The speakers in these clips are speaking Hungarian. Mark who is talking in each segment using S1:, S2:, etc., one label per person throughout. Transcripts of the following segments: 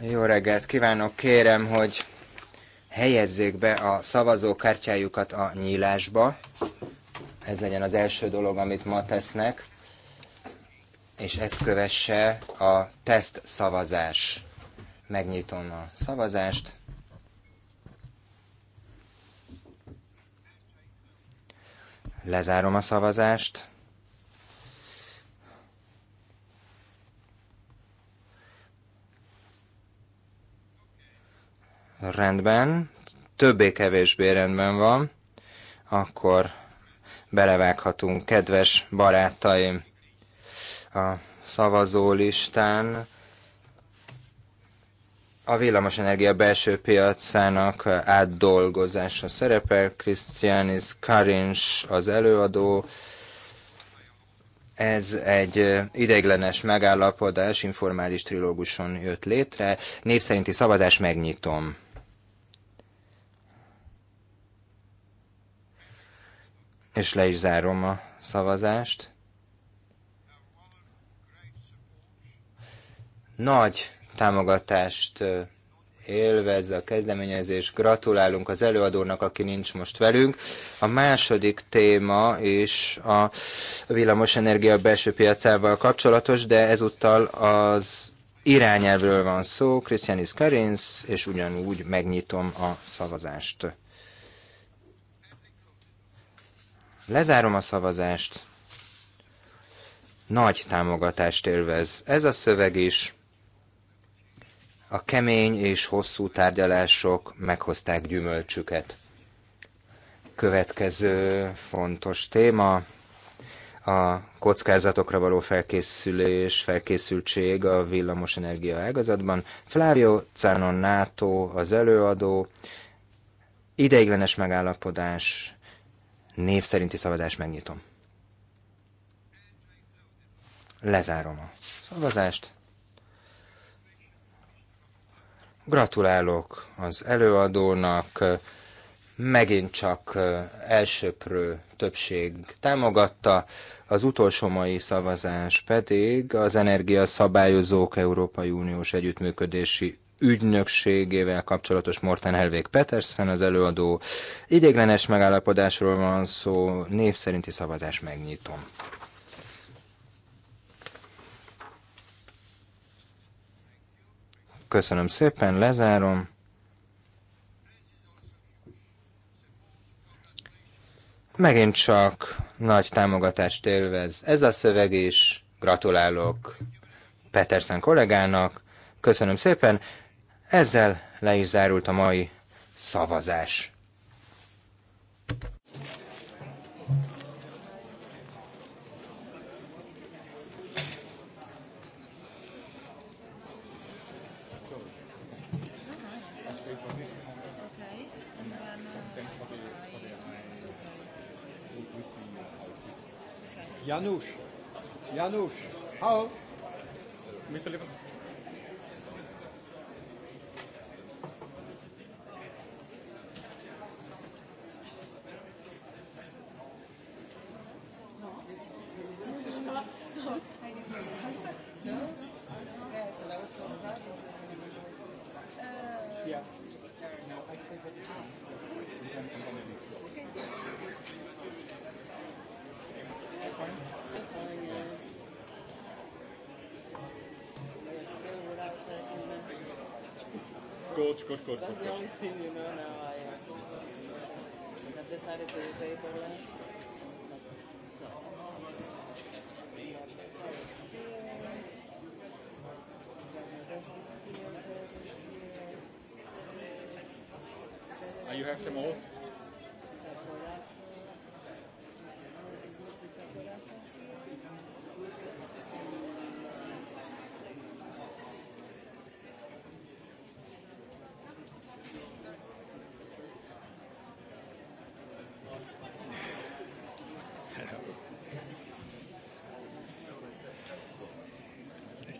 S1: Jó reggelt kívánok, kérem, hogy helyezzék be a szavazókártyájukat a nyílásba. Ez legyen az első dolog, amit ma tesznek. És ezt kövesse a teszt szavazás. Megnyitom a szavazást. Lezárom a szavazást. Rendben, többé-kevésbé rendben van, akkor belevághatunk, kedves barátaim. A szavazólistán a villamosenergia belső piacának átdolgozása szerepel. Krisztiánis Karins az előadó. Ez egy ideiglenes megállapodás, informális trilóguson jött létre. Népszerinti szavazás megnyitom. És le is zárom a szavazást. Nagy támogatást élvez a kezdeményezés. Gratulálunk az előadónak, aki nincs most velünk. A második téma is a villamosenergia belső piacával kapcsolatos, de ezúttal az irányelvről van szó. Krisztiánis Karinsz, és ugyanúgy megnyitom a szavazást. Lezárom a szavazást. Nagy támogatást élvez ez a szöveg is. A kemény és hosszú tárgyalások meghozták gyümölcsüket. Következő fontos téma a kockázatokra való felkészülés, felkészültség a villamos energia ágazatban. Flávio Cánon NATO az előadó, ideiglenes megállapodás Név szerinti szavazást megnyitom. Lezárom a szavazást. Gratulálok az előadónak, megint csak elsőprő többség támogatta, az utolsó mai szavazás pedig az energiaszabályozók Európai Uniós Együttműködési ügynökségével kapcsolatos Morten Helvék Petersen az előadó. Idéglenes megállapodásról van szó, név szerinti szavazás megnyitom. Köszönöm szépen, lezárom. Megint csak nagy támogatást élvez ez a szöveg is. Gratulálok Petersen kollégának. Köszönöm szépen. Ezzel le is zárult a mai szavazás. Janusz, Janusz, how? Mr. Lewandowski. good, good, good. That's good, the good. only thing you know now. to pay for less. So. you have them all?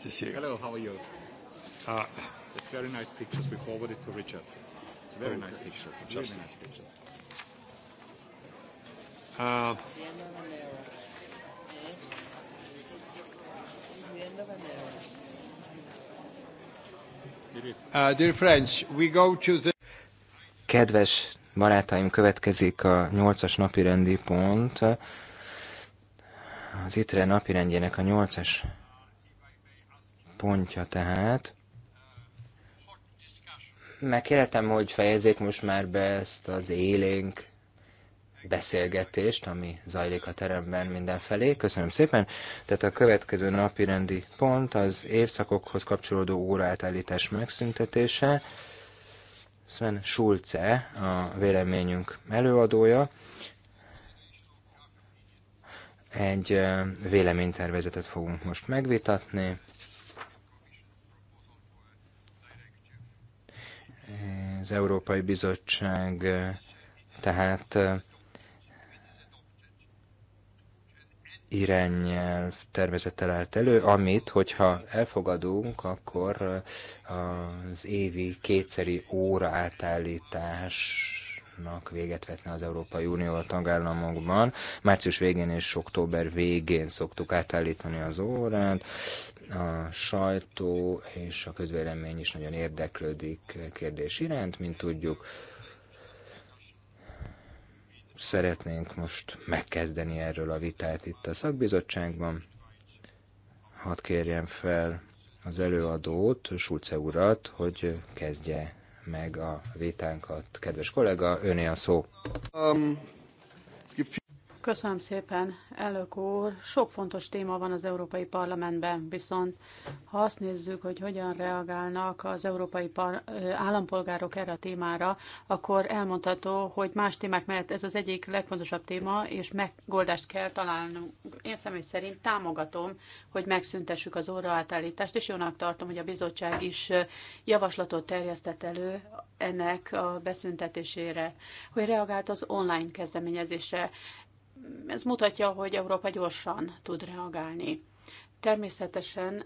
S1: to see you. Hello, how are you? Uh, it's very nice pictures. We forwarded to Richard.
S2: It's very oh, nice pictures. Just really nice pictures. Uh,
S1: uh Kedves barátaim, következik a nyolcas napirendi pont. Az ITRE napirendjének a nyolcas pontja tehát. Megkérhetem, hogy fejezzék most már be ezt az élénk beszélgetést, ami zajlik a teremben mindenfelé. Köszönöm szépen. Tehát a következő napi rendi pont az évszakokhoz kapcsolódó óráltállítás megszüntetése. Sven Schulze a véleményünk előadója. Egy véleménytervezetet fogunk most megvitatni. Az Európai Bizottság eh, tehát eh, irányelv tervezettel állt elő, amit, hogyha elfogadunk, akkor eh, az évi kétszeri óra átállításnak véget vetne az Európai Unió a tagállamokban. Március végén és október végén szoktuk átállítani az órát a sajtó és a közvélemény is nagyon érdeklődik e kérdés iránt, mint tudjuk. Szeretnénk most megkezdeni erről a vitát itt a szakbizottságban. Hadd kérjem fel az előadót, Sulce urat, hogy kezdje meg a vitánkat. Kedves kollega, öné a szó. Um.
S2: Köszönöm szépen, elnök úr. Sok fontos téma van az Európai Parlamentben, viszont ha azt nézzük, hogy hogyan reagálnak az európai állampolgárok erre a témára, akkor elmondható, hogy más témák mellett ez az egyik legfontosabb téma, és megoldást kell találnunk. Én személy szerint támogatom, hogy megszüntessük az óraátállítást, és jónak tartom, hogy a bizottság is javaslatot terjesztett elő ennek a beszüntetésére, hogy reagált az online kezdeményezésre ez mutatja, hogy Európa gyorsan tud reagálni. Természetesen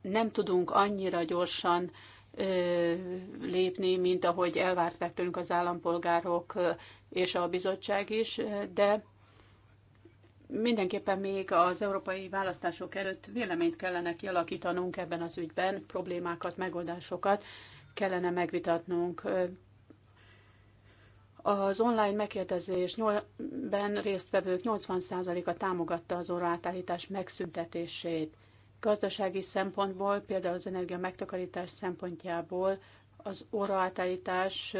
S2: nem tudunk annyira gyorsan lépni, mint ahogy elvárták tőlünk az állampolgárok és a bizottság is, de mindenképpen még az európai választások előtt véleményt kellene kialakítanunk ebben az ügyben, problémákat, megoldásokat kellene megvitatnunk. Az online megkérdezésben résztvevők 80%-a támogatta az óraátállítás megszüntetését. Gazdasági szempontból, például az energia megtakarítás szempontjából az óraátállítás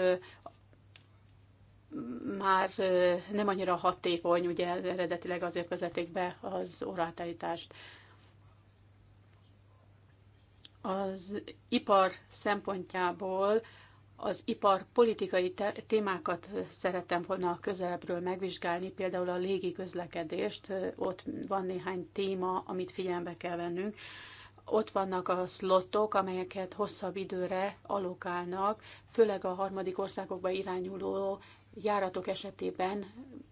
S2: már nem annyira hatékony, ugye eredetileg azért vezetik be az óraátállítást. Az ipar szempontjából az ipar politikai témákat szerettem volna közelebbről megvizsgálni, például a légi közlekedést. Ott van néhány téma, amit figyelembe kell vennünk. Ott vannak a szlottok, amelyeket hosszabb időre alokálnak, főleg a harmadik országokba irányuló járatok esetében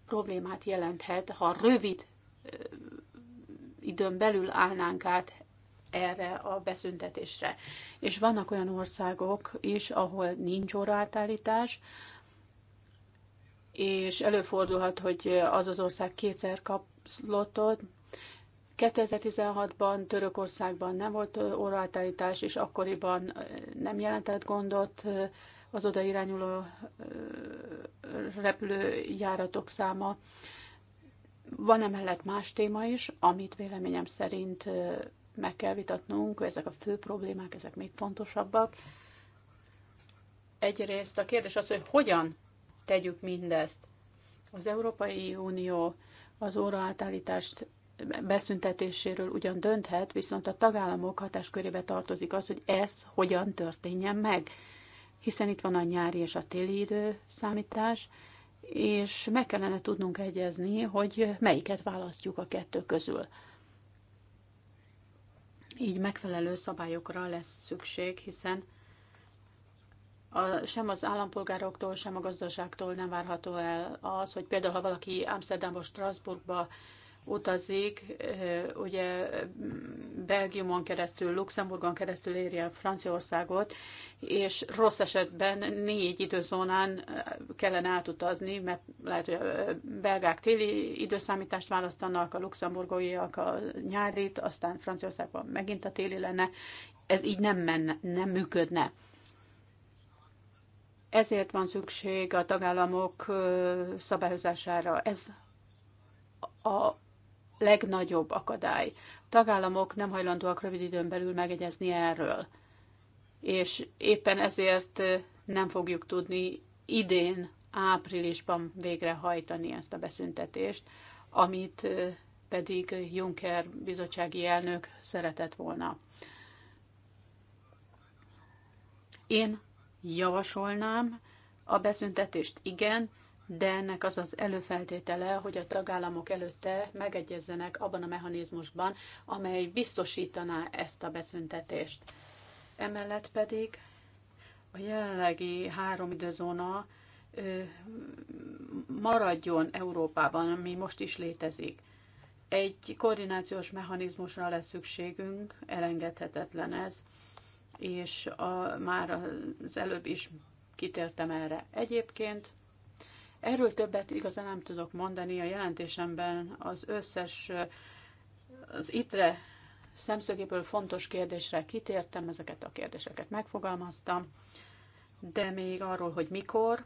S2: problémát jelenthet, ha rövid időn belül állnánk át erre a beszüntetésre. És vannak olyan országok is, ahol nincs óraátállítás, és előfordulhat, hogy az az ország kétszer kap szlotot. 2016-ban Törökországban nem volt óraátállítás, és akkoriban nem jelentett gondot az oda irányuló repülőjáratok száma. Van emellett más téma is, amit véleményem szerint meg kell vitatnunk, ezek a fő problémák, ezek még fontosabbak. Egyrészt a kérdés az, hogy hogyan tegyük mindezt. Az Európai Unió az óraátállítást beszüntetéséről ugyan dönthet, viszont a tagállamok hatáskörébe tartozik az, hogy ez hogyan történjen meg. Hiszen itt van a nyári és a téli idő számítás, és meg kellene tudnunk egyezni, hogy melyiket választjuk a kettő közül. Így megfelelő szabályokra lesz szükség, hiszen a, sem az állampolgároktól, sem a gazdaságtól nem várható el az, hogy például ha valaki Amsterdamba, Strasbourgba utazik, ugye Belgiumon keresztül, Luxemburgon keresztül érje el Franciaországot, és rossz esetben négy időzónán kellene átutazni, mert lehet, hogy a belgák téli időszámítást választanak, a luxemburgóiak a nyárit, aztán Franciaországban megint a téli lenne. Ez így nem, menne, nem működne. Ezért van szükség a tagállamok szabályozására. Ez a legnagyobb akadály. Tagállamok nem hajlandóak rövid időn belül megegyezni erről. És éppen ezért nem fogjuk tudni idén, áprilisban végrehajtani ezt a beszüntetést, amit pedig Juncker bizottsági elnök szeretett volna. Én javasolnám a beszüntetést, igen, de ennek az az előfeltétele, hogy a tagállamok előtte megegyezzenek abban a mechanizmusban, amely biztosítaná ezt a beszüntetést. Emellett pedig a jelenlegi három időzóna maradjon Európában, ami most is létezik. Egy koordinációs mechanizmusra lesz szükségünk, elengedhetetlen ez, és a, már az előbb is kitértem erre. Egyébként Erről többet igazán nem tudok mondani. A jelentésemben az összes az ITRE szemszögéből fontos kérdésre kitértem, ezeket a kérdéseket megfogalmaztam, de még arról, hogy mikor,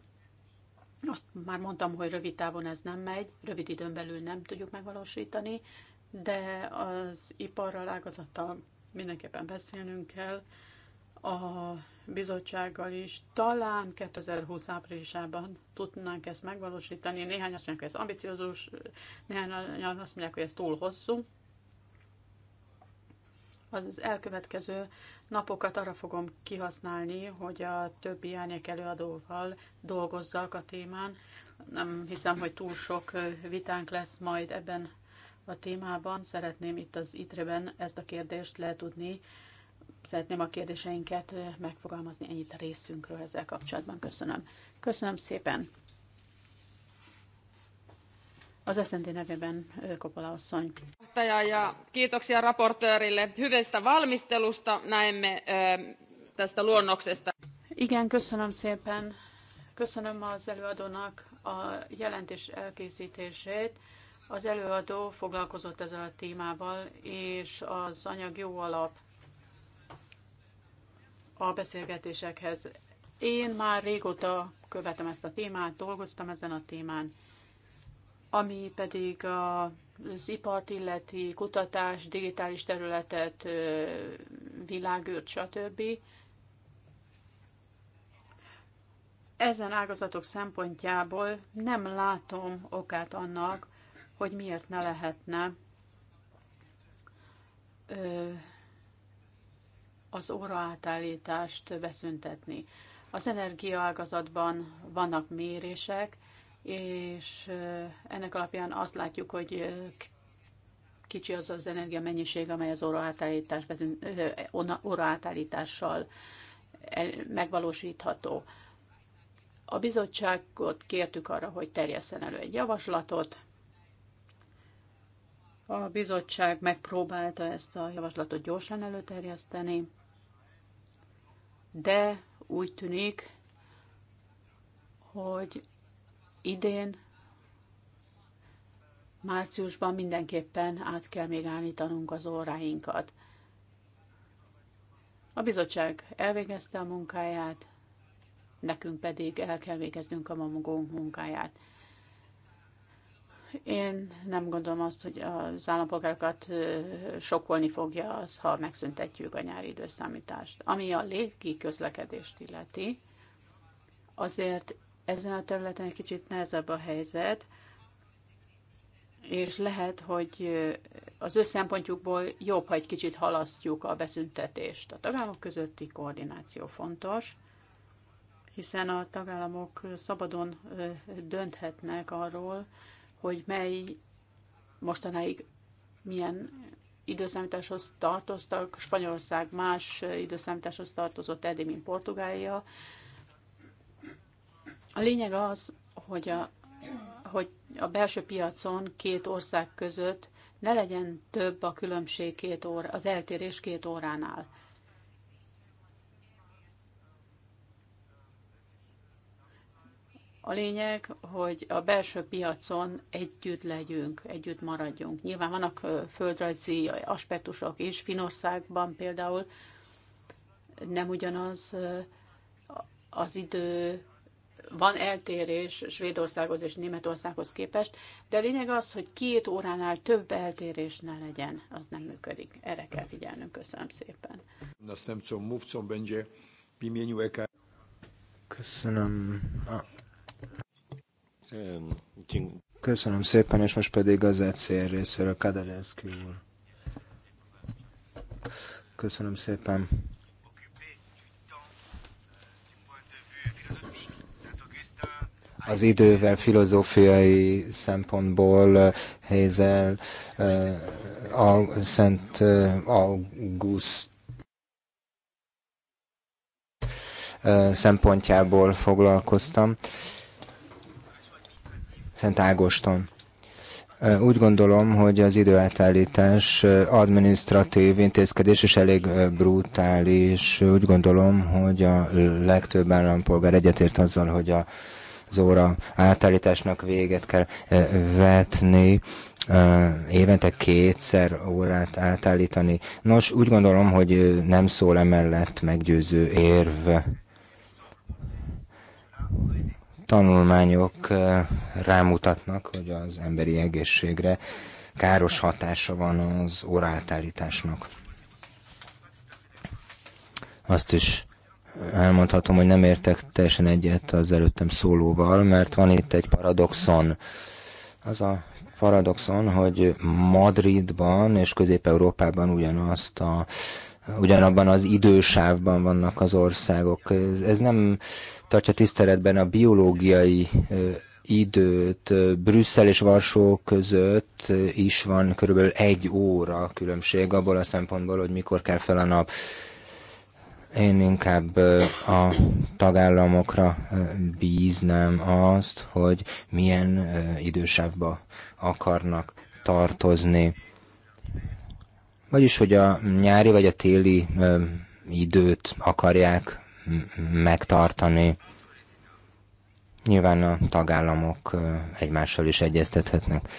S2: azt már mondtam, hogy rövid távon ez nem megy, rövid időn belül nem tudjuk megvalósítani, de az iparral, ágazattal mindenképpen beszélnünk kell, a bizottsággal is. Talán 2020 áprilisában tudnánk ezt megvalósítani. Néhány azt mondják, hogy ez ambiciózus, néhány azt mondják, hogy ez túl hosszú. Az elkövetkező napokat arra fogom kihasználni, hogy a többi árnyék előadóval dolgozzak a témán. Nem hiszem, hogy túl sok vitánk lesz majd ebben a témában. Szeretném itt az ITRE-ben ezt a kérdést letudni. tudni szeretném a kérdéseinket megfogalmazni ennyit a részünkről ezzel kapcsolatban. Köszönöm. Köszönöm szépen. Az eszenti nevében Kopola asszony. Ja kiitoksia raportőrille hyvästä valmistelusta. Näemme tästä luonnoksesta. Igen, köszönöm szépen. Köszönöm az előadónak a jelentés elkészítését. Az előadó foglalkozott ezzel a témával, és az anyag jó alap a beszélgetésekhez. Én már régóta követem ezt a témát, dolgoztam ezen a témán, ami pedig az ipart illeti, kutatás, digitális területet, világűrt, stb. Ezen ágazatok szempontjából nem látom okát annak, hogy miért ne lehetne az óraátállítást beszüntetni. Az energiaágazatban vannak mérések, és ennek alapján azt látjuk, hogy kicsi az az energiamennyiség, amely az óraátállítás, óraátállítással e, megvalósítható. A bizottságot kértük arra, hogy terjesszen elő egy javaslatot, a bizottság megpróbálta ezt a javaslatot gyorsan előterjeszteni, de úgy tűnik, hogy idén márciusban mindenképpen át kell még állítanunk az óráinkat. A bizottság elvégezte a munkáját, nekünk pedig el kell végeznünk a magunk munkáját. Én nem gondolom azt, hogy az állampolgárokat sokkolni fogja az, ha megszüntetjük a nyári időszámítást. Ami a légi közlekedést illeti, azért ezen a területen egy kicsit nehezebb a helyzet, és lehet, hogy az ő szempontjukból jobb, ha egy kicsit halasztjuk a beszüntetést. A tagállamok közötti koordináció fontos, hiszen a tagállamok szabadon dönthetnek arról, hogy mely mostanáig milyen időszámításhoz tartoztak, Spanyolország más időszámításhoz tartozott eddig, mint Portugália. A lényeg az, hogy a, hogy a belső piacon két ország között ne legyen több a különbség két óra, az eltérés két óránál. A lényeg, hogy a belső piacon együtt legyünk, együtt maradjunk. Nyilván vannak földrajzi aspektusok is, Finországban például nem ugyanaz az idő, van eltérés Svédországhoz és Németországhoz képest, de a lényeg az, hogy két óránál több eltérés ne legyen, az nem működik. Erre kell figyelnünk. Köszönöm szépen. E
S1: Köszönöm a Köszönöm szépen, és most pedig az ECR részéről Kadeleszki úr. Köszönöm szépen. az idővel filozófiai szempontból eh, Hézel eh, a Szent eh, August szempontjából foglalkoztam. Szent Ágoston. Úgy gondolom, hogy az időátállítás administratív intézkedés is elég brutális. Úgy gondolom, hogy a legtöbb állampolgár egyetért azzal, hogy a az óra átállításnak véget kell vetni, évente kétszer órát átállítani. Nos, úgy gondolom, hogy nem szól emellett meggyőző érv tanulmányok rámutatnak, hogy az emberi egészségre káros hatása van az oráltállításnak. Azt is elmondhatom, hogy nem értek teljesen egyet az előttem szólóval, mert van itt egy paradoxon. Az a paradoxon, hogy Madridban és Közép-Európában ugyanazt a ugyanabban az idősávban vannak az országok. Ez nem tartsa tiszteletben a biológiai időt. Brüsszel és Varsó között is van körülbelül egy óra különbség abból a szempontból, hogy mikor kell fel a nap. Én inkább a tagállamokra bíznám azt, hogy milyen idősávba akarnak tartozni. Vagyis, hogy a nyári vagy a téli időt akarják megtartani. Nyilván a tagállamok egymással is egyeztethetnek.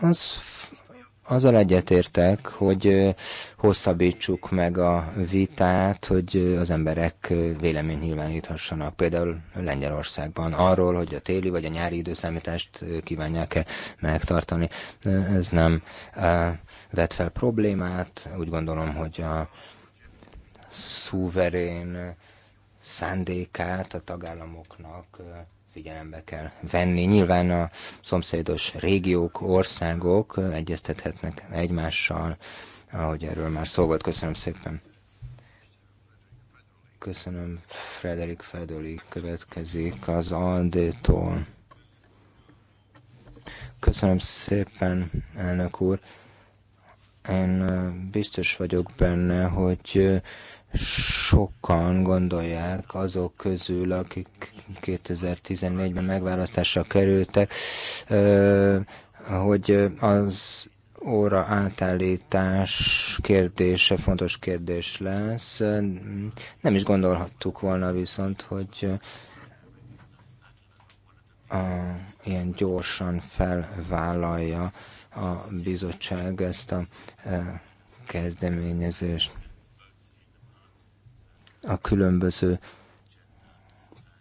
S1: Az azzal egyetértek, hogy hosszabbítsuk meg a vitát, hogy az emberek vélemény nyilváníthassanak, például Lengyelországban arról, hogy a téli vagy a nyári időszámítást kívánják-e megtartani. Ez nem vet fel problémát, úgy gondolom, hogy a szuverén szándékát a tagállamoknak figyelembe kell venni. Nyilván a szomszédos régiók, országok egyeztethetnek egymással, ahogy erről már szó volt. Köszönöm szépen. Köszönöm, Frederik Fedoli következik az Aldétól. Köszönöm szépen, elnök úr. Én biztos vagyok benne, hogy sokan gondolják azok közül, akik 2014-ben megválasztásra kerültek, hogy az óra átállítás kérdése fontos kérdés lesz. Nem is gondolhattuk volna viszont, hogy a, ilyen gyorsan felvállalja a bizottság ezt a e, kezdeményezést. A különböző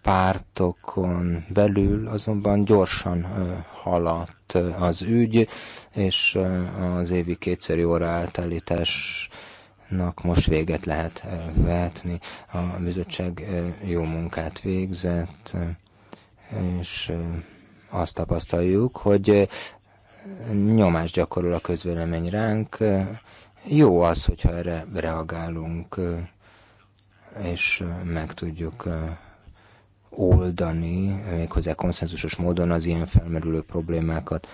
S1: pártokon belül azonban gyorsan e, haladt e, az ügy, és az évi kétszeri óra átállítás most véget lehet vetni. A bizottság jó munkát végzett, és azt tapasztaljuk, hogy nyomást gyakorol a közvélemény ránk. Jó az, hogyha erre reagálunk, és meg tudjuk oldani, méghozzá konszenzusos módon az ilyen felmerülő problémákat.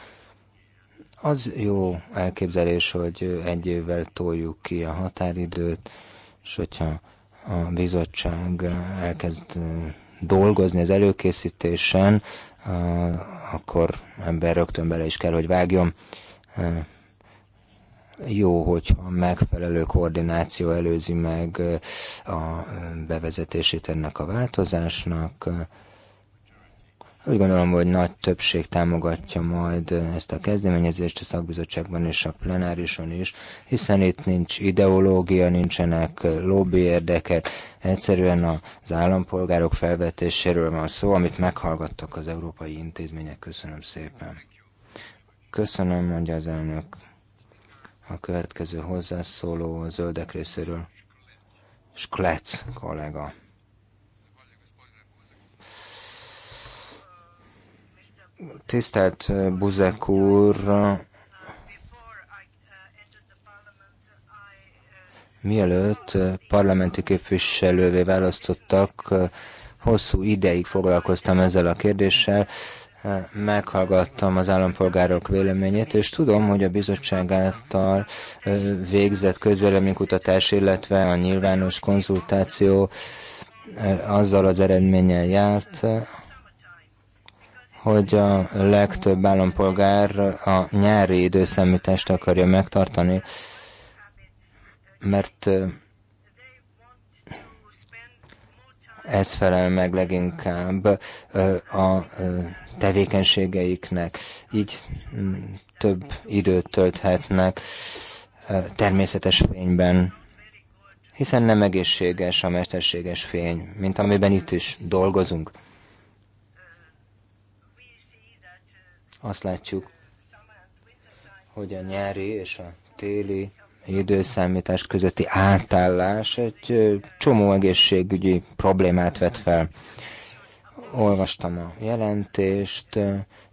S1: Az jó elképzelés, hogy egy évvel toljuk ki a határidőt, és hogyha a bizottság elkezd dolgozni az előkészítésen, Ah, akkor ember rögtön bele is kell, hogy vágjon. Eh, jó, hogyha megfelelő koordináció előzi meg eh, a eh, bevezetését ennek a változásnak, úgy gondolom, hogy nagy többség támogatja majd ezt a kezdeményezést a szakbizottságban és a plenárison is, hiszen itt nincs ideológia, nincsenek lobby érdekek, egyszerűen az állampolgárok felvetéséről van szó, amit meghallgattak az európai intézmények. Köszönöm szépen. Köszönöm, mondja az elnök. A következő hozzászóló a zöldek részéről. Sklec kollega. Tisztelt eh, Buzek úr, mielőtt eh, parlamenti képviselővé választottak, eh, hosszú ideig foglalkoztam ezzel a kérdéssel, meghallgattam az állampolgárok véleményét, és tudom, hogy a bizottság által végzett közvéleménykutatás, illetve a nyilvános konzultáció azzal az eredménnyel járt, hogy a legtöbb állampolgár a nyári időszámítást akarja megtartani, mert ez felel meg leginkább a tevékenységeiknek. Így mm, több időt tölthetnek természetes fényben, hiszen nem egészséges a mesterséges fény, mint amiben itt is dolgozunk. Azt látjuk, hogy a nyári és a téli időszámítás közötti átállás egy csomó egészségügyi problémát vet fel. Olvastam a jelentést,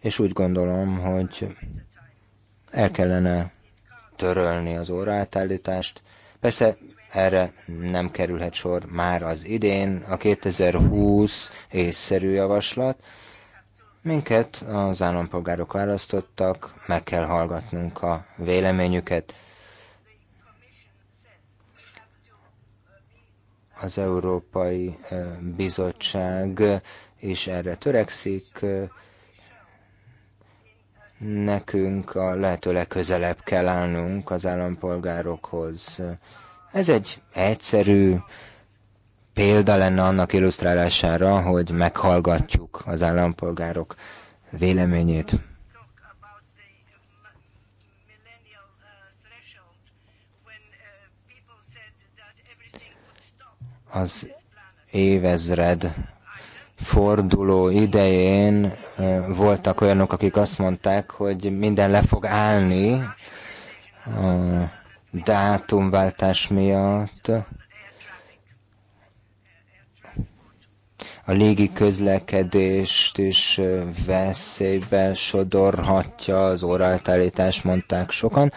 S1: és úgy gondolom, hogy el kellene törölni az óraátállítást. Persze erre nem kerülhet sor már az idén, a 2020 észszerű javaslat, Minket az állampolgárok választottak, meg kell hallgatnunk a véleményüket. Az Európai Bizottság is erre törekszik. Nekünk a lehető legközelebb kell állnunk az állampolgárokhoz. Ez egy egyszerű, példa lenne annak illusztrálására, hogy meghallgatjuk az állampolgárok véleményét. Az évezred forduló idején voltak olyanok, akik azt mondták, hogy minden le fog állni a dátumváltás miatt. a légi közlekedést is veszélybe sodorhatja az óraeltállítás, mondták sokan.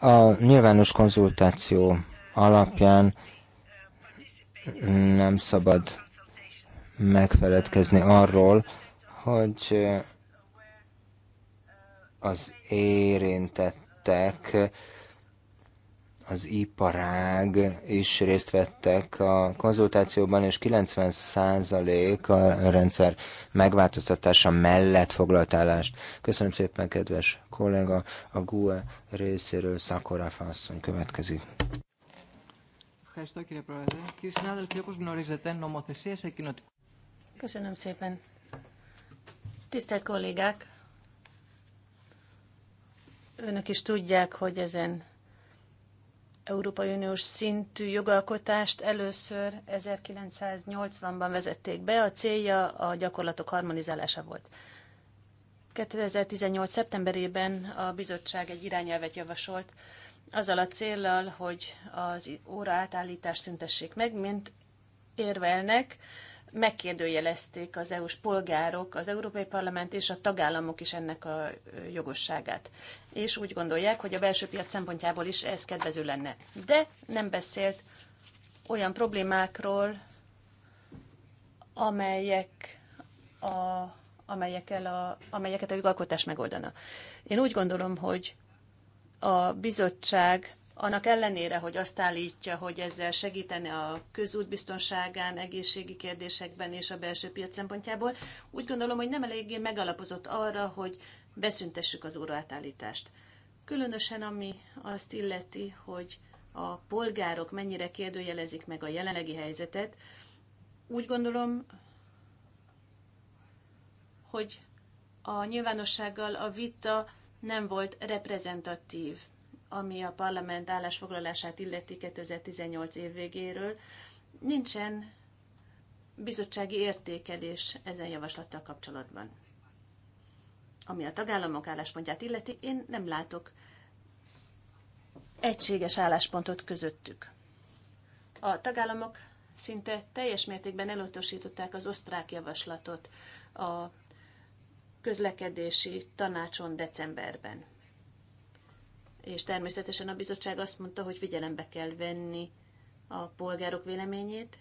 S1: A nyilvános konzultáció alapján nem szabad megfeledkezni arról, hogy az érintettek az iparág is részt vettek a konzultációban, és 90% a rendszer megváltoztatása mellett foglalt állást. Köszönöm szépen, kedves kollega. A GUE részéről Szakora Fasszony következik.
S3: Köszönöm szépen. Tisztelt kollégák! Önök is tudják, hogy ezen Európai Uniós szintű jogalkotást először 1980-ban vezették be, a célja a gyakorlatok harmonizálása volt. 2018. szeptemberében a bizottság egy irányelvet javasolt, azzal a céllal, hogy az óra átállítást szüntessék meg, mint érvelnek, megkérdőjelezték az EU-s polgárok, az Európai Parlament és a tagállamok is ennek a jogosságát. És úgy gondolják, hogy a belső piac szempontjából is ez kedvező lenne. De nem beszélt olyan problémákról, amelyek a, amelyekkel a, amelyeket a jogalkotás megoldana. Én úgy gondolom, hogy a bizottság annak ellenére, hogy azt állítja, hogy ezzel segítene a közút biztonságán, egészségi kérdésekben és a belső piac szempontjából, úgy gondolom, hogy nem eléggé megalapozott arra, hogy beszüntessük az óraátállítást. Különösen ami azt illeti, hogy a polgárok mennyire kérdőjelezik meg a jelenlegi helyzetet, úgy gondolom, hogy a nyilvánossággal a vita nem volt reprezentatív ami a parlament állásfoglalását illeti 2018 év végéről, nincsen bizottsági értékelés ezen javaslattal kapcsolatban. Ami a tagállamok álláspontját illeti, én nem látok egységes álláspontot közöttük. A tagállamok szinte teljes mértékben elutasították az osztrák javaslatot a közlekedési tanácson decemberben és természetesen a bizottság azt mondta, hogy figyelembe kell venni a polgárok véleményét,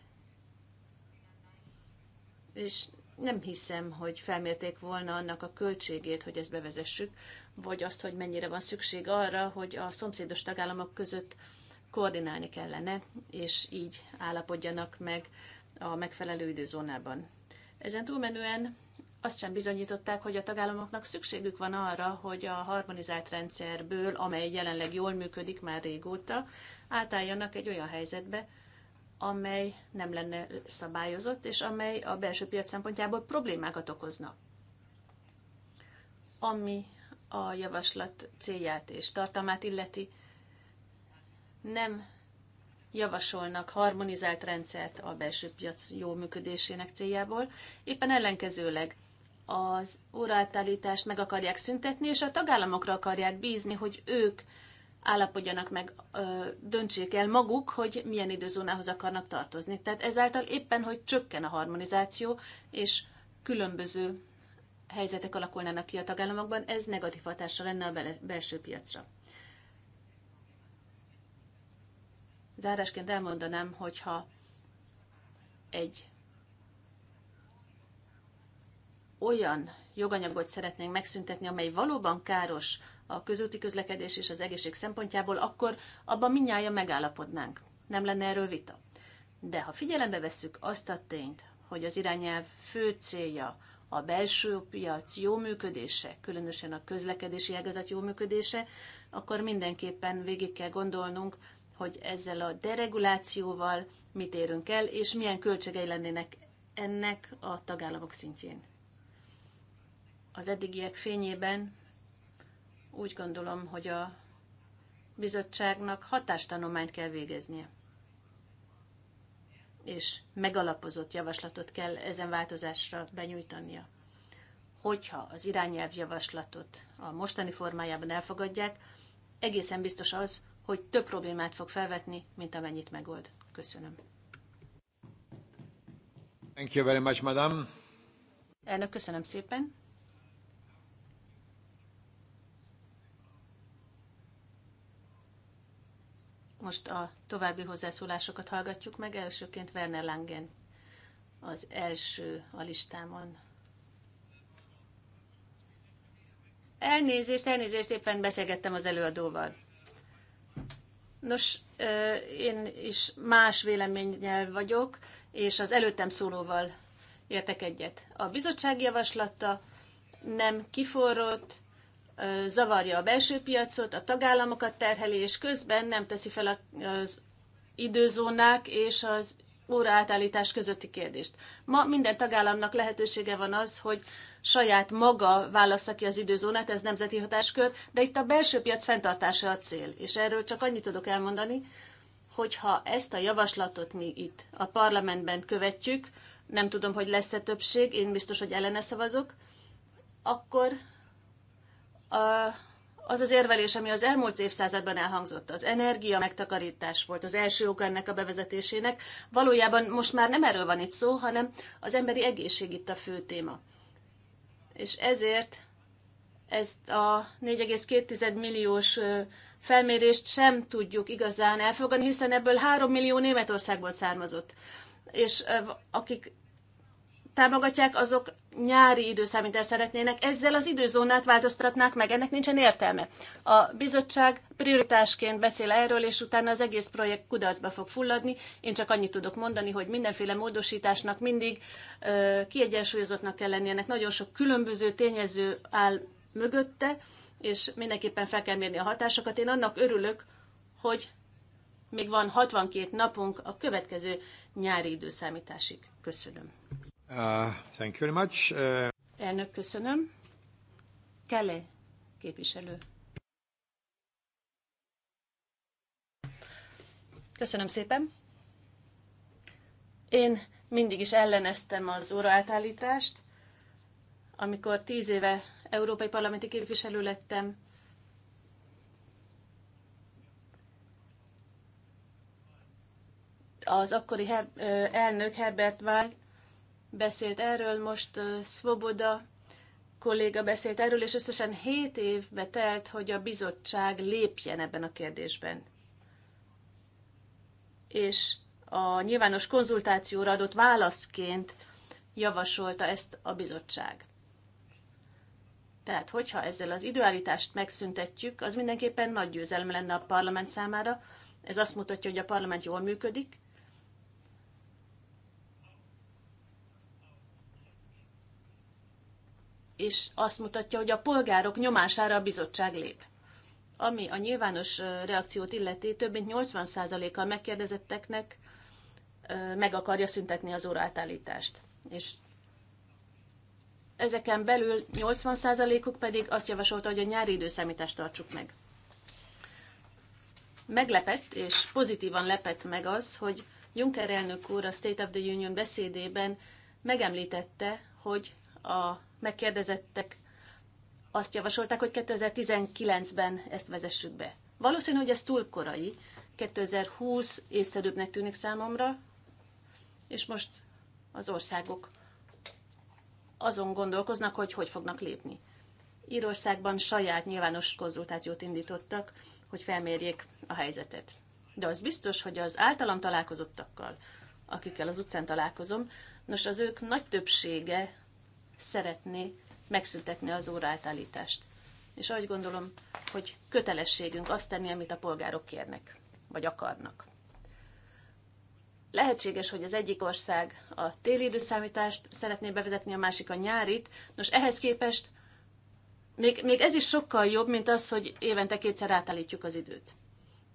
S3: és nem hiszem, hogy felmérték volna annak a költségét, hogy ezt bevezessük, vagy azt, hogy mennyire van szükség arra, hogy a szomszédos tagállamok között koordinálni kellene, és így állapodjanak meg a megfelelő időzónában. Ezen túlmenően azt sem bizonyították, hogy a tagállamoknak szükségük van arra, hogy a harmonizált rendszerből, amely jelenleg jól működik már régóta, átálljanak egy olyan helyzetbe, amely nem lenne szabályozott, és amely a belső piac szempontjából problémákat okozna. Ami a javaslat célját és tartalmát illeti, nem javasolnak harmonizált rendszert a belső piac jó működésének céljából, éppen ellenkezőleg az óraátállítást meg akarják szüntetni, és a tagállamokra akarják bízni, hogy ők állapodjanak meg, ö, döntsék el maguk, hogy milyen időzónához akarnak tartozni. Tehát ezáltal éppen, hogy csökken a harmonizáció, és különböző helyzetek alakulnának ki a tagállamokban, ez negatív hatással lenne a belső piacra. Zárásként elmondanám, hogyha egy olyan joganyagot szeretnénk megszüntetni, amely valóban káros a közúti közlekedés és az egészség szempontjából, akkor abban minnyáján megállapodnánk. Nem lenne erről vita. De ha figyelembe vesszük azt a tényt, hogy az irányelv fő célja a belső piac jó működése, különösen a közlekedési ágazat jó működése, akkor mindenképpen végig kell gondolnunk, hogy ezzel a deregulációval mit érünk el, és milyen költségei lennének ennek a tagállamok szintjén. Az eddigiek fényében úgy gondolom, hogy a bizottságnak hatástanományt kell végeznie. És megalapozott javaslatot kell ezen változásra benyújtania. Hogyha az irányelv javaslatot a mostani formájában elfogadják, egészen biztos az, hogy több problémát fog felvetni, mint amennyit megold. Köszönöm.
S1: Thank you very much, madam.
S3: Elnök, köszönöm szépen. Most a további hozzászólásokat hallgatjuk meg. Elsőként Werner Langen az első a listámon. Elnézést, elnézést, éppen beszélgettem az előadóval. Nos, én is más véleménnyel vagyok, és az előttem szólóval értek egyet. A bizottság javaslata nem kiforrott, zavarja a belső piacot, a tagállamokat terheli, és közben nem teszi fel az időzónák és az óraátállítás közötti kérdést. Ma minden tagállamnak lehetősége van az, hogy saját maga válassza ki az időzónát, ez nemzeti hatáskör, de itt a belső piac fenntartása a cél. És erről csak annyit tudok elmondani, hogyha ezt a javaslatot mi itt a parlamentben követjük, nem tudom, hogy lesz-e többség, én biztos, hogy ellene szavazok, akkor az az érvelés, ami az elmúlt évszázadban elhangzott, az energia megtakarítás volt az első oka ennek a bevezetésének. Valójában most már nem erről van itt szó, hanem az emberi egészség itt a fő téma. És ezért ezt a 4,2 milliós felmérést sem tudjuk igazán elfogadni, hiszen ebből 3 millió Németországból származott. És akik támogatják, azok nyári időszámítást szeretnének, ezzel az időzónát változtatnák meg, ennek nincsen értelme. A bizottság prioritásként beszél erről, és utána az egész projekt kudarcba fog fulladni. Én csak annyit tudok mondani, hogy mindenféle módosításnak mindig ö, kiegyensúlyozottnak kell lennie, ennek nagyon sok különböző tényező áll mögötte, és mindenképpen fel kell mérni a hatásokat. Én annak örülök, hogy még van 62 napunk a következő nyári időszámításig. Köszönöm.
S1: Uh, thank you very much. Uh,
S3: elnök, köszönöm. Kelle, képviselő. Köszönöm szépen. Én mindig is elleneztem az óraátállítást. Amikor tíz éve európai parlamenti képviselő lettem, az akkori her- elnök Herbert Weil beszélt erről, most Svoboda kolléga beszélt erről, és összesen 7 évbe telt, hogy a bizottság lépjen ebben a kérdésben. És a nyilvános konzultációra adott válaszként javasolta ezt a bizottság. Tehát, hogyha ezzel az időállítást megszüntetjük, az mindenképpen nagy győzelme lenne a parlament számára. Ez azt mutatja, hogy a parlament jól működik, és azt mutatja, hogy a polgárok nyomására a bizottság lép. Ami a nyilvános reakciót illeti, több mint 80%-a megkérdezetteknek meg akarja szüntetni az óráltállítást. És ezeken belül 80%-uk pedig azt javasolta, hogy a nyári időszámítást tartsuk meg. Meglepett és pozitívan lepett meg az, hogy Juncker elnök úr a State of the Union beszédében megemlítette, hogy a megkérdezettek azt javasolták, hogy 2019-ben ezt vezessük be. Valószínű, hogy ez túl korai, 2020 észszerűbbnek tűnik számomra, és most az országok azon gondolkoznak, hogy hogy fognak lépni. Írországban saját nyilvános konzultációt indítottak, hogy felmérjék a helyzetet. De az biztos, hogy az általam találkozottakkal, akikkel az utcán találkozom, nos, az ők nagy többsége szeretné megszüntetni az óraátállítást. És azt gondolom, hogy kötelességünk azt tenni, amit a polgárok kérnek, vagy akarnak. Lehetséges, hogy az egyik ország a téli időszámítást szeretné bevezetni, a másik a nyárit. Nos, ehhez képest még, még ez is sokkal jobb, mint az, hogy évente kétszer átállítjuk az időt.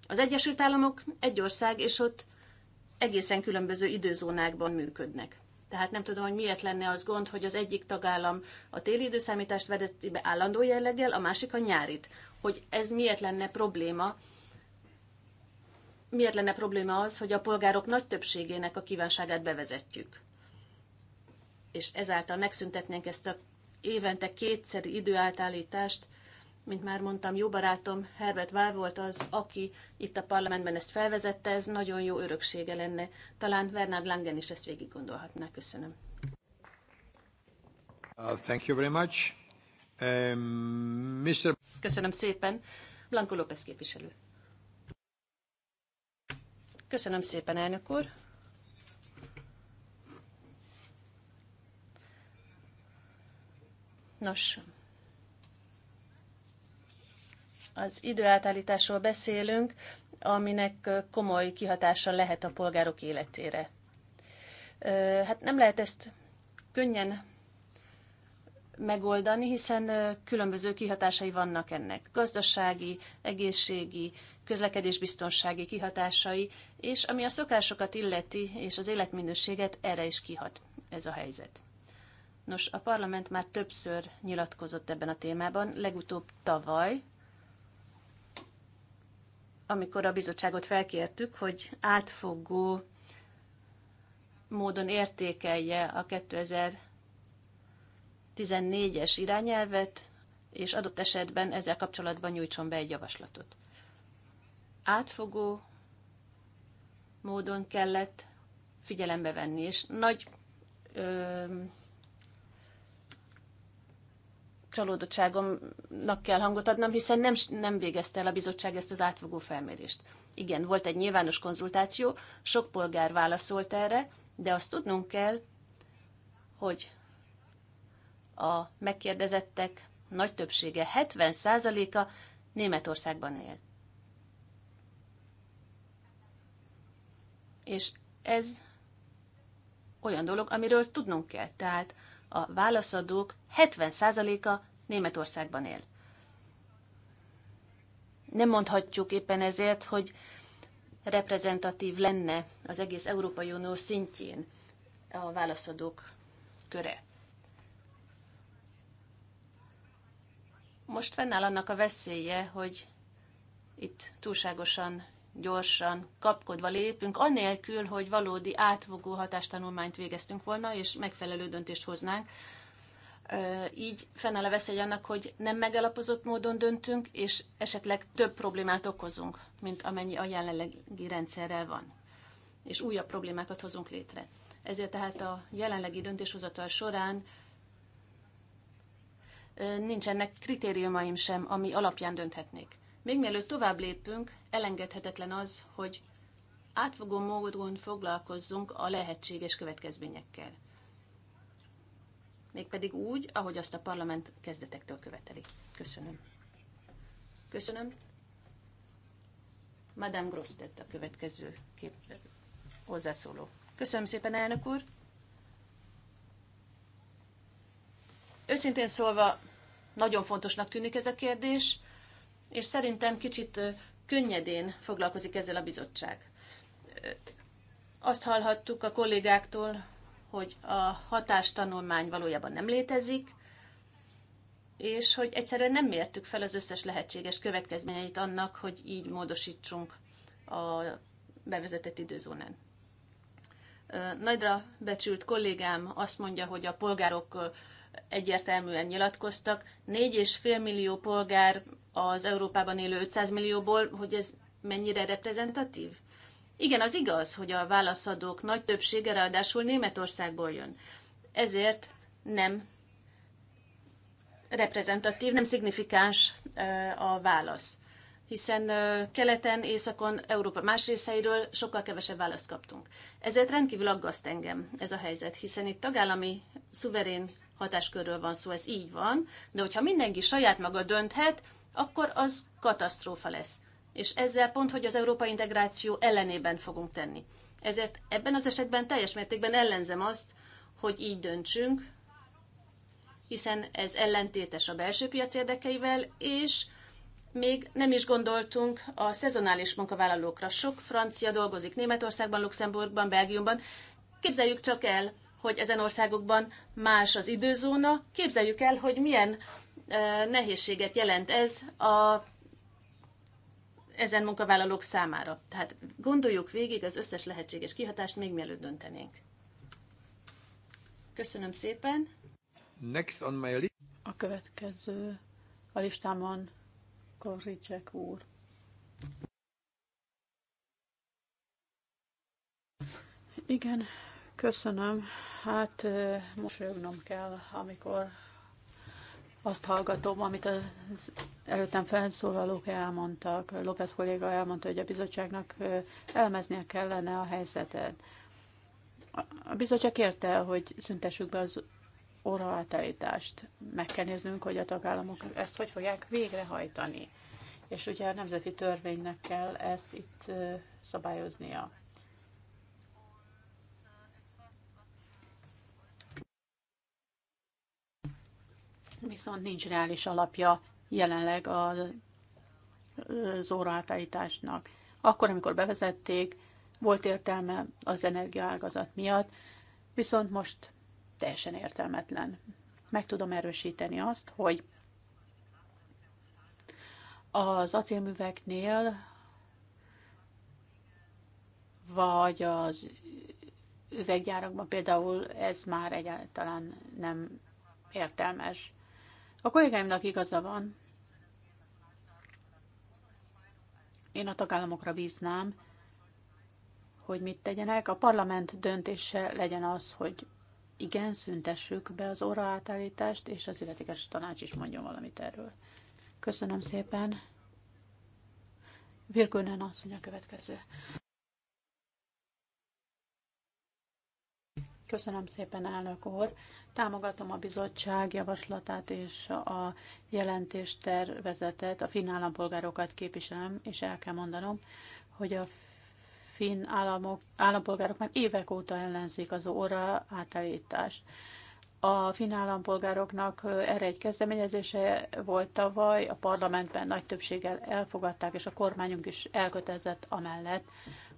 S3: Az Egyesült Államok egy ország, és ott egészen különböző időzónákban működnek. Tehát nem tudom, hogy miért lenne az gond, hogy az egyik tagállam a téli időszámítást vezeti be állandó jelleggel, a másik a nyárit. Hogy ez miért lenne probléma, miért lenne probléma az, hogy a polgárok nagy többségének a kívánságát bevezetjük. És ezáltal megszüntetnénk ezt a évente kétszeri időátállítást, mint már mondtam, jó barátom Herbert Vál volt az, aki itt a parlamentben ezt felvezette, ez nagyon jó öröksége lenne. Talán Werner Langen is ezt végig gondolhatná. Köszönöm.
S1: Uh, thank you very much.
S2: Um, Mr.
S3: Köszönöm szépen. Blanco López képviselő. Köszönöm szépen, elnök úr. Nos, az időátállításról beszélünk, aminek komoly kihatása lehet a polgárok életére. Hát nem lehet ezt könnyen megoldani, hiszen különböző kihatásai vannak ennek. Gazdasági, egészségi, közlekedésbiztonsági kihatásai, és ami a szokásokat illeti, és az életminőséget, erre is kihat ez a helyzet. Nos, a parlament már többször nyilatkozott ebben a témában, legutóbb tavaly, amikor a bizottságot felkértük, hogy átfogó módon értékelje a 2014-es irányelvet, és adott esetben ezzel kapcsolatban nyújtson be egy javaslatot. Átfogó módon kellett figyelembe venni, és nagy ö, csalódottságomnak kell hangot adnom, hiszen nem, nem végezte el a bizottság ezt az átfogó felmérést. Igen, volt egy nyilvános konzultáció, sok polgár válaszolt erre, de azt tudnunk kell, hogy a megkérdezettek nagy többsége, 70%-a Németországban él. És ez olyan dolog, amiről tudnunk kell. Tehát a válaszadók 70%-a Németországban él. Nem mondhatjuk éppen ezért, hogy reprezentatív lenne az egész Európai Unió szintjén a válaszadók köre. Most fennáll annak a veszélye, hogy itt túlságosan gyorsan, kapkodva lépünk, anélkül, hogy valódi átfogó hatástanulmányt végeztünk volna, és megfelelő döntést hoznánk. Így fennáll a veszély annak, hogy nem megalapozott módon döntünk, és esetleg több problémát okozunk, mint amennyi a jelenlegi rendszerrel van, és újabb problémákat hozunk létre. Ezért tehát a jelenlegi döntéshozatal során nincsenek kritériumaim sem, ami alapján dönthetnék. Még mielőtt tovább lépünk, elengedhetetlen az, hogy átfogó módon foglalkozzunk a lehetséges következményekkel. Mégpedig úgy, ahogy azt a parlament kezdetektől követeli. Köszönöm. Köszönöm. Madame Grosz a következő kép hozzászóló. Köszönöm szépen, elnök úr. Őszintén szólva, nagyon fontosnak tűnik ez a kérdés, és szerintem kicsit könnyedén foglalkozik ezzel a bizottság. Azt hallhattuk a kollégáktól, hogy a hatástanulmány valójában nem létezik, és hogy egyszerűen nem mértük fel az összes lehetséges következményeit annak, hogy így módosítsunk a bevezetett időzónán. Nagyra becsült kollégám azt mondja, hogy a polgárok egyértelműen nyilatkoztak. négy és fél millió polgár az Európában élő 500 millióból, hogy ez mennyire reprezentatív? Igen, az igaz, hogy a válaszadók nagy többsége ráadásul Németországból jön. Ezért nem reprezentatív, nem szignifikáns a válasz. Hiszen keleten, északon, Európa más részeiről sokkal kevesebb választ kaptunk. Ezért rendkívül aggaszt engem ez a helyzet, hiszen itt tagállami szuverén hatáskörről van szó, ez így van, de hogyha mindenki saját maga dönthet, akkor az katasztrófa lesz. És ezzel pont, hogy az európai integráció ellenében fogunk tenni. Ezért ebben az esetben teljes mértékben ellenzem azt, hogy így döntsünk, hiszen ez ellentétes a belső piac érdekeivel, és még nem is gondoltunk a szezonális munkavállalókra. Sok francia dolgozik Németországban, Luxemburgban, Belgiumban. Képzeljük csak el, hogy ezen országokban más az időzóna. Képzeljük el, hogy milyen nehézséget jelent ez a ezen munkavállalók számára. Tehát gondoljuk végig az összes lehetséges kihatást, még mielőtt döntenénk. Köszönöm szépen. Next on my list. A
S2: következő a listámon Korricsek úr. Igen, köszönöm. Hát mosolyognom kell, amikor azt hallgatom, amit az előttem felszólalók elmondtak. López kolléga elmondta, hogy a bizottságnak elemeznie kellene a helyzetet. A bizottság kérte, hogy szüntessük be az óraátállítást. Meg kell néznünk, hogy a tagállamok ezt hogy fogják végrehajtani. És ugye a nemzeti törvénynek kell ezt itt szabályoznia. viszont nincs reális alapja jelenleg az óraátállításnak. Akkor, amikor bevezették, volt értelme az energiaágazat miatt, viszont most teljesen értelmetlen. Meg tudom erősíteni azt, hogy az acélműveknél vagy az üveggyárakban például ez már egyáltalán nem értelmes. A kollégáimnak igaza van. Én a tagállamokra bíznám, hogy mit tegyenek. A parlament döntése legyen az, hogy igen, szüntessük be az óraátállítást, és az illetékes tanács is mondjon valamit erről. Köszönöm szépen. Virgőnen asszony a következő. Köszönöm szépen, elnök úr. Támogatom a bizottság javaslatát és a jelentés tervezetet. A finn állampolgárokat képviselem, és el kell mondanom, hogy a finn államok, állampolgárok már évek óta ellenzik az óra átállítást. A finn állampolgároknak erre egy kezdeményezése volt tavaly, a parlamentben nagy többséggel elfogadták, és a kormányunk is elkötelezett amellett,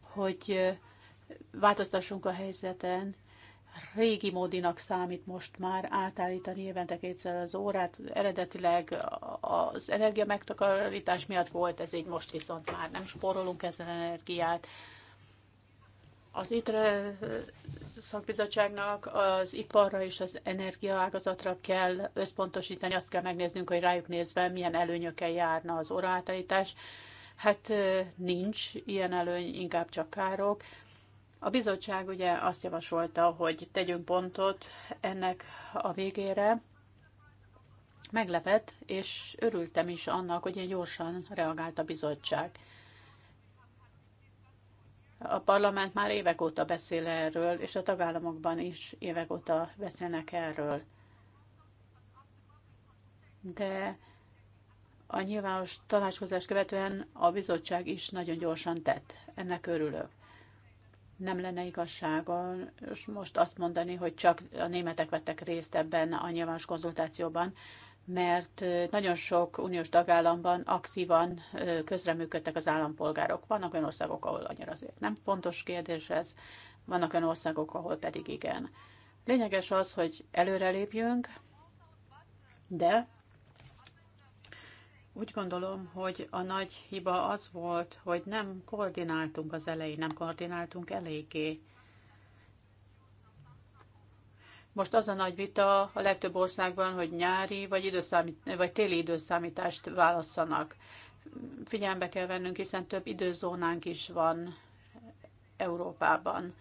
S2: hogy változtassunk a helyzeten, régi módinak számít most már átállítani évente kétszer az órát. Eredetileg az energia megtakarítás miatt volt ez így, most viszont már nem spórolunk ezzel energiát. Az ITRE szakbizottságnak az iparra és az energiaágazatra kell összpontosítani, azt kell megnéznünk, hogy rájuk nézve milyen előnyökkel járna az óraátállítás. Hát nincs ilyen előny, inkább csak károk a bizottság ugye azt javasolta, hogy tegyünk pontot ennek a végére. Meglepett, és örültem is annak, hogy ilyen gyorsan reagált a bizottság. A parlament már évek óta beszél erről, és a tagállamokban is évek óta beszélnek erről. De a nyilvános tanácskozás követően a bizottság is nagyon gyorsan tett. Ennek örülök nem lenne igazsága, és most azt mondani, hogy csak a németek vettek részt ebben a nyilvános konzultációban, mert nagyon sok uniós tagállamban aktívan közreműködtek az állampolgárok. Vannak olyan országok, ahol annyira azért nem fontos kérdés ez, vannak olyan országok, ahol pedig igen. Lényeges az, hogy előrelépjünk, de úgy gondolom, hogy a nagy hiba az volt, hogy nem koordináltunk az elején, nem koordináltunk eléggé. Most az a nagy vita a legtöbb országban, hogy nyári vagy, időszámít, vagy téli időszámítást válasszanak. Figyelembe kell vennünk, hiszen több időzónánk is van Európában.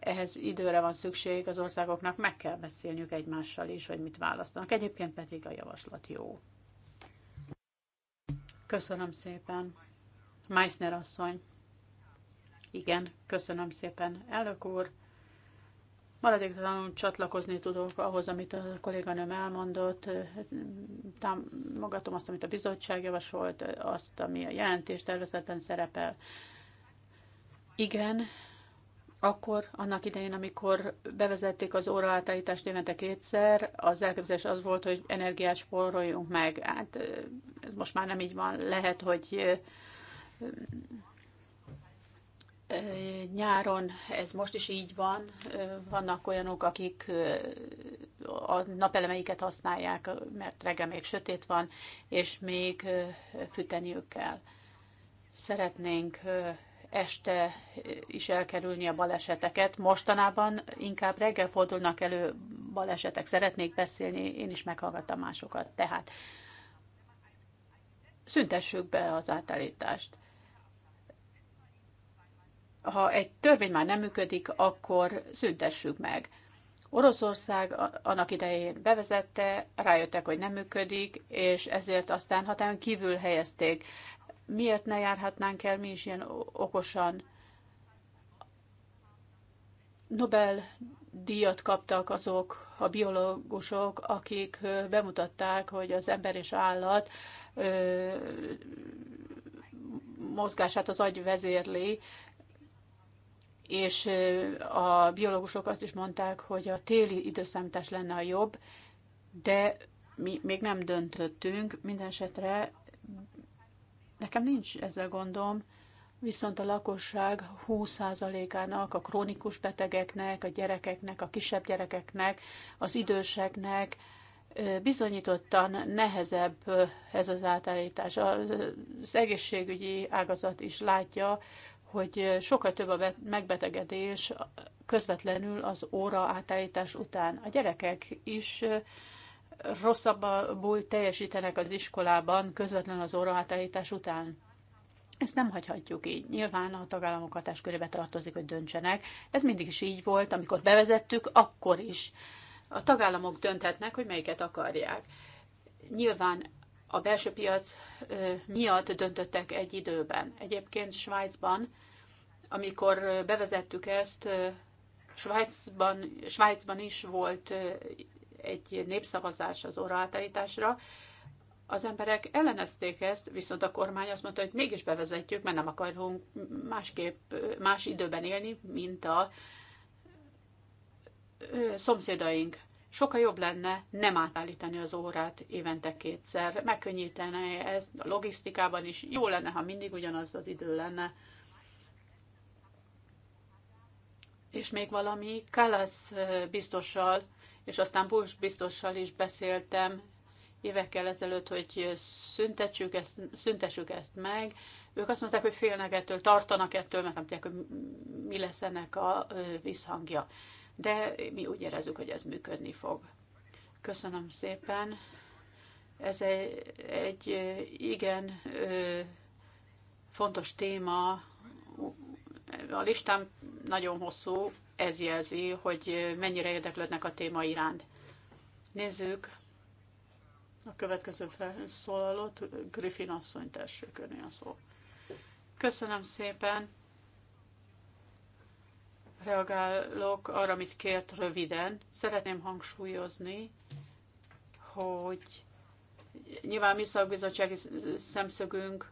S2: Ehhez időre van szükség, az országoknak meg kell beszélniük egymással is, hogy mit választanak. Egyébként pedig a javaslat jó. Köszönöm szépen. Meissner asszony. Igen, köszönöm szépen, elnök úr. Maradéktalanul csatlakozni tudok ahhoz, amit a kolléganőm elmondott. Támogatom azt, amit a bizottság javasolt, azt, ami a jelentés tervezetben szerepel. Igen, akkor, annak idején, amikor bevezették az óraátállítást évente kétszer, az elképzelés az volt, hogy energiát spóroljunk meg. Hát ez most már nem így van. Lehet, hogy nyáron ez most is így van. Vannak olyanok, akik a napelemeiket használják, mert reggel még sötét van, és még fűteniük kell. Szeretnénk este eh, is elkerülni a baleseteket. Mostanában inkább reggel fordulnak elő balesetek. Szeretnék beszélni, én is meghallgattam másokat. Tehát szüntessük be az átállítást. Ha egy törvény már nem működik, akkor szüntessük meg. Oroszország annak idején bevezette, rájöttek, hogy nem működik, és ezért aztán hatályon kívül helyezték miért ne járhatnánk el mi is ilyen okosan? Nobel-díjat kaptak azok a biológusok, akik bemutatták, hogy az ember és állat ö, mozgását az agy vezérli, és a biológusok azt is mondták, hogy a téli időszámítás lenne a jobb, de mi még nem döntöttünk, minden esetre Nekem nincs ezzel gondom, viszont a lakosság 20%-ának, a krónikus betegeknek, a gyerekeknek, a kisebb gyerekeknek, az időseknek bizonyítottan nehezebb ez az átállítás. Az egészségügyi ágazat is látja, hogy sokkal több a megbetegedés közvetlenül az óra átállítás után. A gyerekek is rosszabbul teljesítenek az iskolában közvetlen az óraátállítás után. Ezt nem hagyhatjuk így. Nyilván a tagállamok hatáskörébe tartozik, hogy döntsenek. Ez mindig is így volt, amikor bevezettük, akkor is. A tagállamok dönthetnek, hogy melyiket akarják. Nyilván a belső piac miatt döntöttek egy időben. Egyébként Svájcban, amikor bevezettük ezt, Svájcban, Svájcban is volt egy népszavazás az orráltalításra, az emberek ellenezték ezt, viszont a kormány azt mondta, hogy mégis bevezetjük, mert nem akarunk másképp, más időben élni, mint a szomszédaink. Sokkal jobb lenne nem átállítani az órát évente kétszer, megkönnyítene ezt a logisztikában is. Jó lenne, ha mindig ugyanaz az idő lenne. És még valami, Kalasz biztossal és aztán Bush biztossal is beszéltem évekkel ezelőtt, hogy szüntessük ezt, szüntessük ezt meg. Ők azt mondták, hogy félnek ettől, tartanak ettől, mert nem tudják, hogy mi lesz ennek a visszhangja. De mi úgy érezzük, hogy ez működni fog. Köszönöm szépen. Ez egy, egy igen fontos téma. A listám nagyon hosszú, ez jelzi, hogy mennyire érdeklődnek a téma iránt. Nézzük a következő felszólalót, Griffin asszony, tessék, a szó. Köszönöm szépen. Reagálok arra, amit kért röviden. Szeretném hangsúlyozni, hogy nyilván mi szakbizottsági szemszögünk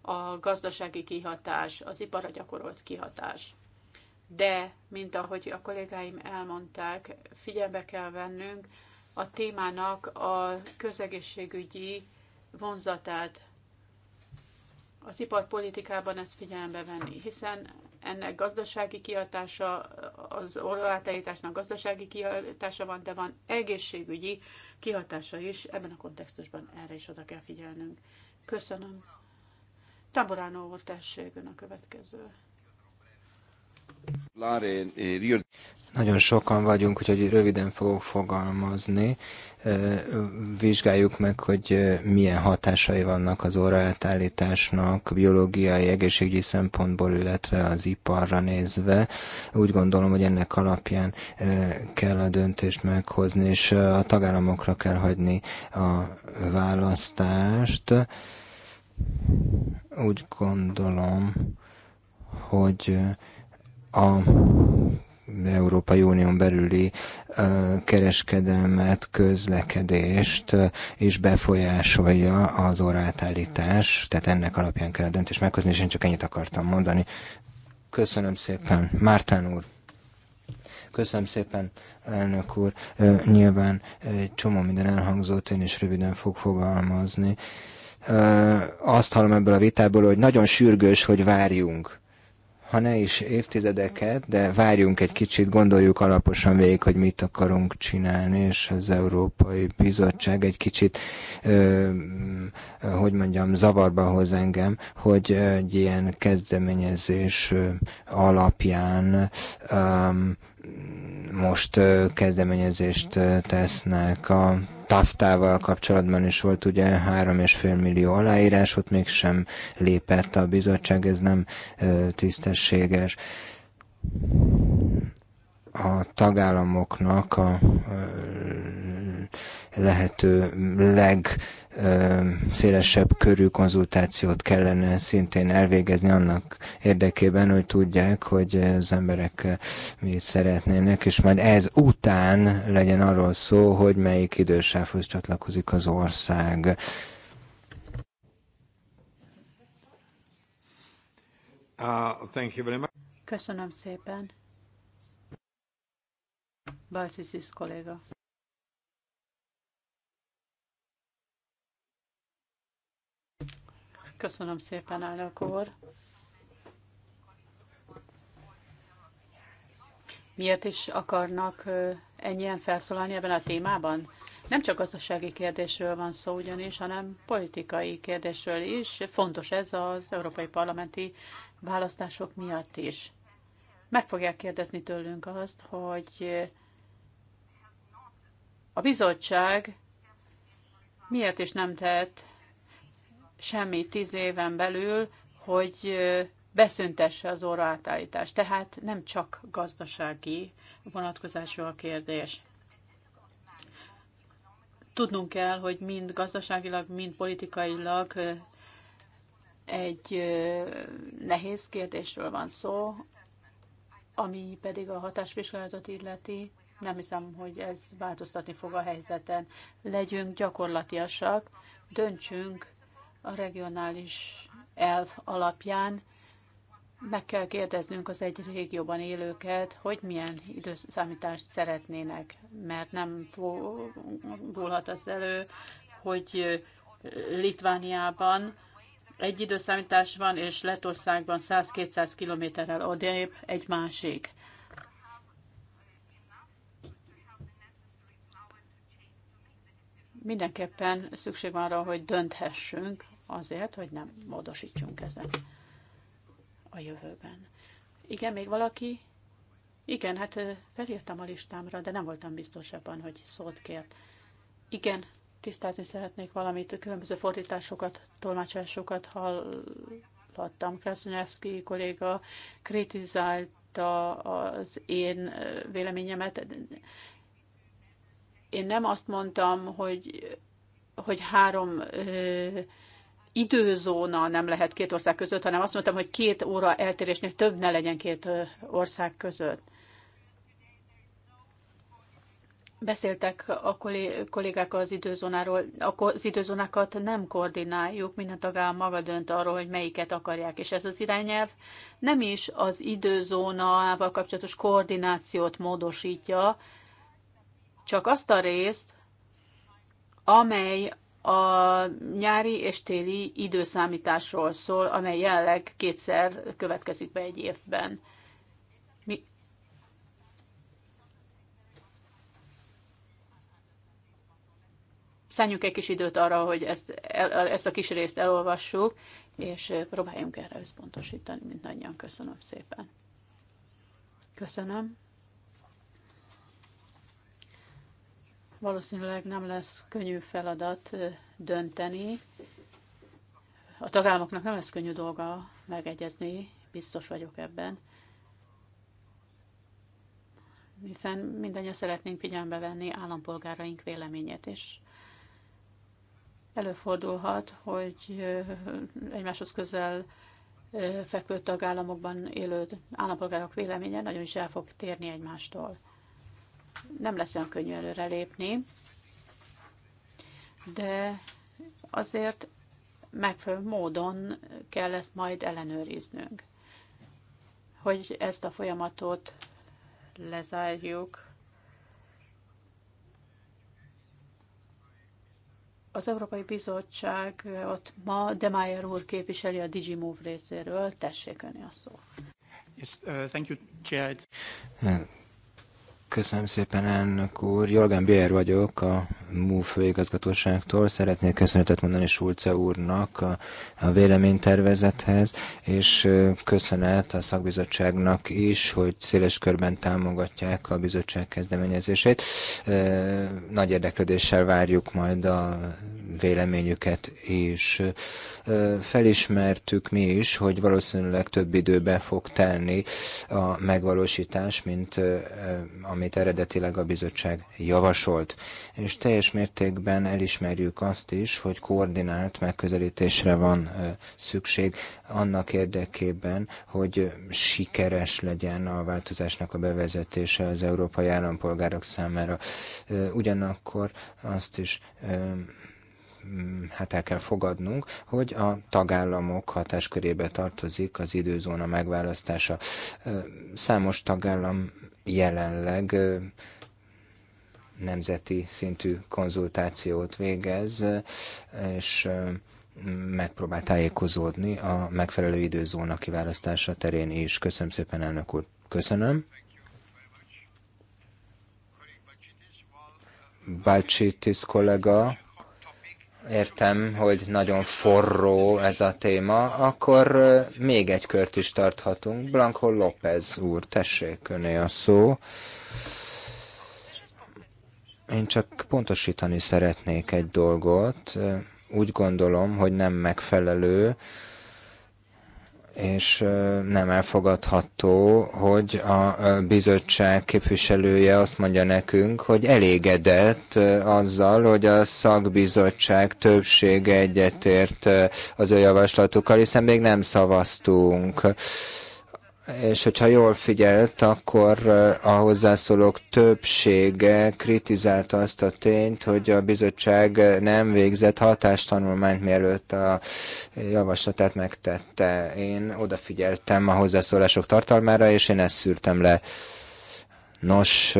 S2: a gazdasági kihatás, az iparra gyakorolt kihatás de, mint ahogy a kollégáim elmondták, figyelbe kell vennünk a témának a közegészségügyi vonzatát. Az iparpolitikában ezt figyelembe venni, hiszen ennek gazdasági kihatása, az orvátelításnak gazdasági kihatása van, de van egészségügyi kihatása is, ebben a kontextusban erre is oda kell figyelnünk. Köszönöm. Taboránó volt tessék, a következő.
S1: Nagyon sokan vagyunk, úgyhogy röviden fogok fogalmazni. Vizsgáljuk meg, hogy milyen hatásai vannak az óraátállításnak biológiai, egészségügyi szempontból, illetve az iparra nézve. Úgy gondolom, hogy ennek alapján kell a döntést meghozni, és a tagállamokra kell hagyni a választást. Úgy gondolom, hogy a Európai Unión belüli kereskedelmet, közlekedést és befolyásolja az orátállítás, tehát ennek alapján kell a döntést meghozni, és én csak ennyit akartam mondani. Köszönöm szépen, Mártán úr! Köszönöm szépen, elnök úr. Nyilván egy csomó minden elhangzott, én is röviden fog fogalmazni. Azt hallom ebből a vitából, hogy nagyon sürgős, hogy várjunk ha ne is évtizedeket, de várjunk egy kicsit, gondoljuk alaposan végig, hogy mit akarunk csinálni, és az Európai Bizottság egy kicsit, ö, hogy mondjam, zavarba hoz engem, hogy egy ilyen kezdeményezés alapján ö, most kezdeményezést tesznek a Taftával kapcsolatban is volt ugye 3,5 millió aláírás, ott mégsem lépett a bizottság, ez nem tisztességes a tagállamoknak a lehető leg szélesebb körű konzultációt kellene szintén elvégezni annak érdekében, hogy tudják, hogy az emberek mit szeretnének, és majd ez után legyen arról szó, hogy melyik idősávhoz csatlakozik az ország.
S2: Uh, Köszönöm szépen. Balcisis kolléga. Köszönöm szépen, elnök úr. Miért is akarnak ennyien felszólalni ebben a témában? Nem csak gazdasági kérdésről van szó ugyanis, hanem politikai kérdésről is. Fontos ez az európai parlamenti választások miatt is. Meg fogják kérdezni tőlünk azt, hogy a bizottság miért is nem tett semmi tíz éven belül, hogy beszüntesse az óraátállítást. Tehát nem csak gazdasági vonatkozású a kérdés. Tudnunk kell, hogy mind gazdaságilag, mind politikailag egy nehéz kérdésről van szó, ami pedig a hatásvizsgálatot illeti. Nem hiszem, hogy ez változtatni fog a helyzeten. Legyünk gyakorlatiasak, döntsünk a regionális elv alapján meg kell kérdeznünk az egy régióban élőket, hogy milyen időszámítást szeretnének, mert nem fordulhat az elő, hogy Litvániában egy időszámítás van, és Letországban 100-200 kilométerrel odébb egy másik. Mindenképpen szükség van arra, hogy dönthessünk, azért, hogy nem módosítsunk ezen a jövőben. Igen, még valaki? Igen, hát felírtam a listámra, de nem voltam biztos abban, hogy szót kért. Igen, tisztázni szeretnék valamit, különböző fordításokat, tolmácsásokat hallottam. Kraszonyevszki kolléga kritizálta az én véleményemet. Én nem azt mondtam, hogy, hogy három időzóna nem lehet két ország között, hanem azt mondtam, hogy két óra eltérésnél több ne legyen két ország között. Beszéltek a kollégák az időzónáról, az időzónákat nem koordináljuk, minden tagállam maga dönt arról, hogy melyiket akarják, és ez az irányelv nem is az időzónával kapcsolatos koordinációt módosítja, csak azt a részt, amely a nyári és téli időszámításról szól, amely jelenleg kétszer következik be egy évben. Mi... Szálljunk egy kis időt arra, hogy ezt, el, ezt a kis részt elolvassuk, és próbáljunk erre összpontosítani, mint nagyon Köszönöm szépen. Köszönöm. valószínűleg nem lesz könnyű feladat dönteni. A tagállamoknak nem lesz könnyű dolga megegyezni, biztos vagyok ebben. Hiszen mindannyian szeretnénk figyelembe venni állampolgáraink véleményét, és előfordulhat, hogy egymáshoz közel fekvő tagállamokban élő állampolgárok véleménye nagyon is el fog térni egymástól nem lesz olyan könnyű előrelépni, de azért megfelelő módon kell ezt majd ellenőriznünk, hogy ezt a folyamatot lezárjuk. Az Európai Bizottság ott ma De Mayer úr képviseli a DigiMove részéről. Tessék öni a szó.
S1: Yes, uh, thank you, Chair. Köszönöm szépen, elnök úr. Jorgen Bér vagyok, a MU főigazgatóságtól. Szeretnék köszönetet mondani Sulce úrnak a, a véleménytervezethez, és köszönet a szakbizottságnak is, hogy széles körben támogatják a bizottság kezdeményezését. Nagy érdeklődéssel várjuk majd a véleményüket és Felismertük mi is, hogy valószínűleg több időbe fog telni a megvalósítás, mint amit eredetileg a bizottság javasolt. És teljes mértékben elismerjük azt is, hogy koordinált megközelítésre van szükség annak érdekében, hogy sikeres legyen a változásnak a bevezetése az európai állampolgárok számára. Ugyanakkor azt is Mm, hát el kell fogadnunk, hogy a tagállamok hatáskörébe tartozik az időzóna megválasztása. Számos tagállam jelenleg nemzeti szintű konzultációt végez, és megpróbál tájékozódni a megfelelő időzóna kiválasztása terén is. Köszönöm szépen, elnök úr. Köszönöm. Balcsitis kollega értem, hogy nagyon forró ez a téma, akkor még egy kört is tarthatunk. Blanco López úr, tessék öné a szó. Én csak pontosítani szeretnék egy dolgot. Úgy gondolom, hogy nem megfelelő, és nem elfogadható, hogy a bizottság képviselője azt mondja nekünk, hogy elégedett azzal, hogy a szakbizottság többsége egyetért az ő javaslatukkal, hiszen még nem szavaztunk és hogyha jól figyelt, akkor a hozzászólók többsége kritizálta azt a tényt, hogy a bizottság nem végzett hatástanulmányt, mielőtt a javaslatát megtette. Én odafigyeltem a hozzászólások tartalmára, és én ezt szűrtem le. Nos,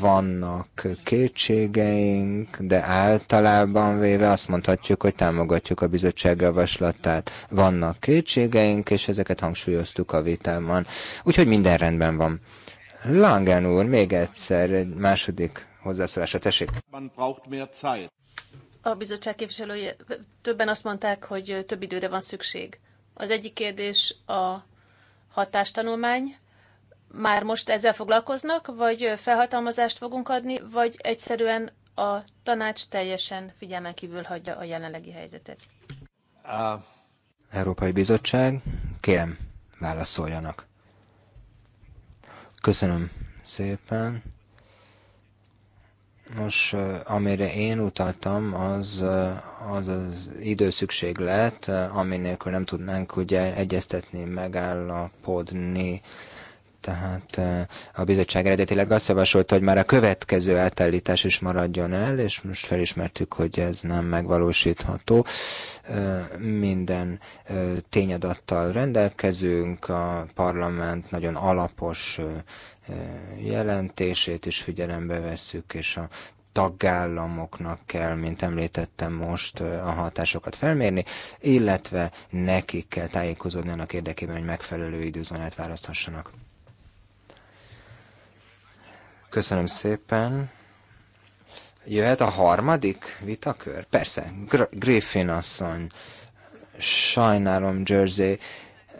S1: vannak kétségeink, de általában véve azt mondhatjuk, hogy támogatjuk a bizottság javaslatát. Vannak kétségeink, és ezeket hangsúlyoztuk a vitában. Úgyhogy minden rendben van. Langen úr, még egyszer egy második hozzászólásra, tessék.
S3: A bizottság képviselői többen azt mondták, hogy több időre van szükség. Az egyik kérdés a hatástanulmány, már most ezzel foglalkoznak, vagy felhatalmazást fogunk adni, vagy egyszerűen a tanács teljesen figyelmen kívül hagyja a jelenlegi helyzetet?
S2: A
S1: Európai Bizottság, kérem, válaszoljanak. Köszönöm szépen. Most, eh, amire én utaltam, az eh, az, az időszükséglet, lett, eh, aminélkül nem tudnánk ugye egyeztetni, megállapodni tehát a bizottság eredetileg azt javasolta, hogy már a következő átállítás is maradjon el, és most felismertük, hogy ez nem megvalósítható. Minden tényadattal rendelkezünk, a parlament nagyon alapos jelentését is figyelembe vesszük, és a tagállamoknak kell, mint említettem most, a hatásokat felmérni, illetve nekik kell tájékozódni annak érdekében, hogy megfelelő időzónát választhassanak. Köszönöm szépen. Jöhet a harmadik vitakör? Persze, Gr Griffin asszony. Sajnálom, Jersey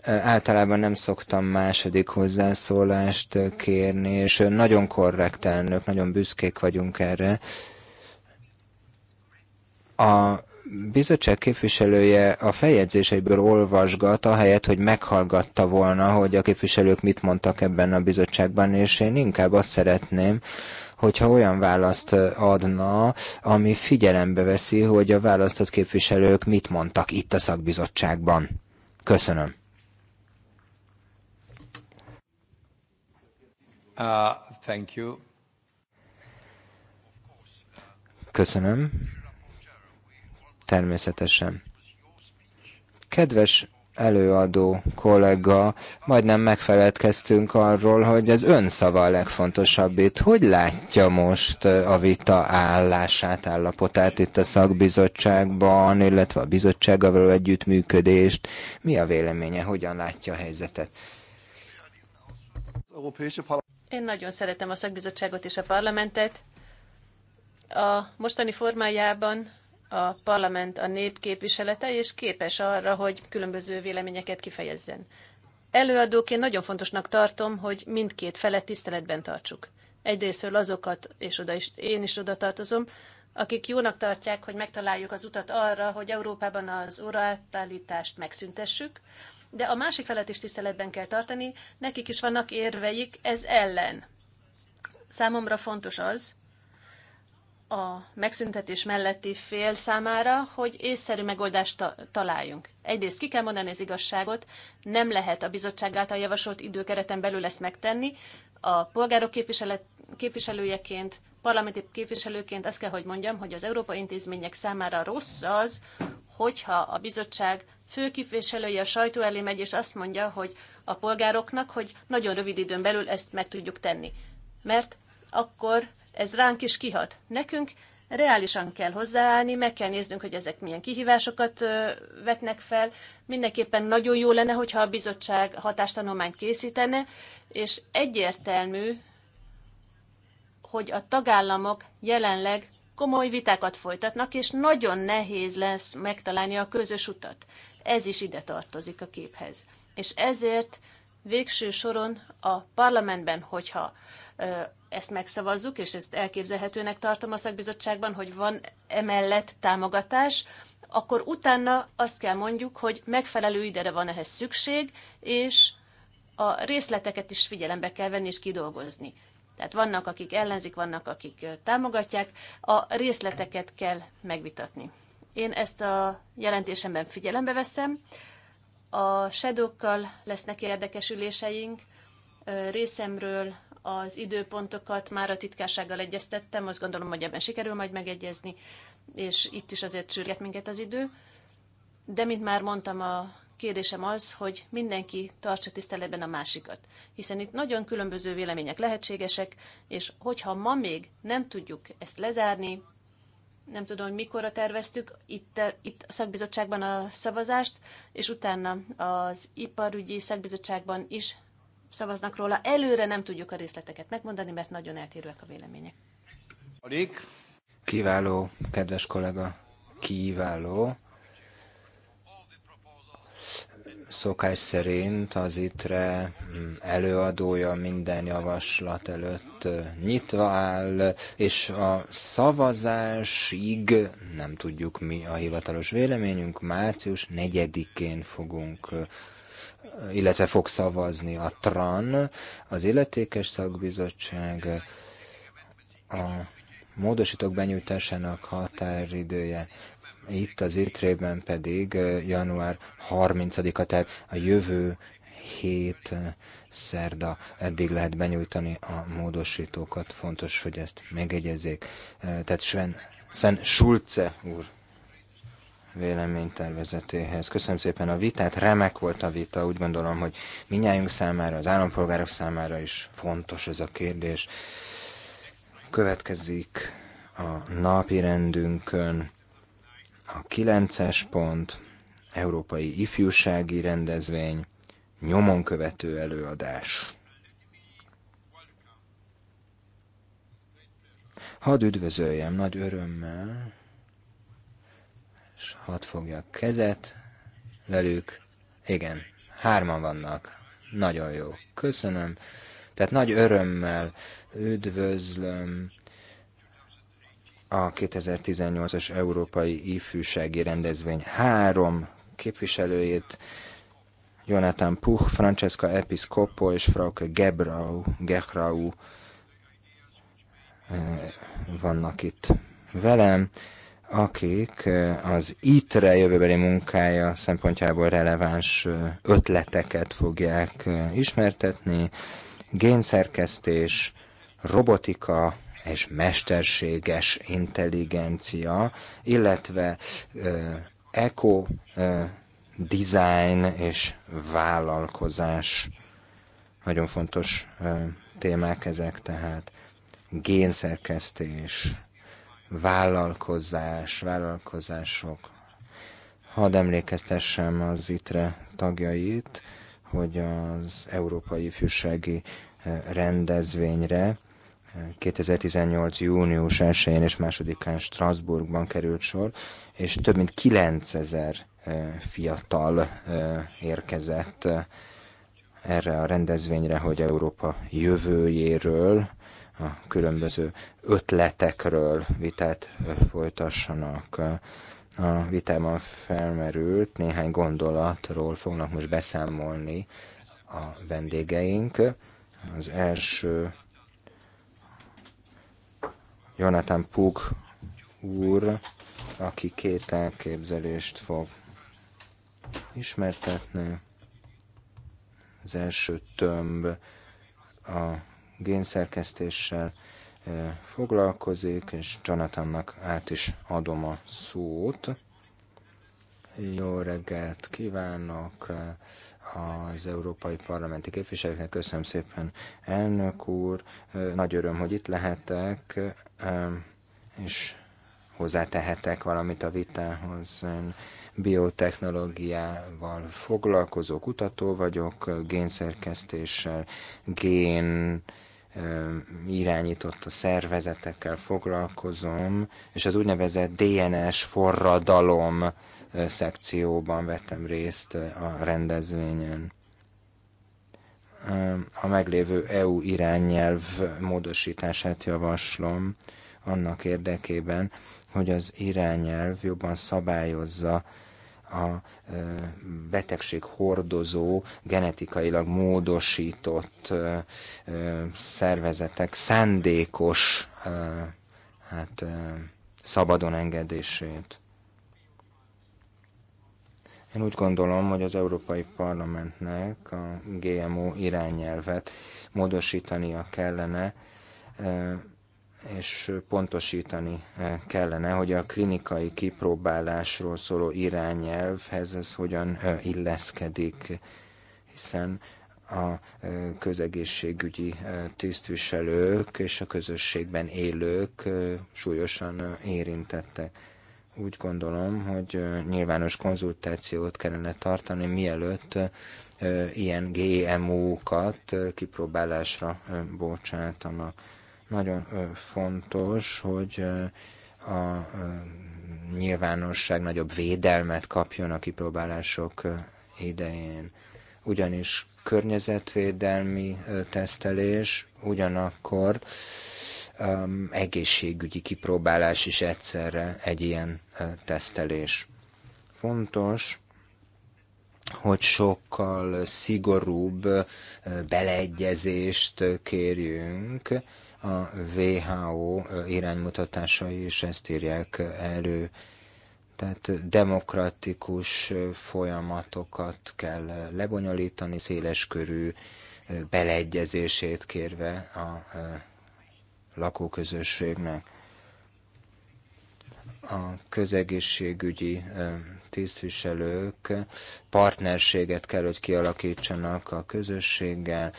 S1: általában nem szoktam második hozzászólást kérni, és nagyon korrekt elnök, nagyon büszkék vagyunk erre. A bizottság képviselője a feljegyzéseiből olvasgat, ahelyett, hogy meghallgatta volna, hogy a képviselők mit mondtak ebben a bizottságban, és én inkább azt szeretném, hogyha olyan választ adna, ami figyelembe veszi, hogy a választott képviselők mit mondtak itt a szakbizottságban. Köszönöm. Uh, thank you. Köszönöm természetesen. Kedves előadó kollega, majdnem megfeledkeztünk arról, hogy az ön szava a legfontosabb itt. Hogy látja most eh, a vita állását, állapotát itt a szakbizottságban, illetve a bizottsággal való együttműködést? Mi a véleménye, hogyan látja a helyzetet?
S3: Én nagyon szeretem a szakbizottságot és a parlamentet. A mostani formájában a parlament a nép képviselete, és képes arra, hogy különböző véleményeket kifejezzen. Előadóként nagyon fontosnak tartom, hogy mindkét felet tiszteletben tartsuk. Egyrészt azokat, és oda is, én is oda tartozom, akik jónak tartják, hogy megtaláljuk az utat arra, hogy Európában az óraátállítást megszüntessük, de a másik felet is tiszteletben kell tartani, nekik is vannak érveik ez ellen. Számomra fontos az, a megszüntetés melletti fél számára, hogy észszerű megoldást ta- találjunk. Egyrészt ki kell mondani az igazságot, nem lehet a bizottság által javasolt időkereten belül ezt megtenni. A polgárok képviselet, képviselőjeként, parlamenti képviselőként azt kell, hogy mondjam, hogy az európai intézmények számára rossz az, hogyha a bizottság főképviselője a sajtó elé megy, és azt mondja, hogy a polgároknak, hogy nagyon rövid időn belül ezt meg tudjuk tenni. Mert akkor ez ránk is kihat. Nekünk reálisan kell hozzáállni, meg kell néznünk, hogy ezek milyen kihívásokat vetnek fel. Mindenképpen nagyon jó lenne, hogyha a bizottság hatástanulmányt készítene, és egyértelmű, hogy a tagállamok jelenleg komoly vitákat folytatnak, és nagyon nehéz lesz megtalálni a közös utat. Ez is ide tartozik a képhez. És ezért végső soron a parlamentben, hogyha ezt megszavazzuk, és ezt elképzelhetőnek tartom a szakbizottságban, hogy van emellett támogatás, akkor utána azt kell mondjuk, hogy megfelelő idere van ehhez szükség, és a részleteket is figyelembe kell venni és kidolgozni. Tehát vannak, akik ellenzik, vannak, akik támogatják, a részleteket kell megvitatni. Én ezt a jelentésemben figyelembe veszem. A shadow lesznek érdekes üléseink részemről, az időpontokat már a titkársággal egyeztettem, azt gondolom, hogy ebben sikerül majd megegyezni, és itt is azért sürget minket az idő. De, mint már mondtam, a kérdésem az, hogy mindenki tartsa tiszteletben a másikat. Hiszen itt nagyon különböző vélemények lehetségesek, és hogyha ma még nem tudjuk ezt lezárni, nem tudom, hogy mikorra terveztük itt, itt a szakbizottságban a szavazást, és utána az iparügyi szakbizottságban is szavaznak róla. Előre nem tudjuk a részleteket megmondani, mert nagyon eltérőek a vélemények.
S1: Kiváló, kedves kollega, kiváló. Szokás szerint az ITRE mm, előadója minden javaslat előtt nyitva áll, és a szavazásig nem tudjuk mi a hivatalos véleményünk, március 4-én fogunk illetve fog szavazni a TRAN, az illetékes szakbizottság, a módosítók benyújtásának határidője itt az étrében pedig január 30-a, tehát a jövő hét szerda eddig lehet benyújtani a módosítókat. Fontos, hogy ezt megegyezzék. Tehát Sven, Sven Schulze úr véleménytervezetéhez. Köszönöm szépen a vitát, remek volt a vita, úgy gondolom, hogy minnyájunk számára, az állampolgárok számára is fontos ez a kérdés. Következik a napi rendünkön a 9 pont, Európai Ifjúsági Rendezvény, nyomon követő előadás. Hadd üdvözöljem nagy örömmel és hat fogja kezet velük. Igen, hárman vannak. Nagyon jó. Köszönöm. Tehát nagy örömmel üdvözlöm a 2018-as Európai Ifjúsági Rendezvény három képviselőjét, Jonathan Puch, Francesca Episcopo és Frauke Gebrau, Gehrau eh, vannak itt velem akik az ITRE jövőbeli munkája szempontjából releváns ötleteket fogják ismertetni, génszerkesztés, robotika és mesterséges intelligencia, illetve eko design és vállalkozás. Nagyon fontos témák ezek tehát. Génszerkesztés, vállalkozás, vállalkozások. Hadd emlékeztessem az ITRE tagjait, hogy az Európai Ifjúsági eh, Rendezvényre 2018. Eh, június 1-én és 2-án Strasbourgban került sor, és több mint 9000 eh, fiatal érkezett erre a rendezvényre, hogy Európa jövőjéről, a különböző ötletekről vitát folytassanak. A vitában felmerült néhány gondolatról fognak most beszámolni a vendégeink. Az első Jonathan Pug úr, aki két elképzelést fog ismertetni. Az első tömb a génszerkesztéssel eh, foglalkozik, és Jonathannak át is adom a szót. Jó reggelt kívánok eh, az európai parlamenti képviselőknek. Köszönöm szépen, elnök úr. Eh, nagy öröm, hogy itt lehetek, és hozzátehetek valamit a vitához. Én biotechnológiával foglalkozó kutató vagyok, génszerkesztéssel, gén irányított a szervezetekkel foglalkozom, és az úgynevezett DNS forradalom szekcióban vettem részt a rendezvényen. A meglévő EU irányelv módosítását javaslom annak érdekében, hogy az irányelv jobban szabályozza a e, betegség hordozó, genetikailag módosított e, e, szervezetek szándékos hát, szabadon engedését. Én úgy gondolom, hogy az Európai Parlamentnek a GMO irányelvet módosítania kellene, és pontosítani eh, kellene, hogy a klinikai kipróbálásról szóló irányelvhez ez hogyan eh, illeszkedik, hiszen a eh, közegészségügyi tisztviselők és a közösségben élők súlyosan érintettek. Úgy gondolom, hogy nyilvános konzultációt kellene tartani, mielőtt ilyen GMO-kat kipróbálásra bocsátanak nagyon fontos, hogy a nyilvánosság nagyobb védelmet kapjon a kipróbálások idején. Ugyanis környezetvédelmi tesztelés, ugyanakkor egészségügyi kipróbálás is egyszerre egy ilyen tesztelés. Fontos, hogy sokkal szigorúbb beleegyezést kérjünk, a WHO iránymutatásai is ezt írják elő. Tehát demokratikus folyamatokat kell lebonyolítani, széleskörű beleegyezését kérve a lakóközösségnek. A közegészségügyi tisztviselők partnerséget kell, hogy kialakítsanak a közösséggel,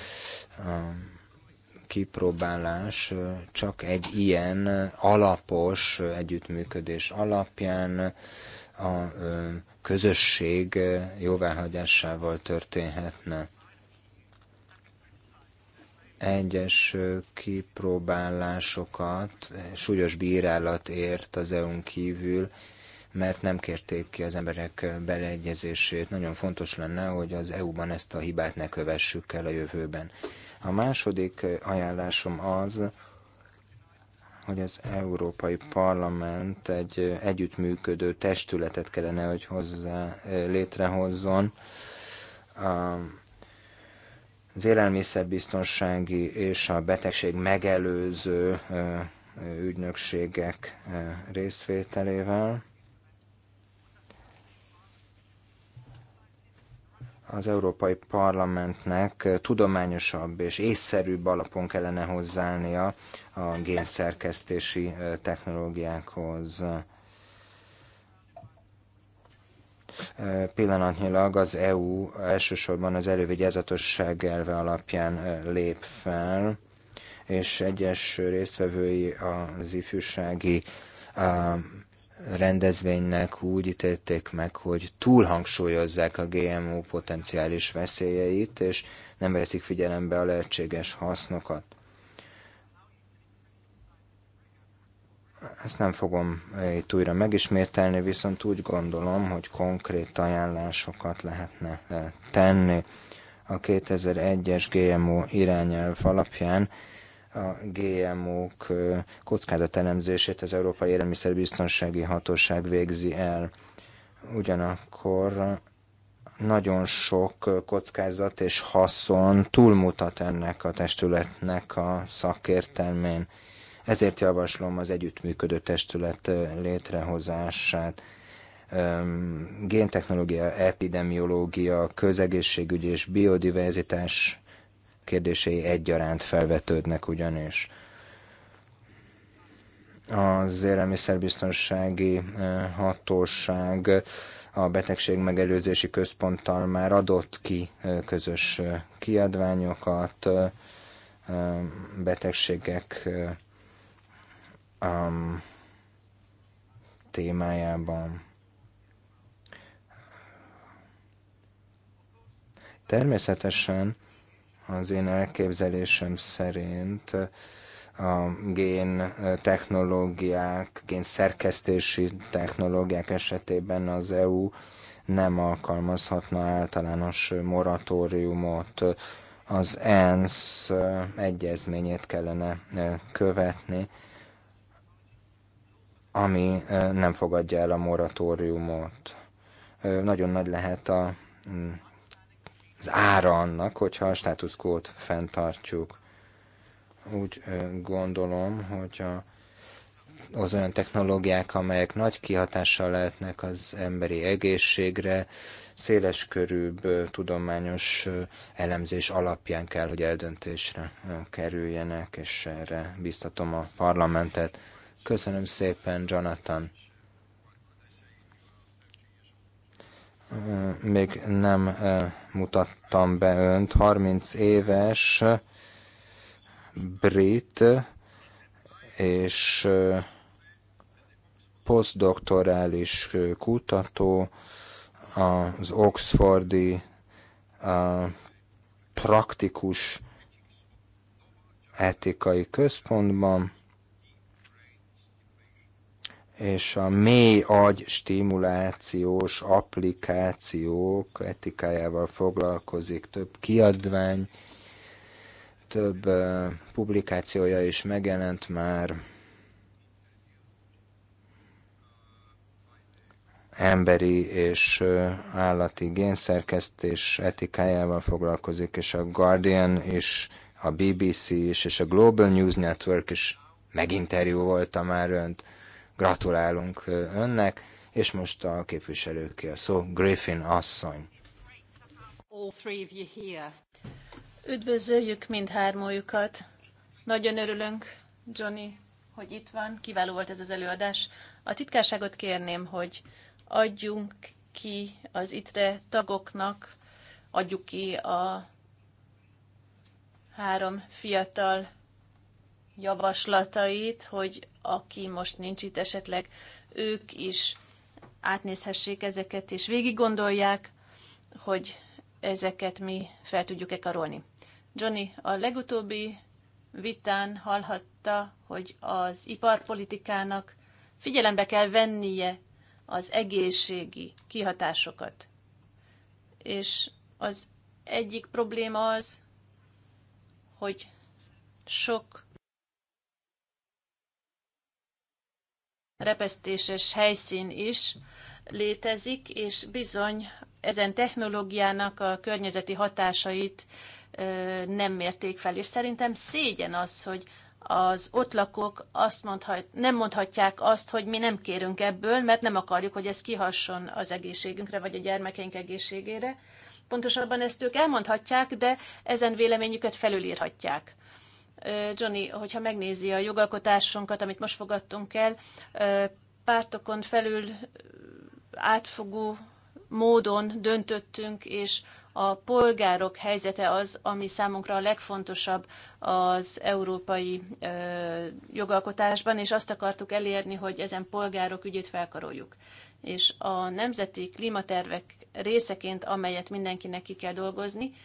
S1: kipróbálás csak egy ilyen alapos együttműködés alapján a közösség jóváhagyásával történhetne. Egyes kipróbálásokat súlyos bírálat ért az EU-n kívül, mert nem kérték ki az emberek beleegyezését. Nagyon fontos lenne, hogy az EU-ban ezt a hibát ne kövessük el a jövőben. A második eh, ajánlásom az, hogy az Európai Parlament egy eh, együttműködő testületet kellene, hogy hozzá eh, létrehozzon. Az élelmiszerbiztonsági és a betegség megelőző ügynökségek részvételével az Európai Parlamentnek tudományosabb és észszerűbb alapon kellene hozzáállnia a génszerkesztési technológiákhoz. Pillanatnyilag az EU elsősorban az elővigyázatosság elve alapján lép fel, és egyes résztvevői az ifjúsági rendezvénynek úgy ítélték meg, hogy túl hangsúlyozzák a GMO potenciális veszélyeit, és nem veszik figyelembe a lehetséges hasznokat. Ezt nem fogom itt újra megismételni, viszont úgy gondolom, hogy konkrét ajánlásokat lehetne eh, tenni. A 2001-es GMO irányelv alapján a GMO-k kockázatelemzését az Európai Élelmiszerbiztonsági Hatóság végzi el. Ugyanakkor nagyon sok kockázat és haszon túlmutat ennek a testületnek a szakértelmén. Ezért javaslom az együttműködő testület létrehozását. Géntechnológia, epidemiológia, közegészségügy és biodiverzitás kérdései egyaránt felvetődnek ugyanis. Az élelmiszerbiztonsági eh, hatóság a betegség megelőzési központtal már adott ki eh, közös eh, kiadványokat, betegségek témájában. Természetesen az én elképzelésem szerint a gén technológiák, gén szerkesztési technológiák esetében az EU nem alkalmazhatna általános moratóriumot, az ENSZ egyezményét kellene e, követni, ami e, nem fogadja el a moratóriumot. E, nagyon nagy lehet a az ára annak, hogyha a status quo-t fenntartjuk. Úgy gondolom, hogy a, az olyan technológiák, amelyek nagy kihatással lehetnek az emberi egészségre, széles körűbb tudományos elemzés alapján kell, hogy eldöntésre kerüljenek, és erre biztatom a parlamentet. Köszönöm szépen, Jonathan. még nem mutattam be önt. 30 éves brit és posztdoktorális kutató az Oxfordi praktikus etikai központban és a mély agy stimulációs applikációk etikájával foglalkozik több kiadvány, több publikációja is megjelent már emberi és állati génszerkesztés etikájával foglalkozik, és a Guardian is, a BBC is, és a Global News Network is meginterjú volta már önt. Gratulálunk önnek, és most a képviselőké a szó, Griffin asszony.
S3: Üdvözöljük mindhármójukat. Nagyon örülünk, Johnny, hogy itt van. Kiváló volt ez az előadás. A titkárságot kérném, hogy adjunk ki az itre tagoknak, adjuk ki a három fiatal javaslatait, hogy aki most nincs itt esetleg, ők is átnézhessék ezeket, és végig gondolják, hogy ezeket mi fel tudjuk-e karolni. Johnny, a legutóbbi vitán hallhatta, hogy az iparpolitikának figyelembe kell vennie az egészségi kihatásokat. És az egyik probléma az, hogy sok repesztéses helyszín is létezik, és bizony ezen technológiának a környezeti hatásait nem mérték fel, és szerintem szégyen az, hogy az ott lakók azt mondhat, nem mondhatják azt, hogy mi nem kérünk ebből, mert nem akarjuk, hogy ez kihasson az egészségünkre, vagy a gyermekeink egészségére. Pontosabban ezt ők elmondhatják, de ezen véleményüket felülírhatják. Johnny, hogyha megnézi a jogalkotásunkat, amit most fogadtunk el, pártokon felül átfogó módon döntöttünk, és a polgárok helyzete az, ami számunkra a legfontosabb az európai ö, jogalkotásban, és azt akartuk elérni, hogy ezen polgárok ügyét felkaroljuk. És a nemzeti klímatervek részeként, amelyet mindenkinek ki kell dolgozni, ö,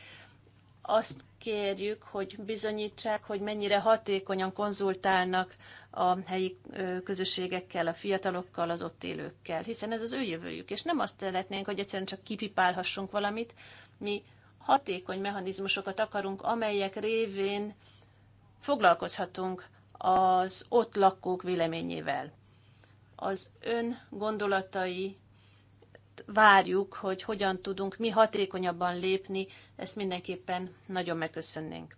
S3: azt kérjük, hogy bizonyítsák, hogy mennyire hatékonyan konzultálnak a helyi közösségekkel, a fiatalokkal, az ott élőkkel, hiszen ez az ő jövőjük, és nem azt szeretnénk, hogy egyszerűen csak kipipálhassunk valamit, mi hatékony mechanizmusokat akarunk, amelyek révén foglalkozhatunk az ott lakók véleményével. Az ön gondolatai várjuk, hogy hogyan tudunk mi hatékonyabban lépni, ezt mindenképpen nagyon megköszönnénk.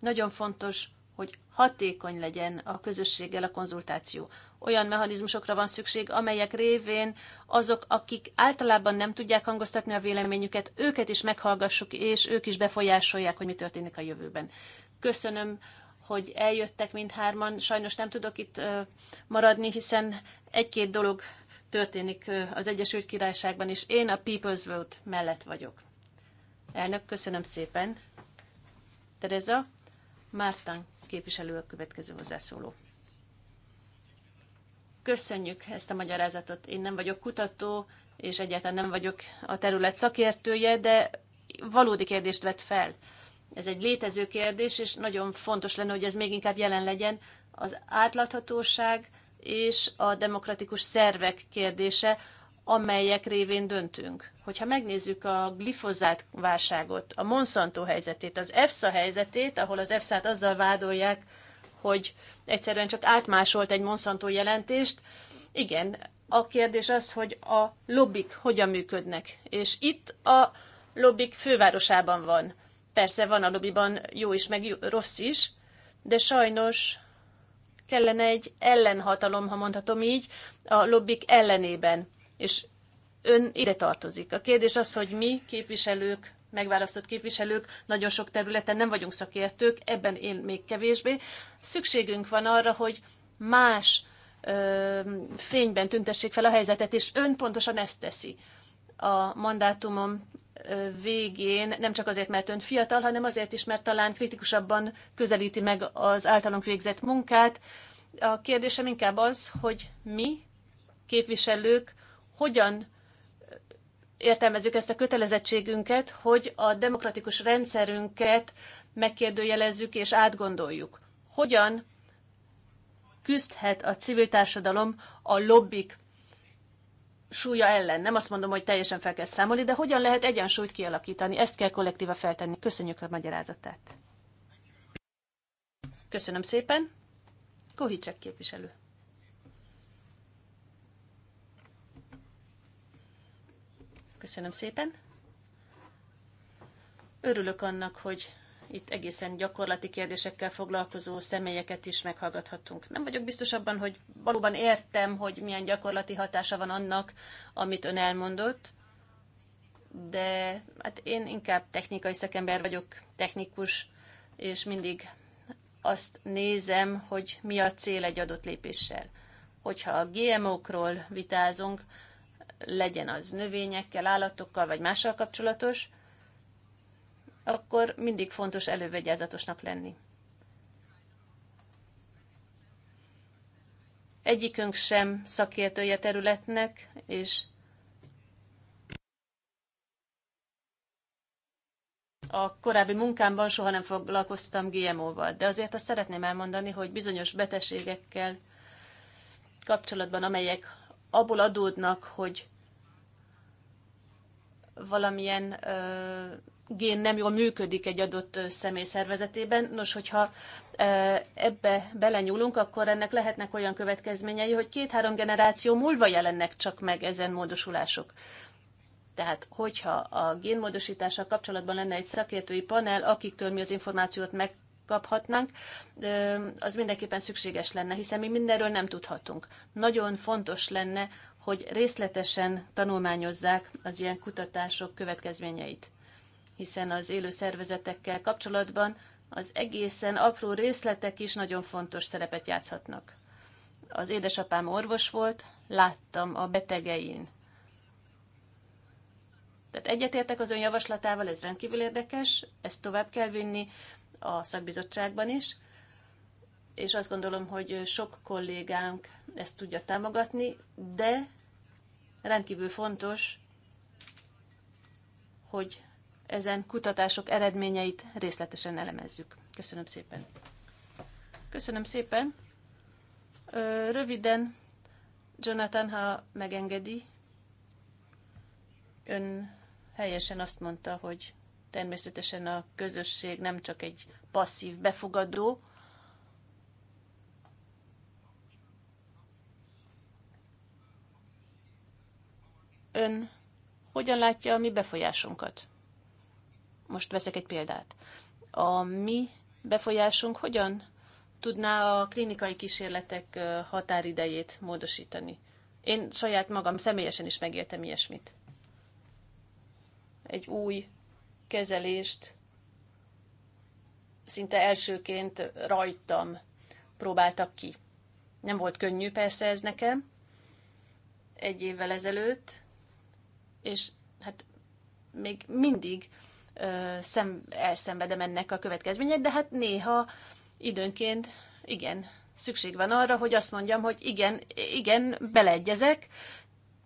S3: Nagyon fontos, hogy hatékony legyen a közösséggel a konzultáció. Olyan mechanizmusokra van szükség, amelyek révén azok, akik általában nem tudják hangoztatni a véleményüket, őket is meghallgassuk, és ők is befolyásolják, hogy mi történik a jövőben. Köszönöm, hogy eljöttek mindhárman. Sajnos nem tudok itt maradni, hiszen egy-két dolog történik az Egyesült Királyságban, és én a People's Vote mellett vagyok. Elnök, köszönöm szépen. Tereza, Mártán képviselő a következő hozzászóló. Köszönjük ezt a magyarázatot. Én nem vagyok kutató, és egyáltalán nem vagyok a terület szakértője, de valódi kérdést vett fel. Ez egy létező kérdés, és nagyon fontos lenne, hogy ez még inkább jelen legyen. Az átláthatóság, és a demokratikus szervek kérdése, amelyek révén döntünk. Hogyha megnézzük a glifozát válságot, a Monsanto helyzetét, az EFSA helyzetét, ahol az EFSA-t azzal vádolják, hogy egyszerűen csak átmásolt egy Monsanto jelentést, igen, a kérdés az, hogy a lobbik hogyan működnek. És itt a lobbik fővárosában van. Persze van a lobbiban jó is, meg rossz is, de sajnos kellene egy ellenhatalom, ha mondhatom így, a lobbik ellenében. És ön ide tartozik. A kérdés az, hogy mi képviselők, megválasztott képviselők, nagyon sok területen nem vagyunk szakértők, ebben én még kevésbé. Szükségünk van arra, hogy más ö, fényben tüntessék fel a helyzetet, és ön pontosan ezt teszi. A mandátumom végén nem csak azért, mert ön fiatal, hanem azért is, mert talán kritikusabban közelíti meg az általunk végzett munkát. A kérdésem inkább az, hogy mi, képviselők, hogyan értelmezzük ezt a kötelezettségünket, hogy a demokratikus rendszerünket megkérdőjelezzük és átgondoljuk. Hogyan küzdhet a civil társadalom a lobbik súlya ellen. Nem azt mondom, hogy teljesen fel kell számolni, de hogyan lehet egyensúlyt kialakítani? Ezt kell kollektíva feltenni. Köszönjük a magyarázatát. Köszönöm szépen. Kohicsek képviselő. Köszönöm szépen. Örülök annak, hogy itt egészen gyakorlati kérdésekkel foglalkozó személyeket is meghallgathatunk. Nem vagyok biztos abban, hogy valóban értem, hogy milyen gyakorlati hatása van annak, amit ön elmondott, de hát én inkább technikai szakember vagyok, technikus, és mindig azt nézem, hogy mi a cél egy adott lépéssel. Hogyha a GMO-król vitázunk, legyen az növényekkel, állatokkal vagy mással kapcsolatos, akkor mindig fontos elővegyázatosnak lenni. Egyikünk sem szakértője területnek, és a korábbi munkámban soha nem foglalkoztam GMO-val, de azért azt szeretném elmondani, hogy bizonyos betegségekkel kapcsolatban, amelyek abból adódnak, hogy valamilyen ö, gén nem jól működik egy adott személy szervezetében. Nos, hogyha ebbe belenyúlunk, akkor ennek lehetnek olyan következményei, hogy két-három generáció múlva jelennek csak meg ezen módosulások. Tehát, hogyha a génmódosítással kapcsolatban lenne egy szakértői panel, akiktől mi az információt megkaphatnánk, az mindenképpen szükséges lenne, hiszen mi mindenről nem tudhatunk. Nagyon fontos lenne, hogy részletesen tanulmányozzák az ilyen kutatások következményeit hiszen az élő szervezetekkel kapcsolatban az egészen apró részletek is nagyon fontos szerepet játszhatnak. Az édesapám orvos volt, láttam a betegein. Tehát egyetértek az ön javaslatával, ez rendkívül érdekes, ezt tovább kell vinni a szakbizottságban is, és azt gondolom, hogy sok kollégánk ezt tudja támogatni, de rendkívül fontos, hogy ezen kutatások eredményeit részletesen elemezzük. Köszönöm szépen. Köszönöm szépen. Röviden, Jonathan, ha megengedi, ön helyesen azt mondta, hogy természetesen a közösség nem csak egy passzív befogadó, Ön hogyan látja a mi befolyásunkat? Most veszek egy példát. A mi befolyásunk hogyan tudná a klinikai kísérletek határidejét módosítani? Én saját magam személyesen is megértem ilyesmit. Egy új kezelést szinte elsőként rajtam próbáltak ki. Nem volt könnyű persze ez nekem, egy évvel ezelőtt, és hát még mindig szem, elszenvedem ennek a következményeit, de hát néha időnként igen, szükség van arra, hogy azt mondjam, hogy igen, igen, beleegyezek,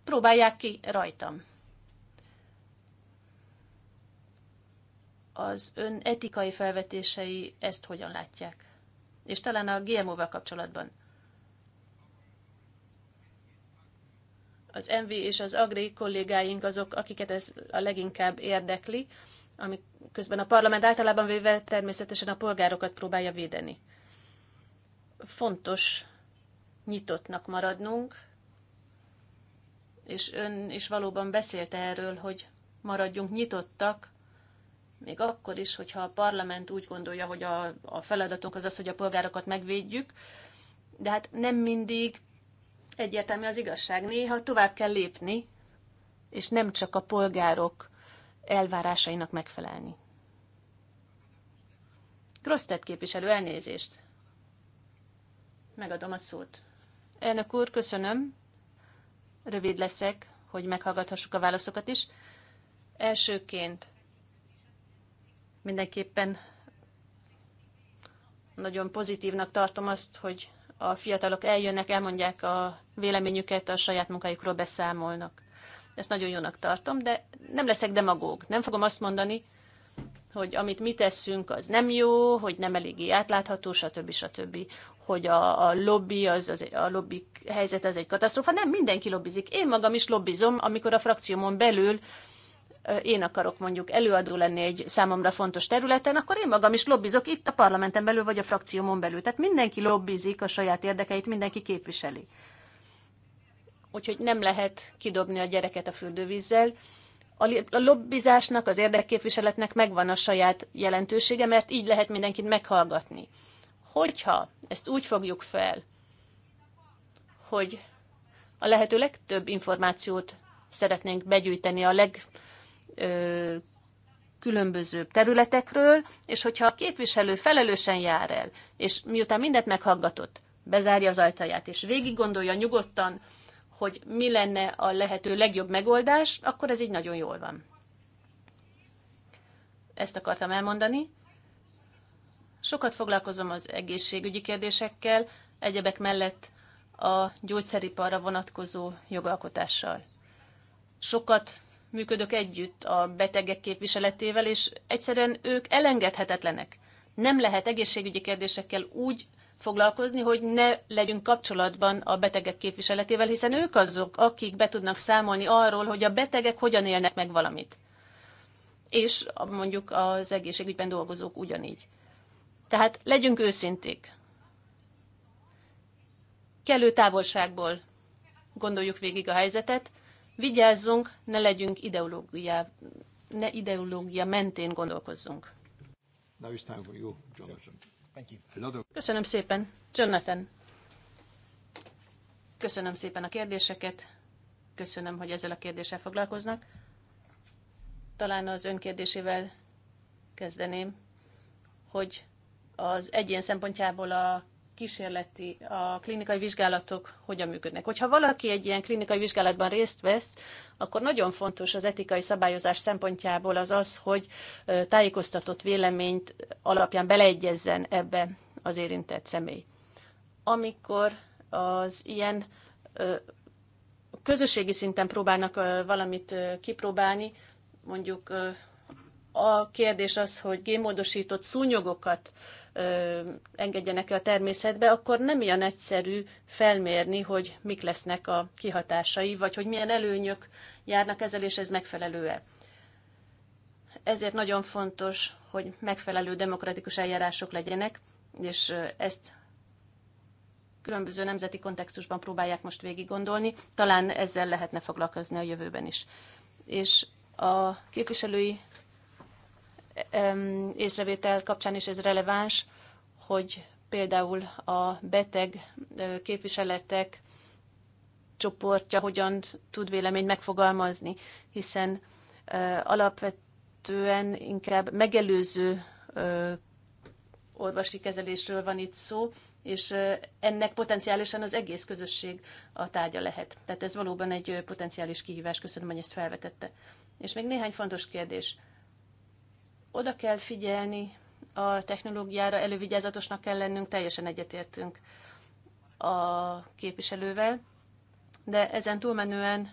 S3: próbálják ki rajtam. Az ön etikai felvetései ezt hogyan látják? És talán a GMO-val kapcsolatban. Az MV és az Agri kollégáink azok, akiket ez a leginkább érdekli, ami közben a parlament általában véve természetesen a polgárokat próbálja védeni. Fontos nyitottnak maradnunk, és ön is valóban beszélt erről, hogy maradjunk nyitottak, még akkor is, hogyha a parlament úgy gondolja, hogy a, a feladatunk az az, hogy a polgárokat megvédjük, de hát nem mindig egyértelmű az igazság. Néha tovább kell lépni, és nem csak a polgárok elvárásainak megfelelni. Grosztet képviselő, elnézést. Megadom a szót. Elnök úr, köszönöm. Rövid leszek, hogy meghallgathassuk a válaszokat is. Elsőként mindenképpen nagyon pozitívnak tartom azt, hogy a fiatalok eljönnek, elmondják a véleményüket, a saját munkájukról beszámolnak ezt nagyon jónak tartom, de nem leszek demagóg. Nem fogom azt mondani, hogy amit mi teszünk, az nem jó, hogy nem eléggé átlátható, stb. stb. Hogy a, a lobby, az, az, a lobby helyzet az egy katasztrófa. Nem, mindenki lobbizik. Én magam is lobbizom, amikor a frakciómon belül én akarok mondjuk előadó lenni egy számomra fontos területen, akkor én magam is lobbizok itt a parlamenten belül, vagy a frakciómon belül. Tehát mindenki lobbizik a saját érdekeit, mindenki képviseli úgyhogy nem lehet kidobni a gyereket a fürdővízzel. A lobbizásnak, az érdekképviseletnek megvan a saját jelentősége, mert így lehet mindenkit meghallgatni. Hogyha ezt úgy fogjuk fel, hogy a lehető legtöbb információt szeretnénk begyűjteni a leg területekről, és hogyha a képviselő felelősen jár el, és miután mindent meghallgatott, bezárja az ajtaját, és végig gondolja nyugodtan hogy mi lenne a lehető legjobb megoldás, akkor ez így nagyon jól van. Ezt akartam elmondani. Sokat foglalkozom az egészségügyi kérdésekkel, egyebek mellett a gyógyszeriparra vonatkozó jogalkotással. Sokat működök együtt a betegek képviseletével, és egyszerűen ők elengedhetetlenek. Nem lehet egészségügyi kérdésekkel úgy foglalkozni, hogy ne legyünk kapcsolatban a betegek képviseletével, hiszen ők azok, akik be tudnak számolni arról, hogy a betegek hogyan élnek meg valamit. És mondjuk az egészségügyben dolgozók ugyanígy. Tehát legyünk őszinték. Kellő távolságból gondoljuk végig a helyzetet, vigyázzunk, ne legyünk ideológia, ne ideológia mentén gondolkozzunk.
S1: Now it's time for you, Jonathan.
S3: Köszönöm szépen, Jonathan. Köszönöm szépen a kérdéseket. Köszönöm, hogy ezzel a kérdéssel foglalkoznak. Talán az ön kérdésével kezdeném, hogy az egyén szempontjából a kísérleti, a klinikai vizsgálatok hogyan működnek. Hogyha valaki egy ilyen klinikai vizsgálatban részt vesz, akkor nagyon fontos az etikai szabályozás szempontjából az az, hogy tájékoztatott véleményt alapján beleegyezzen ebbe az érintett személy. Amikor az ilyen közösségi szinten próbálnak valamit kipróbálni, mondjuk a kérdés az, hogy gémódosított szúnyogokat ö, engedjenek a természetbe, akkor nem ilyen egyszerű felmérni, hogy mik lesznek a kihatásai, vagy hogy milyen előnyök járnak ezzel, és ez megfelelő-e. Ezért nagyon fontos, hogy megfelelő demokratikus eljárások legyenek, és ezt különböző nemzeti kontextusban próbálják most végig gondolni. Talán ezzel lehetne foglalkozni a jövőben is. És a képviselői észrevétel kapcsán is ez releváns, hogy például a beteg képviseletek csoportja hogyan tud véleményt megfogalmazni, hiszen alapvetően inkább megelőző orvosi kezelésről van itt szó, és ennek potenciálisan az egész közösség a tárgya lehet. Tehát ez valóban egy potenciális kihívás. Köszönöm, hogy ezt felvetette. És még néhány fontos kérdés. Oda kell figyelni a technológiára, elővigyázatosnak kell lennünk, teljesen egyetértünk a képviselővel, de ezen túlmenően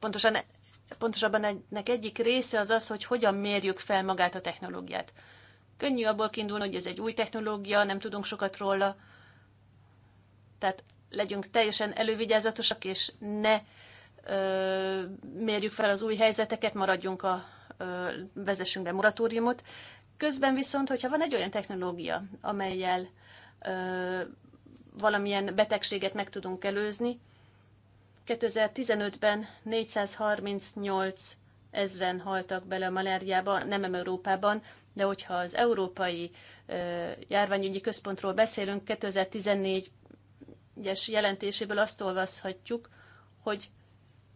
S3: pontosan pontosabban ennek egyik része az az, hogy hogyan mérjük fel magát a technológiát. Könnyű abból kiindulni, hogy ez egy új technológia, nem tudunk sokat róla, tehát legyünk teljesen elővigyázatosak, és ne ö, mérjük fel az új helyzeteket, maradjunk a vezessünk be moratóriumot. Közben viszont, hogyha van egy olyan technológia, amelyel valamilyen betegséget meg tudunk előzni, 2015-ben 438 ezren haltak bele a maláriába, nem Európában, de hogyha az Európai Járványügyi Központról beszélünk, 2014-es jelentéséből azt olvashatjuk, hogy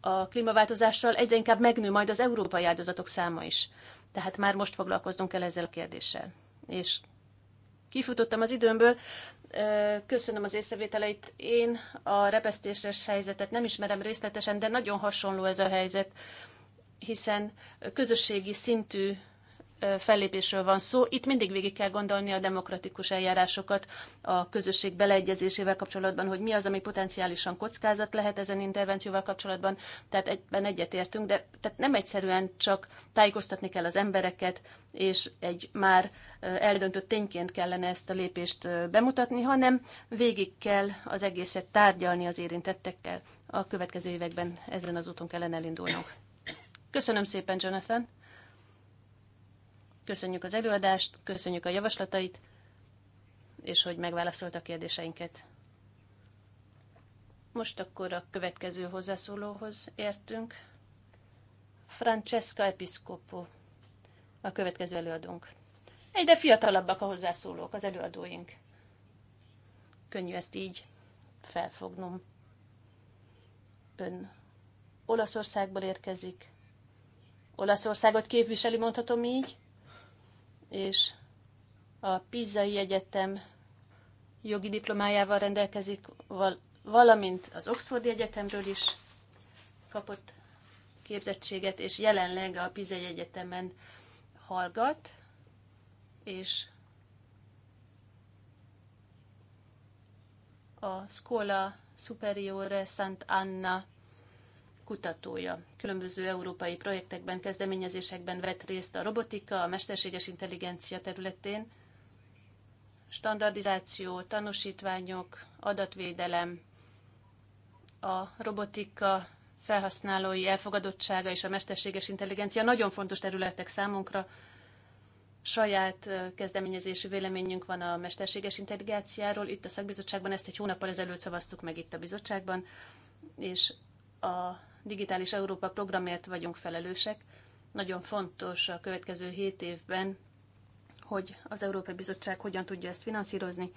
S3: a klímaváltozással egyre inkább megnő majd az európai áldozatok száma is. Tehát már most foglalkoznunk kell ezzel a kérdéssel. És kifutottam az időmből, köszönöm az észrevételeit. Én a repesztéses helyzetet nem ismerem részletesen, de nagyon hasonló ez a helyzet, hiszen közösségi szintű fellépésről van szó. Itt mindig végig kell gondolni a demokratikus eljárásokat a közösség beleegyezésével kapcsolatban, hogy mi az, ami potenciálisan kockázat lehet ezen intervencióval kapcsolatban. Tehát egyben egyetértünk, de tehát nem egyszerűen csak tájékoztatni kell az embereket, és egy már eldöntött tényként kellene ezt a lépést bemutatni, hanem végig kell az egészet tárgyalni az érintettekkel. A következő években ezen az úton kellene elindulnunk. Köszönöm szépen, Jonathan! Köszönjük az előadást, köszönjük a javaslatait, és hogy megválaszolta a kérdéseinket. Most akkor a következő hozzászólóhoz értünk. Francesca Episcopo, a következő előadónk. Egyre fiatalabbak a hozzászólók, az előadóink. Könnyű ezt így felfognom. Ön Olaszországból érkezik. Olaszországot képviseli, mondhatom így és a Pizzai Egyetem jogi diplomájával rendelkezik, valamint az Oxfordi Egyetemről is kapott képzettséget, és jelenleg a Pizzai Egyetemen hallgat, és a Scuola Superiore Sant'Anna Anna kutatója. Különböző európai projektekben, kezdeményezésekben vett részt a robotika, a mesterséges intelligencia területén, standardizáció, tanúsítványok, adatvédelem, a robotika felhasználói elfogadottsága és a mesterséges intelligencia nagyon fontos területek számunkra. Saját kezdeményezésű véleményünk van a mesterséges intelligenciáról. Itt a szakbizottságban ezt egy hónappal ezelőtt szavaztuk meg itt a bizottságban, és a Digitális Európa programért vagyunk felelősek. Nagyon fontos a következő hét évben, hogy az Európai Bizottság hogyan tudja ezt finanszírozni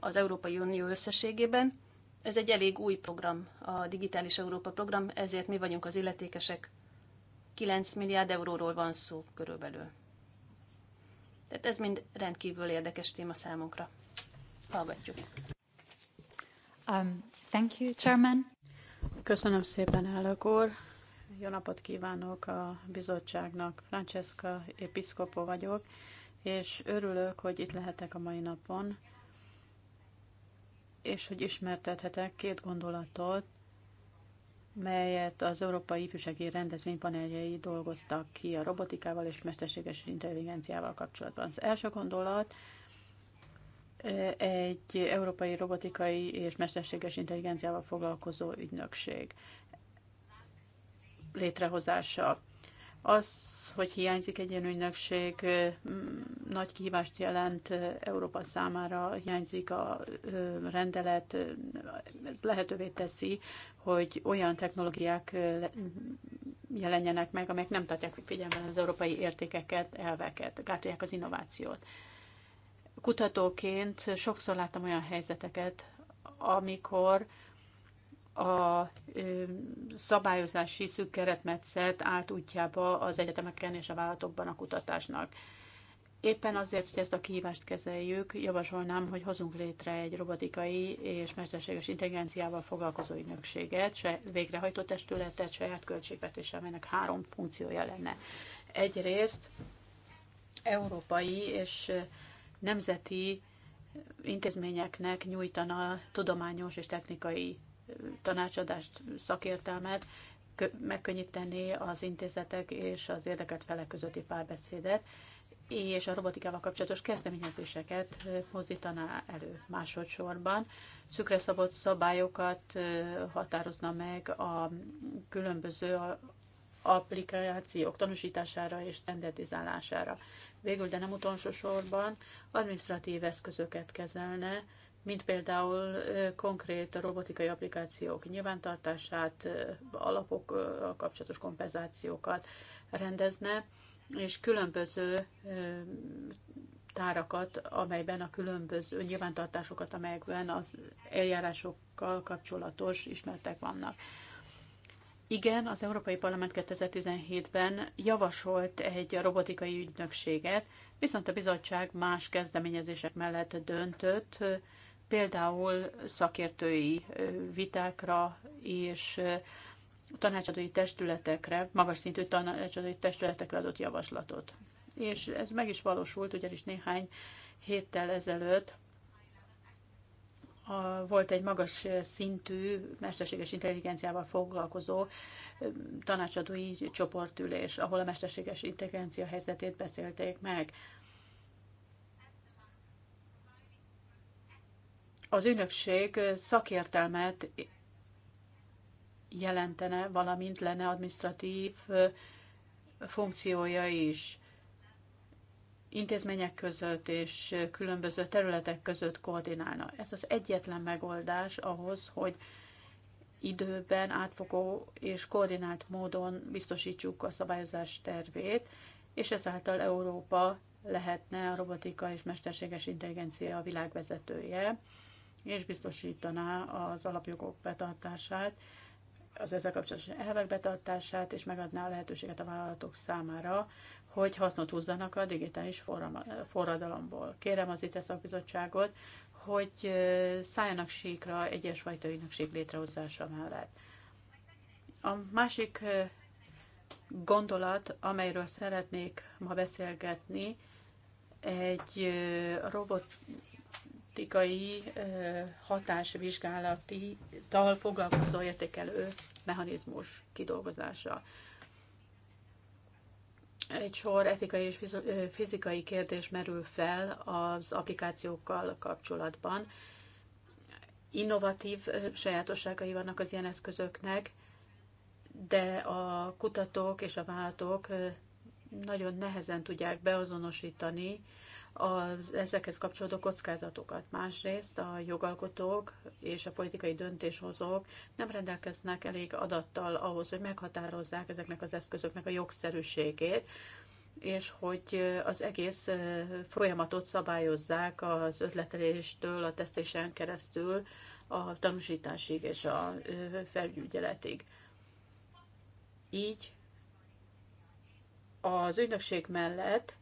S3: az Európai Unió összességében. Ez egy elég új program, a Digitális Európa program, ezért mi vagyunk az illetékesek. 9 milliárd euróról van szó körülbelül. Tehát ez mind rendkívül érdekes téma számunkra. Hallgatjuk.
S2: Um, thank you, Chairman. Köszönöm szépen, elnök úr. Jó napot kívánok a bizottságnak. Francesca Episzkopó vagyok, és örülök, hogy itt lehetek a mai napon, és hogy ismertethetek két gondolatot, melyet az Európai Ifjúsági Rendezvény paneljei dolgoztak ki a robotikával és mesterséges intelligenciával kapcsolatban. Az első gondolat, egy európai robotikai és mesterséges intelligenciával foglalkozó ügynökség létrehozása. Az, hogy hiányzik egy ilyen ügynökség, nagy kihívást jelent Európa számára, hiányzik a rendelet, ez lehetővé teszi, hogy olyan technológiák jelenjenek meg, amelyek nem tartják figyelmen az európai értékeket, elveket, gátolják az innovációt kutatóként sokszor láttam olyan helyzeteket, amikor a szabályozási szűk keretmetszet állt útjába az egyetemeken és a vállalatokban a kutatásnak. Éppen azért, hogy ezt a kihívást kezeljük, javasolnám, hogy hozunk létre egy robotikai és mesterséges intelligenciával foglalkozó ügynökséget, se végrehajtó testületet, saját költségvetéssel, amelynek három funkciója lenne. Egyrészt európai és nemzeti intézményeknek nyújtana tudományos és technikai tanácsadást, szakértelmet, megkönnyíteni az intézetek és az érdekelt felek közötti párbeszédet, és a robotikával kapcsolatos kezdeményezéseket mozdítaná elő másodszorban. Szükre szabott szabályokat határozna meg a különböző applikációk tanúsítására és standardizálására. Végül, de nem utolsó sorban, administratív eszközöket kezelne, mint például konkrét robotikai applikációk nyilvántartását, alapokkal kapcsolatos kompenzációkat rendezne, és különböző tárakat, amelyben a különböző nyilvántartásokat, amelyekben az eljárásokkal kapcsolatos ismertek vannak. Igen, az Európai Parlament 2017-ben javasolt egy robotikai ügynökséget, viszont a bizottság más kezdeményezések mellett döntött, például szakértői vitákra és tanácsadói testületekre, magas szintű tanácsadói testületekre adott javaslatot. És ez meg is valósult, ugyanis néhány héttel ezelőtt a, volt egy magas szintű mesterséges intelligenciával foglalkozó tanácsadói csoportülés, ahol a mesterséges intelligencia helyzetét beszélték meg. Az ünökség szakértelmet jelentene, valamint lenne administratív funkciója is intézmények között és különböző területek között koordinálna. Ez az egyetlen megoldás ahhoz, hogy időben átfogó és koordinált módon biztosítsuk a szabályozás tervét, és ezáltal Európa lehetne a robotika és mesterséges intelligencia a világvezetője, és biztosítaná az alapjogok betartását, az ezzel kapcsolatos elvek betartását, és megadná a lehetőséget a vállalatok számára, hogy hasznot húzzanak a digitális forradalomból. Kérem az ITE bizottságot, hogy szálljanak síkra egyes fajta ügynökség létrehozása mellett. A másik gondolat, amelyről szeretnék ma beszélgetni, egy robotikai hatásvizsgálati tal foglalkozó értékelő mechanizmus kidolgozása. Egy sor etikai és fizikai kérdés merül fel az applikációkkal kapcsolatban. Innovatív sajátosságai vannak az ilyen eszközöknek, de a kutatók és a váltók nagyon nehezen tudják beazonosítani, az ezekhez kapcsolódó kockázatokat. Másrészt a jogalkotók és a politikai döntéshozók nem rendelkeznek elég adattal ahhoz, hogy meghatározzák ezeknek az eszközöknek a jogszerűségét, és hogy az egész folyamatot szabályozzák az ötleteléstől, a tesztésen keresztül, a tanúsításig és a felügyeletig. Így az ügynökség mellett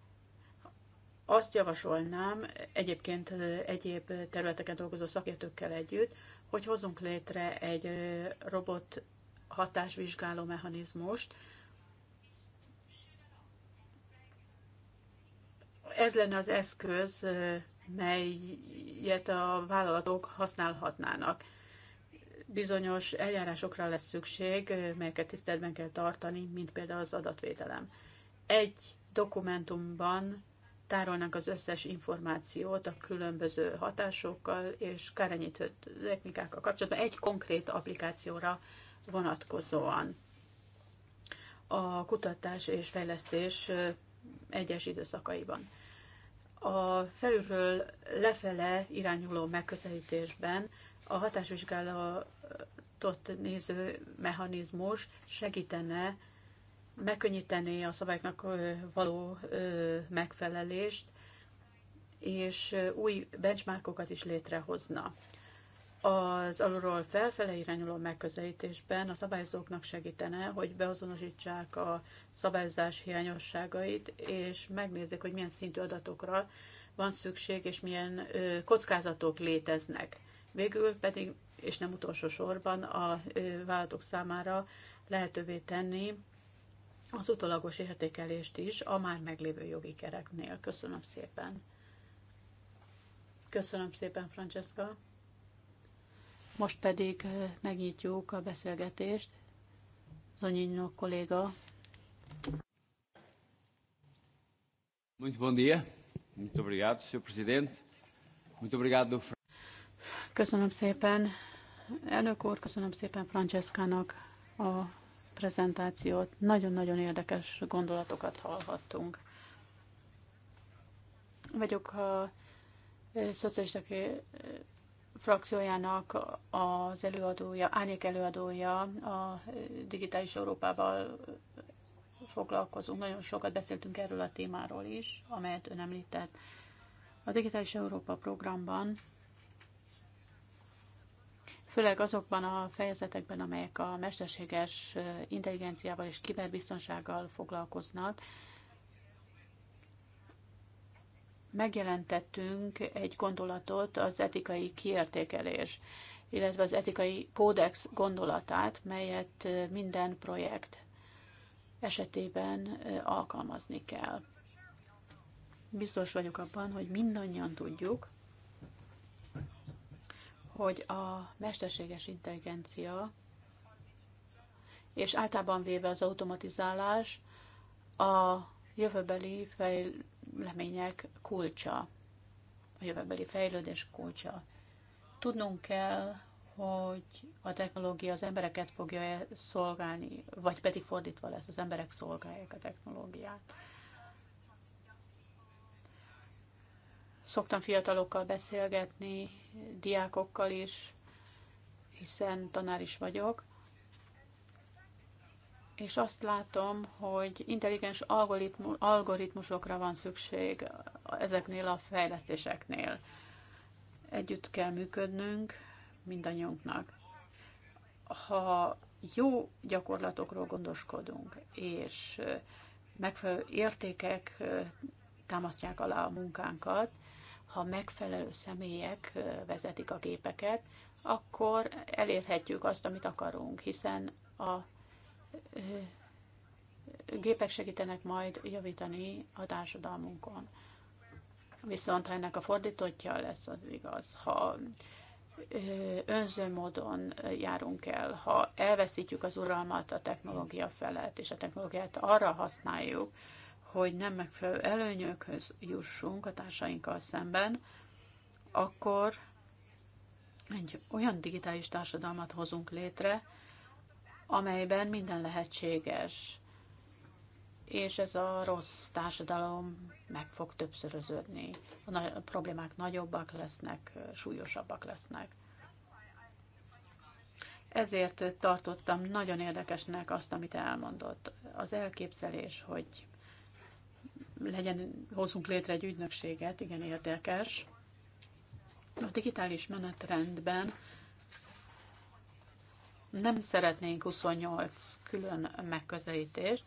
S2: azt javasolnám egyébként egyéb területeken dolgozó szakértőkkel együtt, hogy hozzunk létre egy robot hatásvizsgáló mechanizmust. Ez lenne az eszköz, melyet a vállalatok használhatnának. Bizonyos eljárásokra lesz szükség, melyeket tiszteletben kell tartani, mint például az adatvédelem. Egy dokumentumban tárolnak az összes információt a különböző hatásokkal és kárenyítő technikákkal kapcsolatban egy konkrét applikációra vonatkozóan. A kutatás és fejlesztés egyes időszakaiban. A felülről lefele irányuló megközelítésben a hatásvizsgálatot néző mechanizmus segítene megkönnyíteni a szabályoknak való megfelelést, és új benchmarkokat is létrehozna. Az alulról felfele irányuló megközelítésben a szabályozóknak segítene, hogy beazonosítsák a szabályozás hiányosságait, és megnézzék, hogy milyen szintű adatokra van szükség, és milyen kockázatok léteznek. Végül pedig, és nem utolsó sorban, a vállalatok számára lehetővé tenni, az utolagos értékelést is a már meglévő jogi kereknél. Köszönöm szépen. Köszönöm szépen, Francesca. Most pedig eh, megnyitjuk a beszélgetést. Zonyinó kolléga. Muito bom dia. Muito obrigado, Sr. Presidente. Muito obrigado. Köszönöm szépen, elnök úr, köszönöm szépen Franceskának a prezentációt, nagyon-nagyon érdekes gondolatokat hallhattunk. Vagyok a szocialisták frakciójának az előadója, árnyék előadója a Digitális Európával foglalkozunk. Nagyon sokat beszéltünk erről a témáról is, amelyet ön említett. A Digitális Európa programban főleg azokban a fejezetekben, amelyek a mesterséges intelligenciával és kiberbiztonsággal foglalkoznak, megjelentettünk egy gondolatot, az etikai kiértékelés, illetve az etikai kódex gondolatát, melyet minden projekt esetében alkalmazni kell. Biztos vagyok abban, hogy mindannyian tudjuk, hogy a mesterséges intelligencia és általában véve az automatizálás a jövőbeli fejlemények kulcsa, a jövőbeli fejlődés kulcsa. Tudnunk kell, hogy a technológia az embereket fogja -e szolgálni, vagy pedig fordítva lesz, az emberek szolgálják a technológiát. Szoktam fiatalokkal beszélgetni, diákokkal is, hiszen tanár is vagyok, és azt látom, hogy intelligens algoritmusokra van szükség ezeknél a fejlesztéseknél. Együtt kell működnünk mindannyiunknak. Ha jó gyakorlatokról gondoskodunk, és megfelelő értékek támasztják alá a munkánkat, ha megfelelő személyek vezetik a gépeket, akkor elérhetjük azt, amit akarunk, hiszen a gépek segítenek majd javítani a társadalmunkon. Viszont ha ennek a fordítottja lesz, az igaz. Ha önző módon járunk el, ha elveszítjük az uralmat a technológia felett, és a technológiát arra használjuk, hogy nem megfelelő előnyökhöz jussunk a társainkkal szemben, akkor egy olyan digitális társadalmat hozunk létre, amelyben minden lehetséges, és ez a rossz társadalom meg fog többszöröződni. A problémák nagyobbak lesznek, súlyosabbak lesznek. Ezért tartottam nagyon érdekesnek azt, amit elmondott. Az elképzelés, hogy legyen, hozzunk létre egy ügynökséget, igen érdekes. A digitális menetrendben nem szeretnénk 28 külön megközelítést,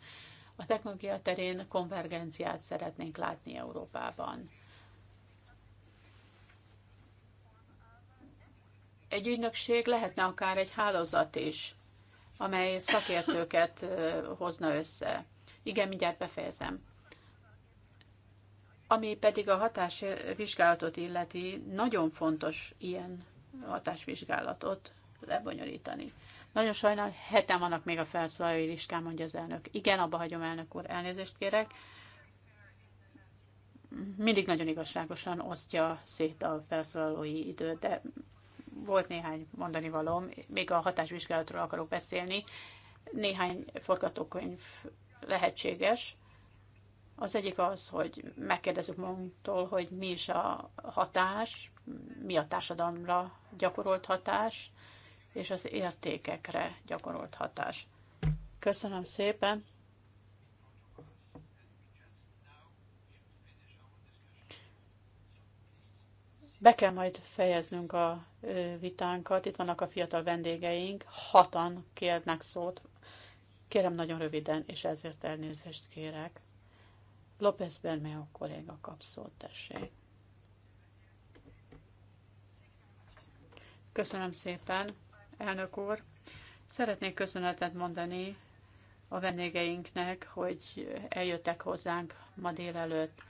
S2: a technológia terén konvergenciát szeretnénk látni Európában. Egy ügynökség lehetne akár egy hálózat is, amely szakértőket hozna össze. Igen, mindjárt befejezem. Ami pedig a hatásvizsgálatot illeti, nagyon fontos ilyen hatásvizsgálatot lebonyolítani. Nagyon sajnálom, hetem vannak még a felszólalói listán, mondja az elnök. Igen, abba hagyom, elnök úr, elnézést kérek. Mindig nagyon igazságosan osztja szét a felszólalói időt, de volt néhány mondani valóm, még a hatásvizsgálatról akarok beszélni. Néhány forgatókönyv lehetséges. Az egyik az, hogy megkérdezzük magunktól, hogy mi is a hatás, mi a társadalomra gyakorolt hatás, és az értékekre gyakorolt hatás. Köszönöm szépen! Be kell majd fejeznünk a vitánkat. Itt vannak a fiatal vendégeink, hatan kérnek szót. Kérem nagyon röviden, és ezért elnézést kérek. López Bermeo kolléga kap szót, tessék. Köszönöm szépen, elnök úr. Szeretnék köszönetet mondani a vendégeinknek, hogy eljöttek hozzánk ma délelőtt.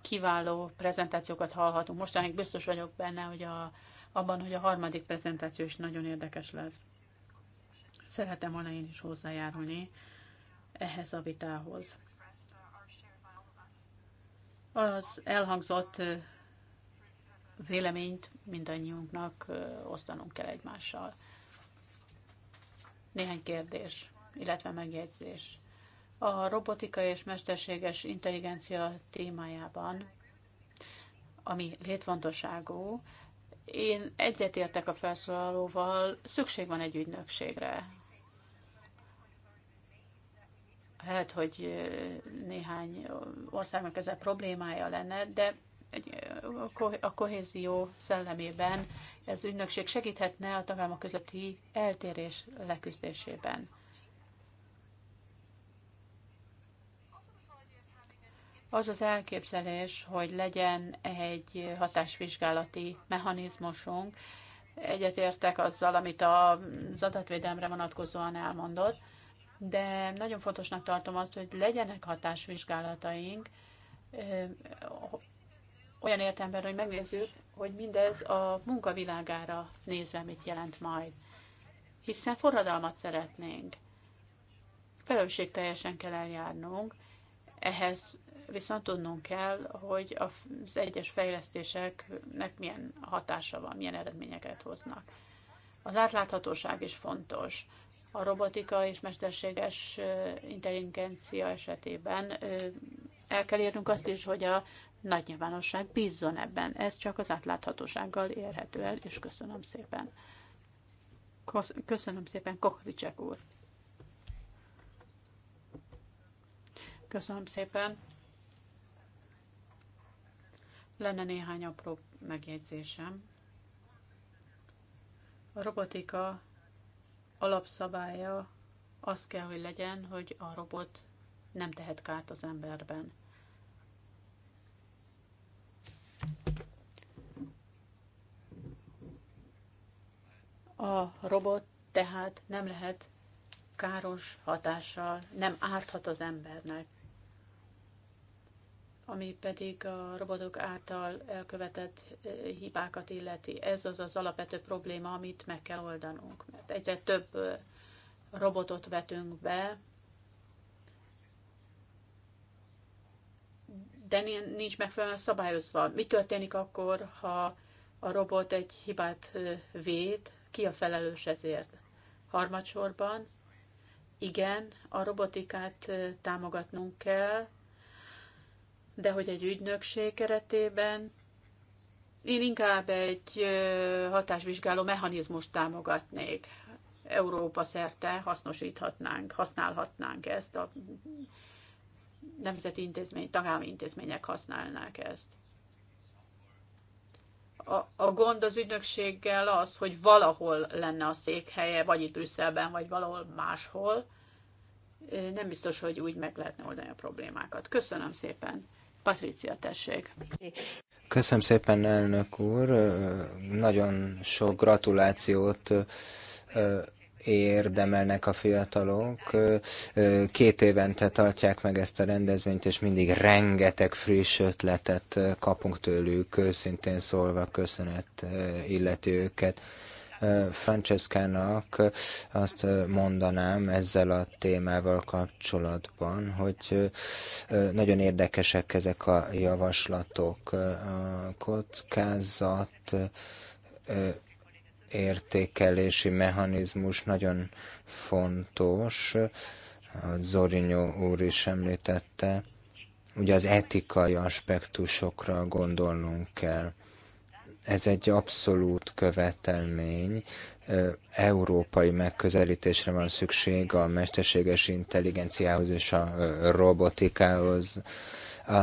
S2: Kiváló prezentációkat hallhatunk. Mostanáig biztos vagyok benne, hogy a, abban, hogy a harmadik prezentáció is nagyon érdekes lesz. Szeretem volna én is hozzájárulni ehhez a vitához. Az elhangzott véleményt mindannyiunknak osztanunk kell egymással. Néhány kérdés, illetve megjegyzés. A robotika és mesterséges intelligencia témájában, ami létfontosságú, én egyetértek a felszólalóval, szükség van egy ügynökségre, lehet, hogy néhány országnak ezzel problémája lenne, de a kohézió szellemében ez ügynökség segíthetne a tagállamok közötti eltérés leküzdésében. Az az elképzelés, hogy legyen egy hatásvizsgálati mechanizmusunk, egyetértek azzal, amit az adatvédelemre vonatkozóan elmondott, de nagyon fontosnak tartom azt, hogy legyenek hatásvizsgálataink, olyan értelemben, hogy megnézzük, hogy mindez a munkavilágára nézve mit jelent majd. Hiszen forradalmat szeretnénk. teljesen kell eljárnunk, ehhez viszont tudnunk kell, hogy az egyes fejlesztéseknek milyen hatása van, milyen eredményeket hoznak. Az átláthatóság is fontos a robotika és mesterséges intelligencia esetében el kell érnünk azt is, hogy a nagy nyilvánosság bízzon ebben. Ez csak az átláthatósággal érhető el, és köszönöm szépen. Köszönöm szépen, Kokricsek úr. Köszönöm szépen. Lenne néhány apró megjegyzésem. A robotika alapszabálya az kell, hogy legyen, hogy a robot nem tehet kárt az emberben. A robot tehát nem lehet káros hatással, nem árthat az embernek ami pedig a robotok által elkövetett eh, hibákat illeti. Ez az az alapvető probléma, amit meg kell oldanunk, mert egyre több eh, robotot vetünk be, de nincs megfelelően szabályozva. Mi történik akkor, ha a robot egy hibát eh, véd, ki a felelős ezért? Harmadsorban, igen, a robotikát támogatnunk kell, de hogy egy ügynökség keretében én inkább egy hatásvizsgáló mechanizmust támogatnék. Európa szerte hasznosíthatnánk, használhatnánk ezt, a nemzeti intézmény, tagállami intézmények használnák ezt. A, a gond az ügynökséggel az, hogy valahol lenne a székhelye, vagy itt Brüsszelben, vagy valahol máshol. Nem biztos, hogy úgy meg lehetne oldani a problémákat. Köszönöm szépen! Patricia, tessék.
S1: Köszönöm szépen, elnök úr. Nagyon sok gratulációt érdemelnek a fiatalok. Két évente tartják meg ezt a rendezvényt, és mindig rengeteg friss ötletet kapunk tőlük, őszintén szólva köszönet illeti őket. Francescának azt mondanám ezzel a témával kapcsolatban, hogy nagyon érdekesek ezek a javaslatok. A kockázat értékelési mechanizmus nagyon fontos, a Zorinyó úr is említette, ugye az etikai aspektusokra gondolnunk kell. Ez egy abszolút követelmény. Európai megközelítésre van szükség a mesterséges intelligenciához és a robotikához. A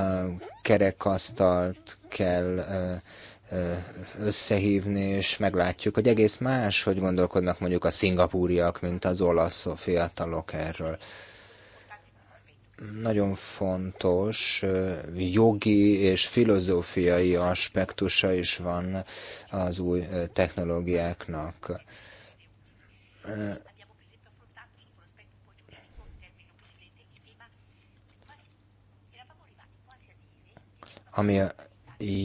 S1: kerekasztalt kell összehívni, és meglátjuk, hogy egész más, hogy gondolkodnak mondjuk a szingapúriak, mint az olasz fiatalok erről nagyon fontos jogi és filozófiai aspektusa is van az új technológiáknak. Ami a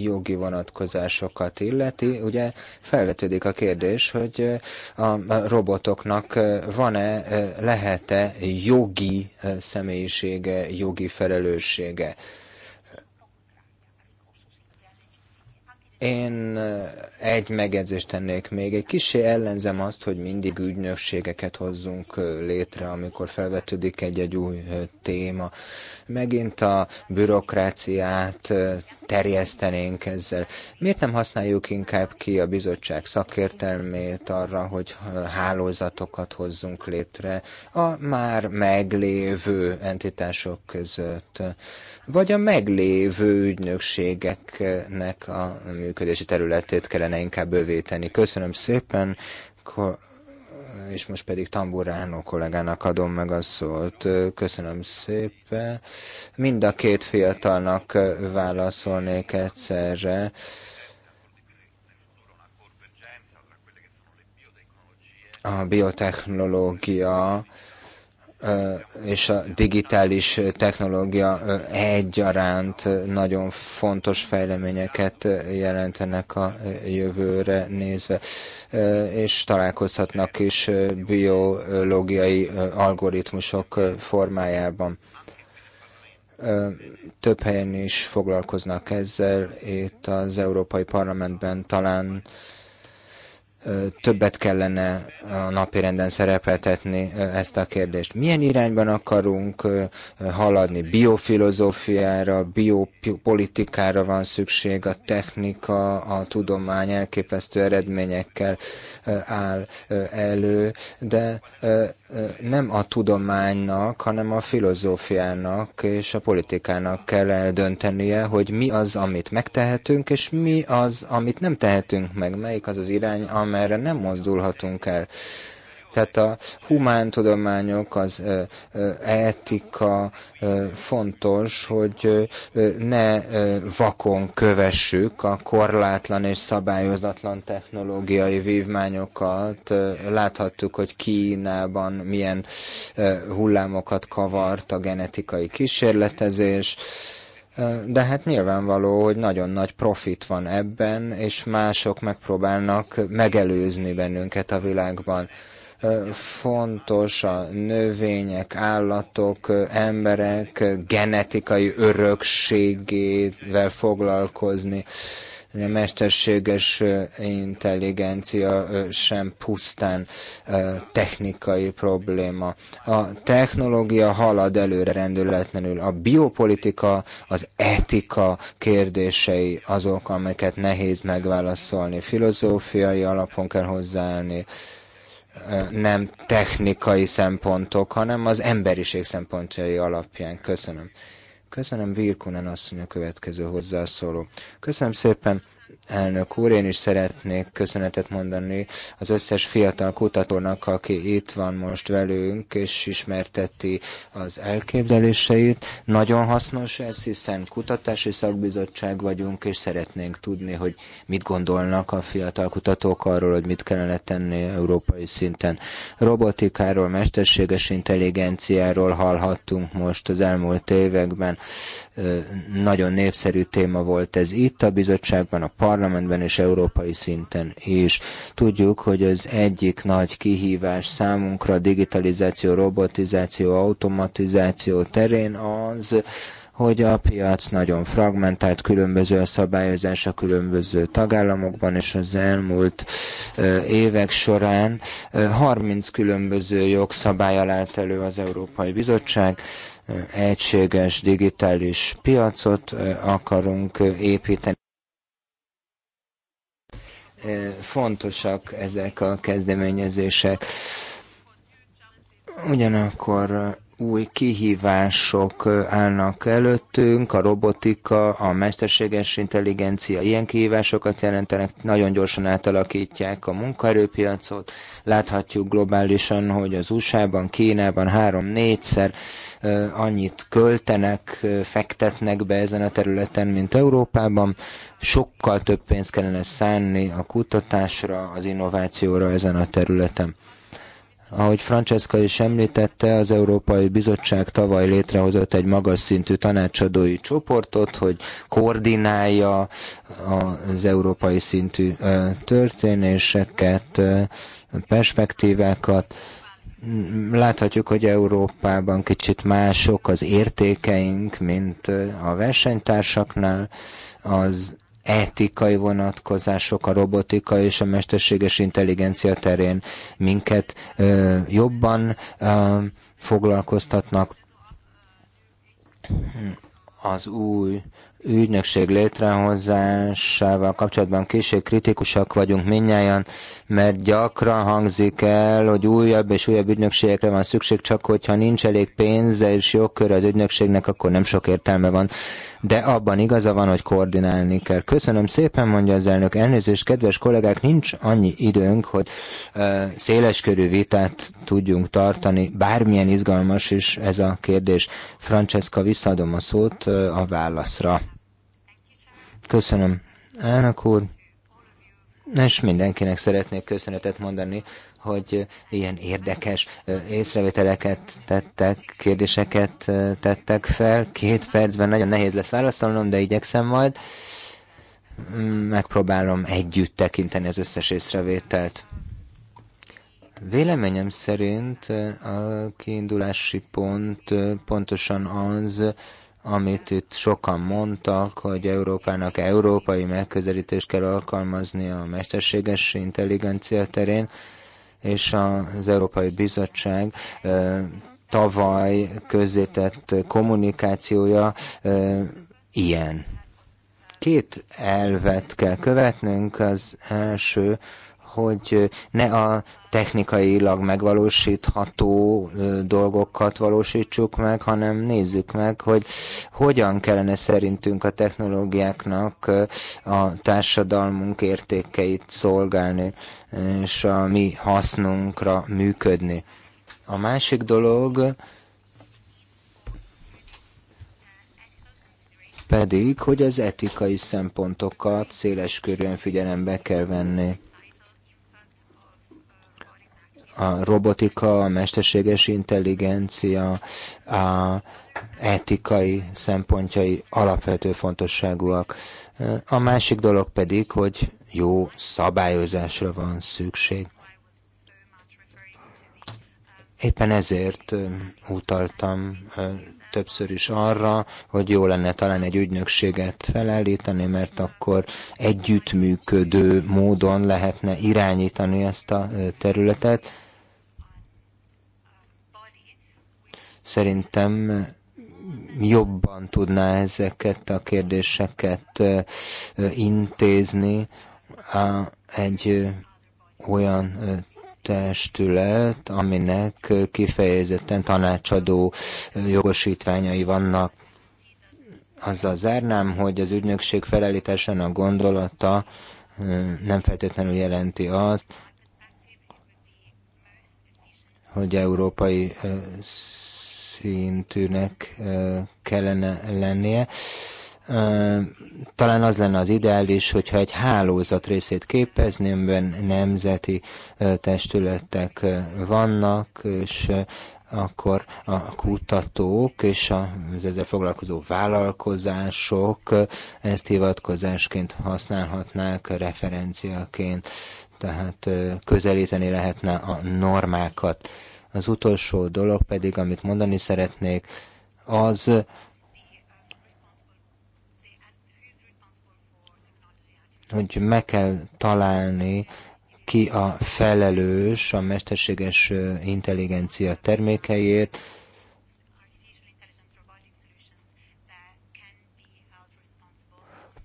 S1: jogi vonatkozásokat illeti, ugye felvetődik a kérdés, hogy a robotoknak van-e, lehet-e jogi személyisége, jogi felelőssége. Én egy megjegyzést tennék még. Egy kicsi ellenzem azt, hogy mindig ügynökségeket hozzunk létre, amikor felvetődik egy-egy új téma megint a bürokráciát terjesztenénk ezzel. Miért nem használjuk inkább ki a bizottság szakértelmét arra, hogy hálózatokat hozzunk létre a már meglévő entitások között, vagy a meglévő ügynökségeknek a működési területét kellene inkább bővíteni. Köszönöm szépen, és most pedig Tamburánó kollégának adom meg a szót. Köszönöm szépen. Mind a két fiatalnak válaszolnék egyszerre. A biotechnológia és a digitális technológia egyaránt nagyon fontos fejleményeket jelentenek a jövőre nézve és találkozhatnak is biológiai algoritmusok formájában több helyen is foglalkoznak ezzel. Itt az Európai Parlamentben talán többet kellene a napirenden szerepeltetni ezt a kérdést. Milyen irányban akarunk haladni? Biofilozófiára, biopolitikára van szükség, a technika, a tudomány elképesztő eredményekkel áll elő, de nem a tudománynak, hanem a filozófiának és a politikának kell eldöntenie, hogy mi az, amit megtehetünk, és mi az, amit nem tehetünk meg, melyik az az irány, amerre nem mozdulhatunk el. Tehát a humántudományok, az etika fontos, hogy ne vakon kövessük a korlátlan és szabályozatlan technológiai vívmányokat. Láthattuk, hogy Kínában milyen hullámokat kavart a genetikai kísérletezés, de hát nyilvánvaló, hogy nagyon nagy profit van ebben, és mások megpróbálnak megelőzni bennünket a világban. Fontos a növények, állatok, emberek genetikai örökségével foglalkozni a mesterséges intelligencia sem pusztán technikai probléma. A technológia halad előre rendületlenül. A biopolitika, az etika kérdései azok, amiket nehéz megválaszolni. Filozófiai alapon kell hozzáállni nem technikai szempontok, hanem az emberiség szempontjai alapján. Köszönöm. Köszönöm Virkunen asszony a következő hozzászóló. Köszönöm szépen, elnök úr, én is szeretnék köszönetet mondani az összes fiatal kutatónak, aki itt van most velünk, és ismerteti az elképzeléseit. Nagyon hasznos ez, hiszen kutatási szakbizottság vagyunk, és szeretnénk tudni, hogy mit gondolnak a fiatal kutatók arról, hogy mit kellene tenni európai szinten. Robotikáról, mesterséges intelligenciáról hallhattunk most az elmúlt években. Nagyon népszerű téma volt ez itt a bizottságban, a parlamentben, parlamentben és európai szinten is. Tudjuk, hogy az egyik nagy kihívás számunkra digitalizáció, robotizáció, automatizáció terén az, hogy a piac nagyon fragmentált, különböző a szabályozás a különböző tagállamokban, és az elmúlt évek során 30 különböző jogszabály állt elő az Európai Bizottság, egységes digitális piacot akarunk építeni fontosak ezek a kezdeményezések. Ugyanakkor új kihívások állnak előttünk, a robotika, a mesterséges intelligencia ilyen kihívásokat jelentenek, nagyon gyorsan átalakítják a munkaerőpiacot, láthatjuk globálisan, hogy az USA-ban, Kínában három-négyszer Eh, annyit költenek, eh, fektetnek be ezen a területen, mint Európában. Sokkal több pénzt kellene szánni a kutatásra, az innovációra ezen a területen. Ahogy Francesca is említette, az Európai Bizottság tavaly létrehozott egy magas szintű tanácsadói csoportot, hogy koordinálja az európai szintű eh, történéseket, perspektívákat, Láthatjuk, hogy Európában kicsit mások az értékeink, mint a versenytársaknál. Az etikai vonatkozások, a robotika és a mesterséges intelligencia terén minket ö, jobban ö, foglalkoztatnak. Az új ügynökség létrehozásával kapcsolatban kicsit kritikusak vagyunk minnyáján, mert gyakran hangzik el, hogy újabb és újabb ügynökségekre van szükség, csak hogyha nincs elég pénze és jogkör az ügynökségnek, akkor nem sok értelme van de abban igaza van, hogy koordinálni kell. Köszönöm szépen, mondja az elnök. Elnézést, kedves kollégák, nincs annyi időnk, hogy uh, széleskörű vitát tudjunk tartani, bármilyen izgalmas is ez a kérdés. Francesca, visszaadom a szót a válaszra. Köszönöm, elnök úr és mindenkinek szeretnék köszönetet mondani hogy ilyen érdekes észrevételeket tettek, kérdéseket tettek fel. Két percben nagyon nehéz lesz válaszolnom, de igyekszem majd. Mm, megpróbálom együtt tekinteni az összes észrevételt. Véleményem szerint a kiindulási pont pontosan az, amit itt sokan mondtak, hogy Európának európai megközelítést kell alkalmazni a mesterséges intelligencia terén, és az Európai Bizottság tavaly közzétett kommunikációja ilyen. Két elvet kell követnünk, az első hogy ne a technikailag megvalósítható dolgokat valósítsuk meg, hanem nézzük meg, hogy hogyan kellene szerintünk a technológiáknak a társadalmunk értékeit szolgálni, és a mi hasznunkra működni. A másik dolog, pedig, hogy az etikai szempontokat széles körűen figyelembe kell venni a robotika, a mesterséges intelligencia, a etikai szempontjai alapvető fontosságúak. A másik dolog pedig, hogy jó szabályozásra van szükség. Éppen ezért utaltam többször is arra, hogy jó lenne talán egy ügynökséget felállítani, mert akkor együttműködő módon lehetne irányítani ezt a területet, Szerintem jobban tudná ezeket a kérdéseket intézni egy olyan testület, aminek kifejezetten tanácsadó jogosítványai vannak. Azzal zárnám, hogy az ügynökség a gondolata nem feltétlenül jelenti azt, hogy európai szintűnek kellene lennie. Talán az lenne az ideális, hogyha egy hálózat részét képezni, amiben nemzeti testületek vannak, és akkor a kutatók és az ezzel foglalkozó vállalkozások ezt hivatkozásként használhatnák, referenciaként, tehát közelíteni lehetne a normákat. Az utolsó dolog pedig, amit mondani szeretnék, az, hogy meg kell találni, ki a felelős a mesterséges intelligencia termékeiért,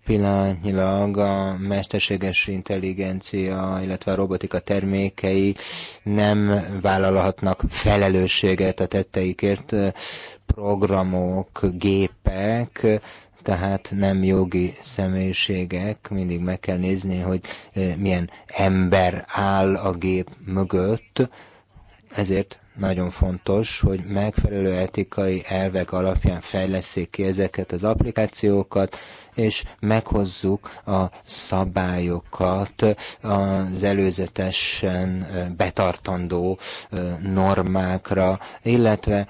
S1: Pillanatnyilag a mesterséges intelligencia, illetve a robotika termékei nem vállalhatnak felelősséget a tetteikért, programok, gépek, tehát nem jogi személyiségek, mindig meg kell nézni, hogy eh, milyen ember áll a gép mögött, ezért nagyon fontos, hogy megfelelő etikai elvek alapján fejleszék ki ezeket az applikációkat, és meghozzuk a szabályokat, az előzetesen betartandó normákra, illetve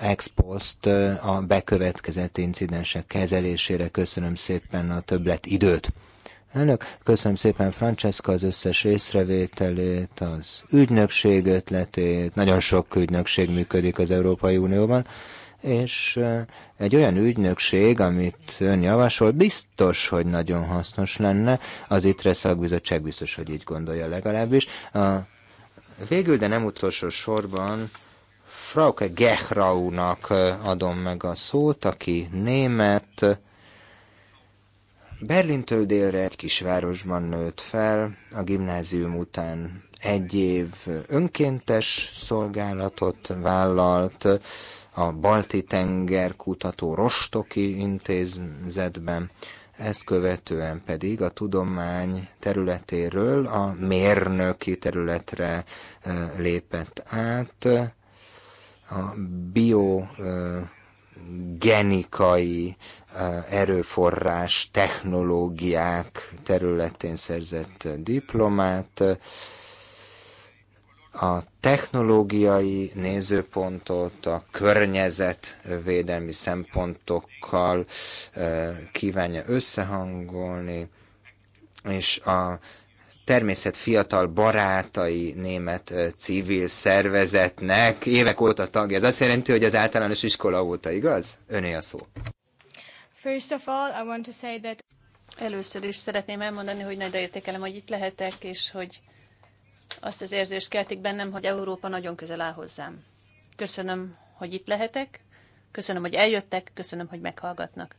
S1: ex post a bekövetkezett incidensek kezelésére. Köszönöm szépen a többlet időt. Elnök, köszönöm szépen Francesca az összes észrevételét, az ügynökség ötletét, nagyon sok ügynökség működik az Európai Unióban, és eh, egy olyan ügynökség, amit ön javasol, biztos, hogy nagyon hasznos lenne, az ITRE szakbizottság biztos, hogy így gondolja legalábbis. A végül, de nem utolsó sorban Frauke Gehraunak eh, adom meg a szót, aki német, Berlintől délre egy kisvárosban nőtt fel, a gimnázium után egy év önkéntes szolgálatot vállalt a Balti-tenger kutató Rostoki intézetben, ezt követően pedig a tudomány területéről a mérnöki területre lépett át, a bio genikai eh, erőforrás, technológiák területén szerzett diplomát. A technológiai nézőpontot a környezetvédelmi szempontokkal eh, kívánja összehangolni, és a természet fiatal barátai német civil szervezetnek évek óta tagja. Ez azt jelenti, hogy az általános iskola óta, igaz? Öné a szó.
S3: First of all, I want to say that... Először is szeretném elmondani, hogy nagyra értékelem, hogy itt lehetek, és hogy azt az érzést keltik bennem, hogy Európa nagyon közel áll hozzám. Köszönöm, hogy itt lehetek, köszönöm, hogy eljöttek, köszönöm, hogy meghallgatnak.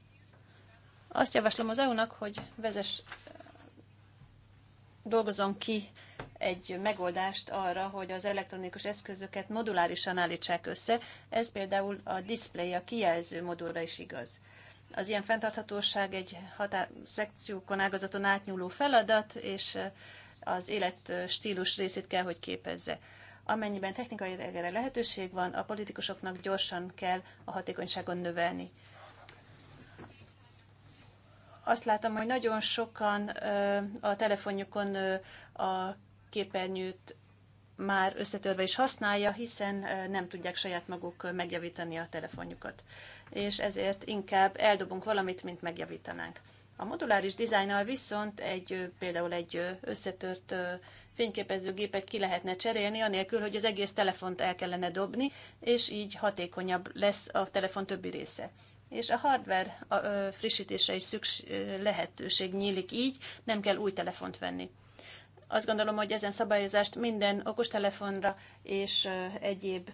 S3: Azt javaslom az EU-nak, hogy vezess Dolgozom ki egy megoldást arra, hogy az elektronikus eszközöket modulárisan állítsák össze. Ez például a display, a kijelző modulra is igaz. Az ilyen fenntarthatóság egy határ, szekciókon, ágazaton átnyúló feladat, és eh, az életstílus eh, részét kell, hogy képezze. Amennyiben technikai lehetőség van, a politikusoknak gyorsan kell a hatékonyságon növelni azt látom, hogy nagyon sokan a telefonjukon a képernyőt már összetörve is használja, hiszen nem tudják saját maguk megjavítani a telefonjukat. És ezért inkább eldobunk valamit, mint megjavítanánk. A moduláris dizájnnal viszont egy, például egy összetört fényképezőgépet ki lehetne cserélni, anélkül, hogy az egész telefont el kellene dobni, és így hatékonyabb lesz a telefon többi része és a hardware frissítése is ö, lehetőség nyílik így, nem kell új telefont venni. Azt gondolom, hogy ezen szabályozást minden okostelefonra és egyéb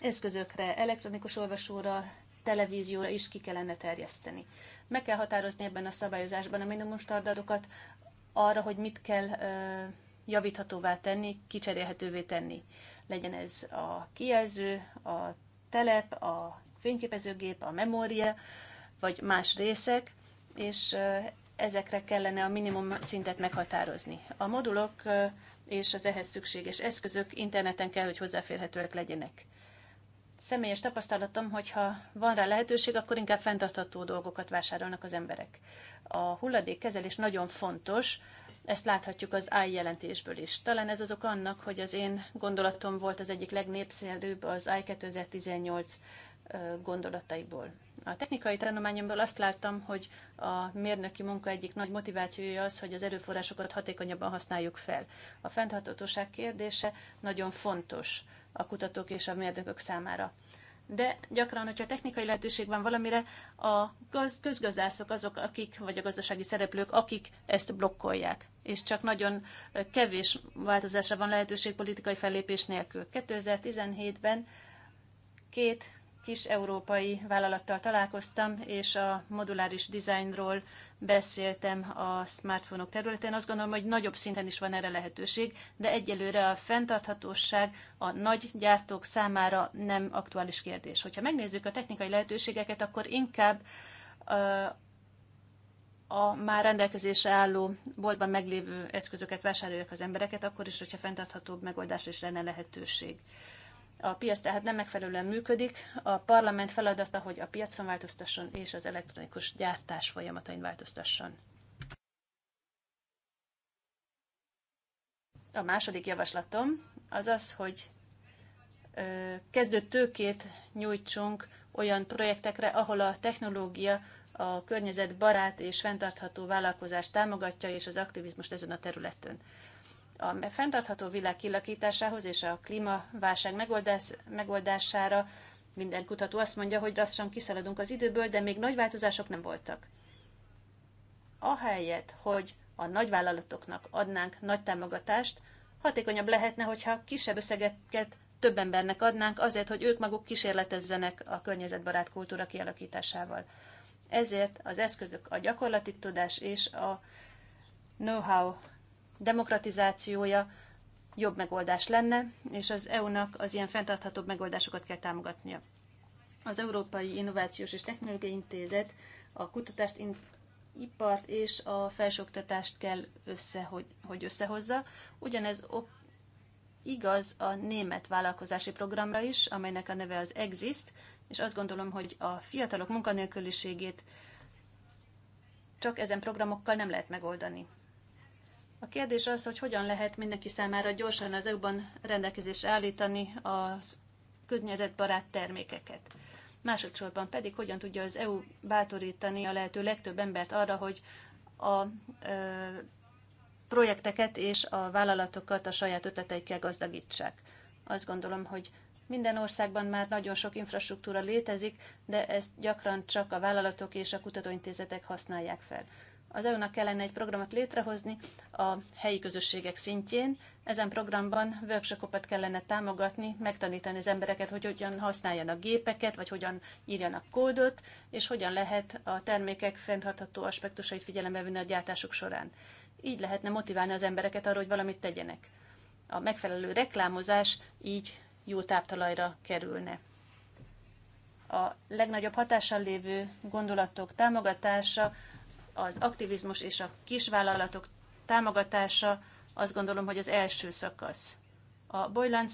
S3: eszközökre, elektronikus olvasóra, televízióra is ki kellene terjeszteni. Meg kell határozni ebben a szabályozásban a minimum standardokat arra, hogy mit kell javíthatóvá tenni, kicserélhetővé tenni. Legyen ez a kijelző, a telep, a fényképezőgép, a memória, vagy más részek, és ezekre kellene a minimum szintet meghatározni. A modulok és az ehhez szükséges eszközök interneten kell, hogy hozzáférhetőek legyenek. Személyes tapasztalatom, hogyha van rá lehetőség, akkor inkább fenntartható dolgokat vásárolnak az emberek. A hulladékkezelés nagyon fontos, ezt láthatjuk az AI jelentésből is. Talán ez az ok annak, hogy az én gondolatom volt az egyik legnépszerűbb az AI 2018 gondolataiból. A technikai tanulmányomból azt láttam, hogy a mérnöki munka egyik nagy motivációja az, hogy az erőforrásokat hatékonyabban használjuk fel. A fenntarthatóság kérdése nagyon fontos a kutatók és a mérnökök számára. De gyakran, hogyha technikai lehetőség van valamire, a gaz- közgazdászok azok, akik, vagy a gazdasági szereplők, akik ezt blokkolják. És csak nagyon kevés változásra van lehetőség politikai fellépés nélkül. 2017-ben két kis európai vállalattal találkoztam, és a moduláris dizájnról beszéltem a smartfonok területén. Azt gondolom, hogy nagyobb szinten is van erre lehetőség, de egyelőre a fenntarthatóság a nagy gyártók számára nem aktuális kérdés. Hogyha megnézzük a technikai lehetőségeket, akkor inkább a már rendelkezésre álló boltban meglévő eszközöket vásárolják az embereket, akkor is, hogyha fenntarthatóbb megoldás is lenne lehetőség. A piac tehát nem megfelelően működik. A parlament feladata, hogy a piacon változtasson és az elektronikus gyártás folyamatain változtasson. A második javaslatom az az, hogy kezdő tőkét nyújtsunk olyan projektekre, ahol a technológia a környezetbarát és fenntartható vállalkozást támogatja, és az aktivizmust ezen a területen a fenntartható világ kilakításához és a klímaválság megoldás, megoldására minden kutató azt mondja, hogy lassan kiszaladunk az időből, de még nagy változások nem voltak. Ahelyett, hogy a nagyvállalatoknak adnánk nagy támogatást, hatékonyabb lehetne, hogyha kisebb összegeket több embernek adnánk azért, hogy ők maguk kísérletezzenek a környezetbarát kultúra kialakításával. Ezért az eszközök a gyakorlati tudás és a know-how demokratizációja jobb megoldás lenne, és az EU-nak az ilyen fenntarthatóbb megoldásokat kell támogatnia. Az Európai Innovációs és Technológiai Intézet a kutatást, ipart és a felsőoktatást kell össze, hogy, hogy összehozza. Ugyanez op- igaz a német vállalkozási programra is, amelynek a neve az Exist, és azt gondolom, hogy a fiatalok munkanélküliségét csak ezen programokkal nem lehet megoldani. A kérdés az, hogy hogyan lehet mindenki számára gyorsan az EU-ban rendelkezésre állítani a környezetbarát termékeket. Másodszorban pedig hogyan tudja az EU bátorítani a lehető legtöbb embert arra, hogy a ö, projekteket és a vállalatokat a saját ötleteikkel gazdagítsák. Azt gondolom, hogy minden országban már nagyon sok infrastruktúra létezik, de ezt gyakran csak a vállalatok és a kutatóintézetek használják fel az EU-nak kellene egy programot létrehozni a helyi közösségek szintjén. Ezen programban workshopokat kellene támogatni, megtanítani az embereket, hogy hogyan használjanak gépeket, vagy hogyan írjanak kódot, és hogyan lehet a termékek fenntartható aspektusait figyelembe venni a gyártásuk során. Így lehetne motiválni az embereket arra, hogy valamit tegyenek. A megfelelő reklámozás így jó táptalajra kerülne. A legnagyobb hatással lévő gondolatok támogatása, az aktivizmus és a kisvállalatok támogatása azt gondolom, hogy az első szakasz. A Boylan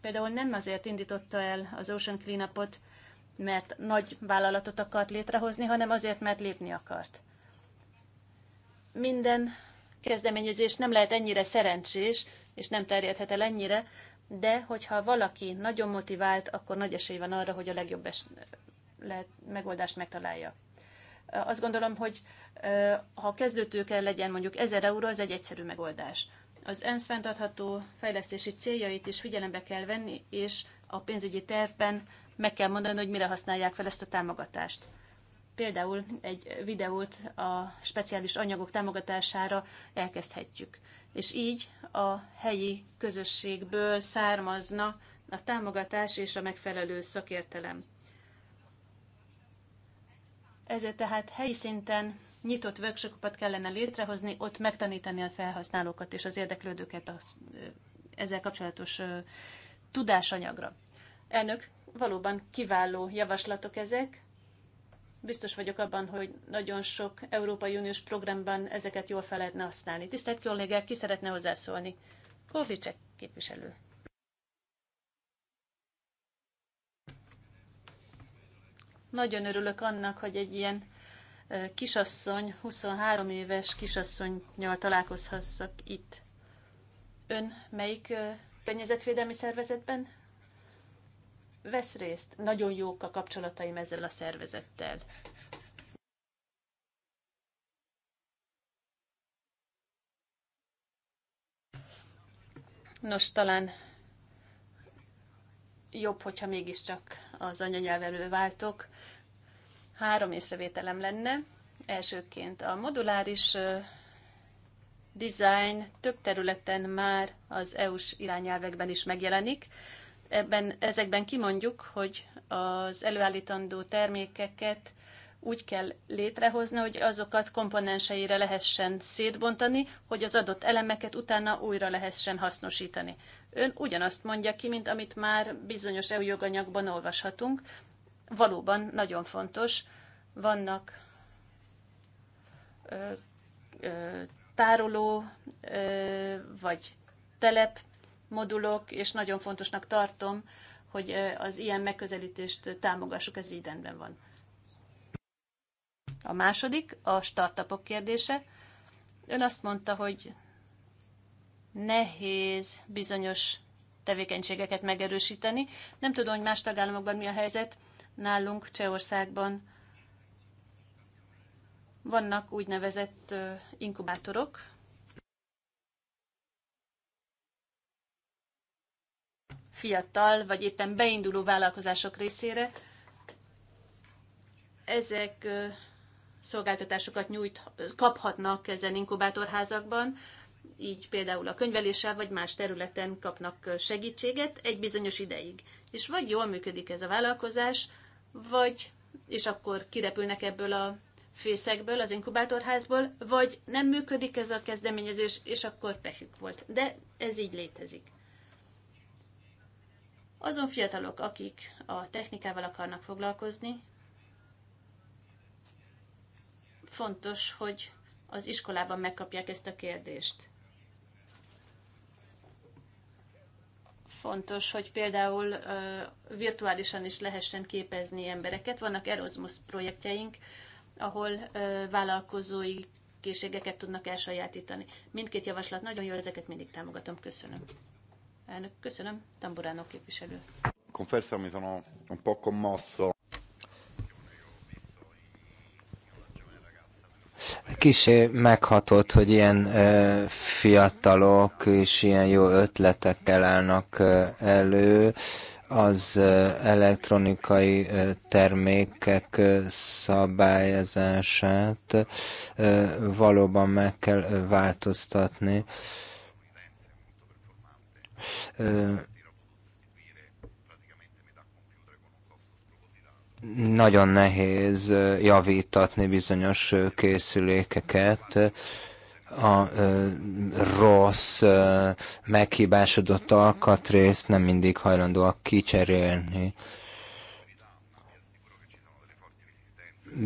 S3: például nem azért indította el az Ocean Cleanupot, mert nagy vállalatot akart létrehozni, hanem azért, mert lépni akart. Minden kezdeményezés nem lehet ennyire szerencsés, és nem terjedhet el ennyire, de hogyha valaki nagyon motivált, akkor nagy esély van arra, hogy a legjobb es- lehet, megoldást megtalálja. Azt gondolom, hogy ha kell legyen mondjuk 1000 euró, az egy egyszerű megoldás. Az ENSZ fenntartható fejlesztési céljait is figyelembe kell venni, és a pénzügyi tervben meg kell mondani, hogy mire használják fel ezt a támogatást. Például egy videót a speciális anyagok támogatására elkezdhetjük. És így a helyi közösségből származna a támogatás és a megfelelő szakértelem. Ezért tehát helyi szinten nyitott workshopokat kellene létrehozni, ott megtanítani a felhasználókat és az érdeklődőket a, ezzel kapcsolatos tudásanyagra. Elnök, valóban kiváló javaslatok ezek. Biztos vagyok abban, hogy nagyon sok Európai Uniós programban ezeket jól fel lehetne használni. Tisztelt kollégák, ki szeretne hozzászólni? Korlicek képviselő. Nagyon örülök annak, hogy egy ilyen kisasszony, 23 éves kisasszonynyal találkozhassak itt. Ön melyik környezetvédelmi szervezetben vesz részt? Nagyon jók a kapcsolataim ezzel a szervezettel. Nos, talán jobb, hogyha mégiscsak az anyanyelvelő váltok. Három észrevételem lenne. Elsőként a moduláris design több területen már az EU-s irányelvekben is megjelenik. Ebben, ezekben kimondjuk, hogy az előállítandó termékeket úgy kell létrehozni, hogy azokat komponenseire lehessen szétbontani, hogy az adott elemeket utána újra lehessen hasznosítani. Ön ugyanazt mondja ki, mint amit már bizonyos EU joganyagban olvashatunk, valóban nagyon fontos. Vannak ö, ö, tároló ö, vagy telep modulok, és nagyon fontosnak tartom, hogy az ilyen megközelítést támogassuk, ez így rendben van. A második, a startupok kérdése. Ön azt mondta, hogy nehéz bizonyos tevékenységeket megerősíteni. Nem tudom, hogy más tagállamokban mi a helyzet, nálunk Csehországban vannak úgynevezett inkubátorok, fiatal vagy éppen beinduló vállalkozások részére. Ezek szolgáltatásokat nyújt, kaphatnak ezen inkubátorházakban, így például a könyveléssel vagy más területen kapnak segítséget egy bizonyos ideig. És vagy jól működik ez a vállalkozás, vagy, és akkor kirepülnek ebből a fészekből, az inkubátorházból, vagy nem működik ez a kezdeményezés, és akkor pehük volt. De ez így létezik. Azon fiatalok, akik a technikával akarnak foglalkozni, fontos, hogy az iskolában megkapják ezt a kérdést. fontos, hogy például virtuálisan is lehessen képezni embereket. Vannak Erasmus projektjeink, ahol vállalkozói készségeket tudnak elsajátítani. Mindkét javaslat nagyon jó, ezeket mindig támogatom. Köszönöm. Elnök, köszönöm. Tamburánok képviselő. Confesso, mi sono un po' commosso
S1: kicsi meghatott, hogy ilyen fiatalok és ilyen jó ötletekkel állnak elő az elektronikai termékek szabályozását valóban meg kell változtatni nagyon nehéz javítatni bizonyos készülékeket, a ö, rossz, ö, meghibásodott alkatrészt nem mindig hajlandóak kicserélni.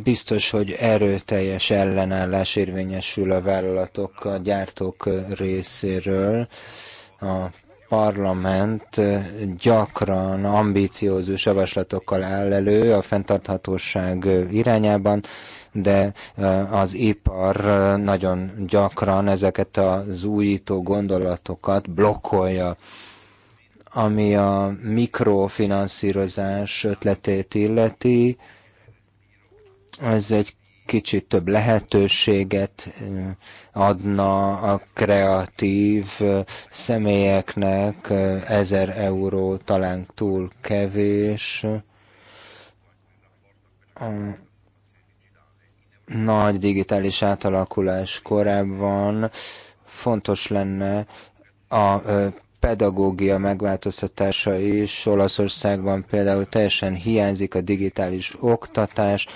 S1: Biztos, hogy erőteljes ellenállás érvényesül a vállalatok, a gyártók részéről a Parlament gyakran ambíciózus javaslatokkal áll elő a fenntarthatóság irányában, de az ipar nagyon gyakran ezeket az újító gondolatokat blokkolja ami a mikrofinanszírozás ötletét illeti, ez egy kicsit több lehetőséget adna a kreatív személyeknek, 1000 euró talán túl kevés. A nagy digitális átalakulás korában fontos lenne a pedagógia megváltoztatása is. Olaszországban például teljesen hiányzik a digitális oktatás,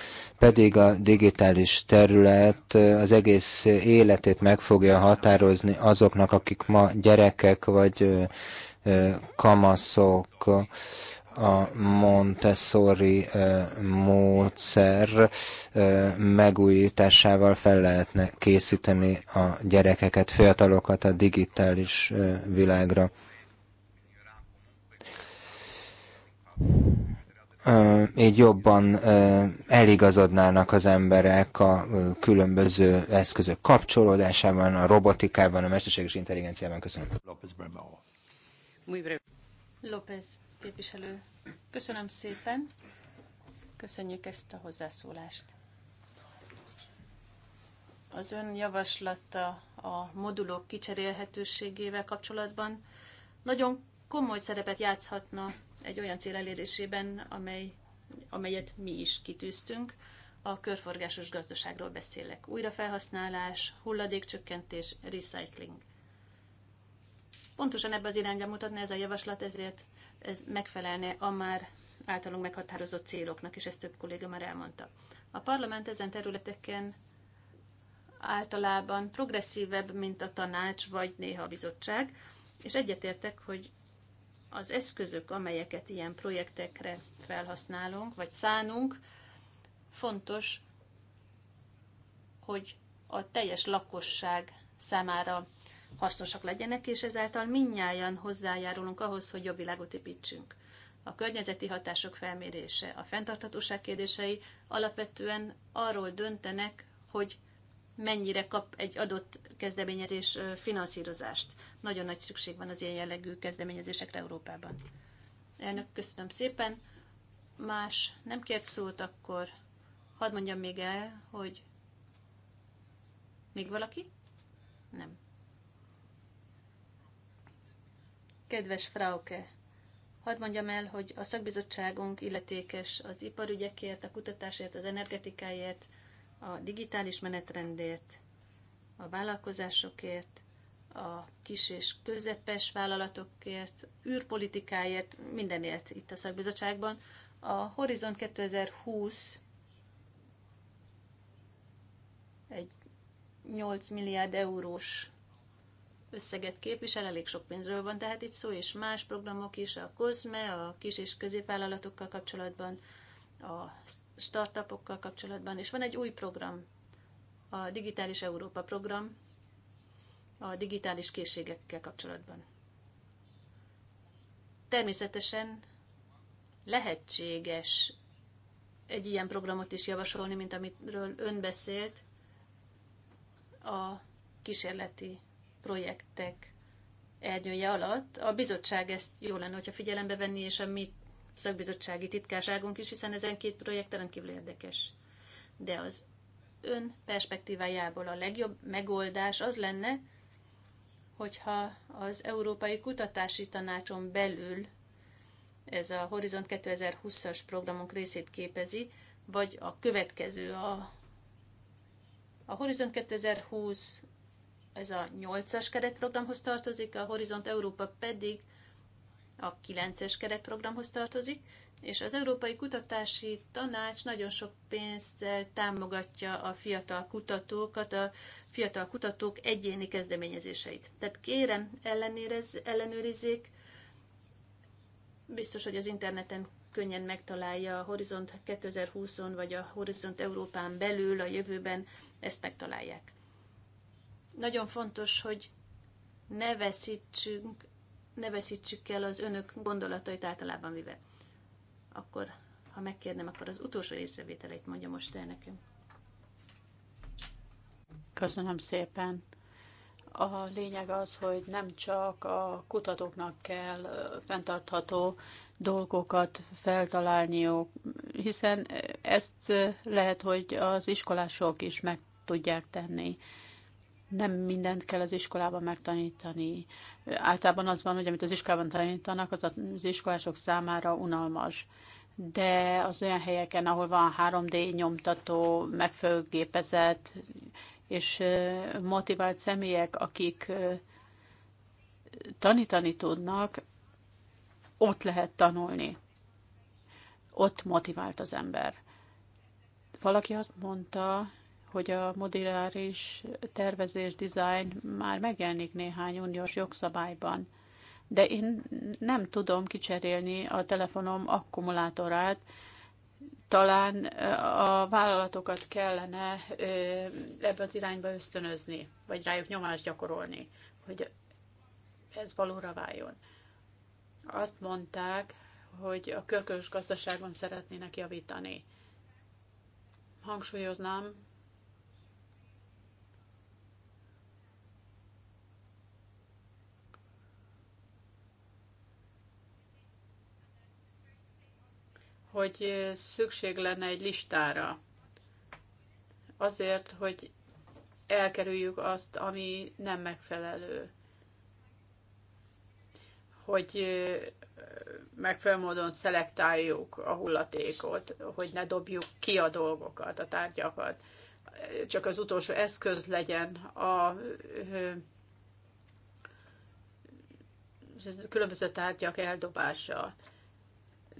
S1: pedig a digitális terület az egész életét meg fogja határozni azoknak, akik ma gyerekek vagy kamaszok. A Montessori módszer megújításával fel lehetne készíteni a gyerekeket, fiatalokat a digitális világra így jobban eligazodnának az emberek a különböző eszközök kapcsolódásában, a robotikában, a mesterséges intelligenciában. Köszönöm. López Bermeo.
S3: López képviselő, köszönöm szépen. Köszönjük ezt a hozzászólást. Az ön javaslata a modulok kicserélhetőségével kapcsolatban nagyon komoly szerepet játszhatna egy olyan cél elérésében, amely, amelyet mi is kitűztünk. A körforgásos gazdaságról beszélek. Újrafelhasználás, hulladékcsökkentés, recycling. Pontosan ebbe az irányba mutatna ez a javaslat, ezért ez megfelelne a már általunk meghatározott céloknak, és ezt több kolléga már elmondta. A parlament ezen területeken általában progresszívebb, mint a tanács, vagy néha a bizottság, és egyetértek, hogy az eszközök, amelyeket ilyen projektekre felhasználunk, vagy szánunk, fontos, hogy a teljes lakosság számára hasznosak legyenek, és ezáltal minnyáján hozzájárulunk ahhoz, hogy jobb világot építsünk. A környezeti hatások felmérése, a fenntarthatóság kérdései alapvetően arról döntenek, hogy mennyire kap egy adott kezdeményezés finanszírozást. Nagyon nagy szükség van az ilyen jellegű kezdeményezésekre Európában. Elnök, köszönöm szépen. Más nem kért szót, akkor hadd mondjam még el, hogy még valaki? Nem. Kedves Frauke, hadd mondjam el, hogy a szakbizottságunk illetékes az iparügyekért, a kutatásért, az energetikáért, a digitális menetrendért, a vállalkozásokért, a kis és közepes vállalatokért, űrpolitikáért, mindenért itt a szakbizottságban. A Horizon 2020 egy 8 milliárd eurós összeget képvisel, elég sok pénzről van tehát itt szó, és más programok is, a COSME, a kis és középvállalatokkal kapcsolatban, a startupokkal kapcsolatban, és van egy új program, a Digitális Európa program, a digitális készségekkel kapcsolatban. Természetesen lehetséges egy ilyen programot is javasolni, mint amiről ön beszélt, a kísérleti projektek ernyője alatt. A bizottság ezt jó lenne, hogyha figyelembe venni, és a mi szakbizottsági titkárságunk is, hiszen ezen két projekt rendkívül érdekes. De az ön perspektívájából a legjobb megoldás az lenne, hogyha az Európai Kutatási Tanácson belül ez a Horizont 2020-as programunk részét képezi, vagy a következő, a, a Horizont 2020 ez a 8-as keretprogramhoz tartozik, a Horizont Európa pedig a 9-es keretprogramhoz tartozik, és az Európai Kutatási Tanács nagyon sok pénzzel támogatja a fiatal kutatókat, a fiatal kutatók egyéni kezdeményezéseit. Tehát kérem, ellenérez, ellenőrizzék, biztos, hogy az interneten könnyen megtalálja a Horizont 2020-on, vagy a Horizont Európán belül a jövőben ezt megtalálják. Nagyon fontos, hogy ne veszítsünk ne veszítsük el az önök gondolatait általában vive. Akkor, ha megkérnem, akkor az utolsó észrevételeit mondja most el nekem.
S2: Köszönöm szépen. A lényeg az, hogy nem csak a kutatóknak kell fenntartható dolgokat feltalálniuk, hiszen ezt lehet, hogy az iskolások is meg tudják tenni nem mindent kell az iskolában megtanítani. Általában az van, hogy amit az iskolában tanítanak, az az iskolások számára unalmas. De az olyan helyeken, ahol van 3D nyomtató, megfelelő gépezet, és motivált személyek, akik tanítani tudnak, ott lehet tanulni. Ott motivált az ember. Valaki azt mondta, hogy a moduláris tervezés, design már megjelenik néhány uniós jogszabályban, de én nem tudom kicserélni a telefonom akkumulátorát, talán a vállalatokat kellene ebbe az irányba ösztönözni, vagy rájuk nyomást gyakorolni, hogy ez valóra váljon. Azt mondták, hogy a körkörös gazdaságon szeretnének javítani. Hangsúlyoznám, hogy szükség lenne egy listára. Azért, hogy elkerüljük azt, ami nem megfelelő. Hogy megfelelő módon szelektáljuk a hullatékot, hogy ne dobjuk ki a dolgokat, a tárgyakat. Csak az utolsó eszköz legyen a különböző tárgyak eldobása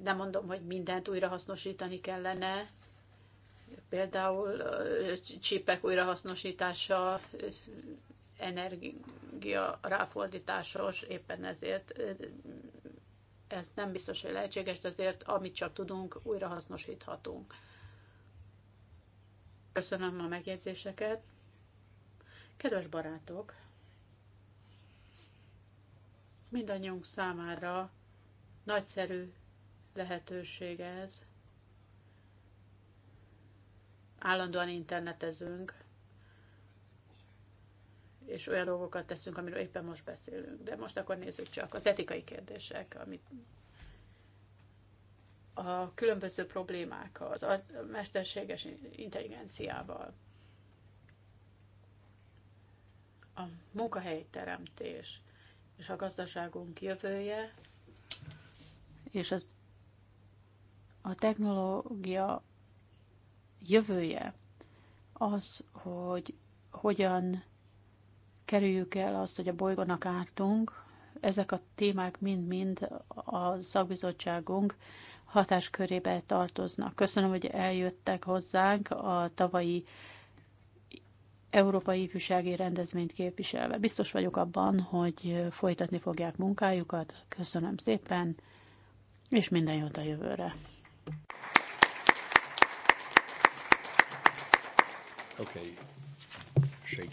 S2: nem mondom, hogy mindent újrahasznosítani kellene, például csípek újrahasznosítása, energia ráfordításos, éppen ezért ez nem biztos, hogy lehetséges, de azért amit csak tudunk, újrahasznosíthatunk. Köszönöm a megjegyzéseket. Kedves barátok, mindannyiunk számára nagyszerű lehetőség ez. Állandóan internetezünk, és olyan dolgokat teszünk, amiről éppen most beszélünk. De most akkor nézzük csak az etikai kérdések, amit a különböző problémák az a mesterséges intelligenciával, a teremtés és a gazdaságunk jövője, és az a technológia jövője az, hogy hogyan kerüljük el azt, hogy a bolygónak ártunk, ezek a témák mind-mind a szakbizottságunk hatáskörébe tartoznak. Köszönöm, hogy eljöttek hozzánk a tavalyi Európai Ifjúsági Rendezvényt képviselve. Biztos vagyok abban, hogy folytatni fogják munkájukat. Köszönöm szépen, és minden jót a jövőre! Okay. Shake.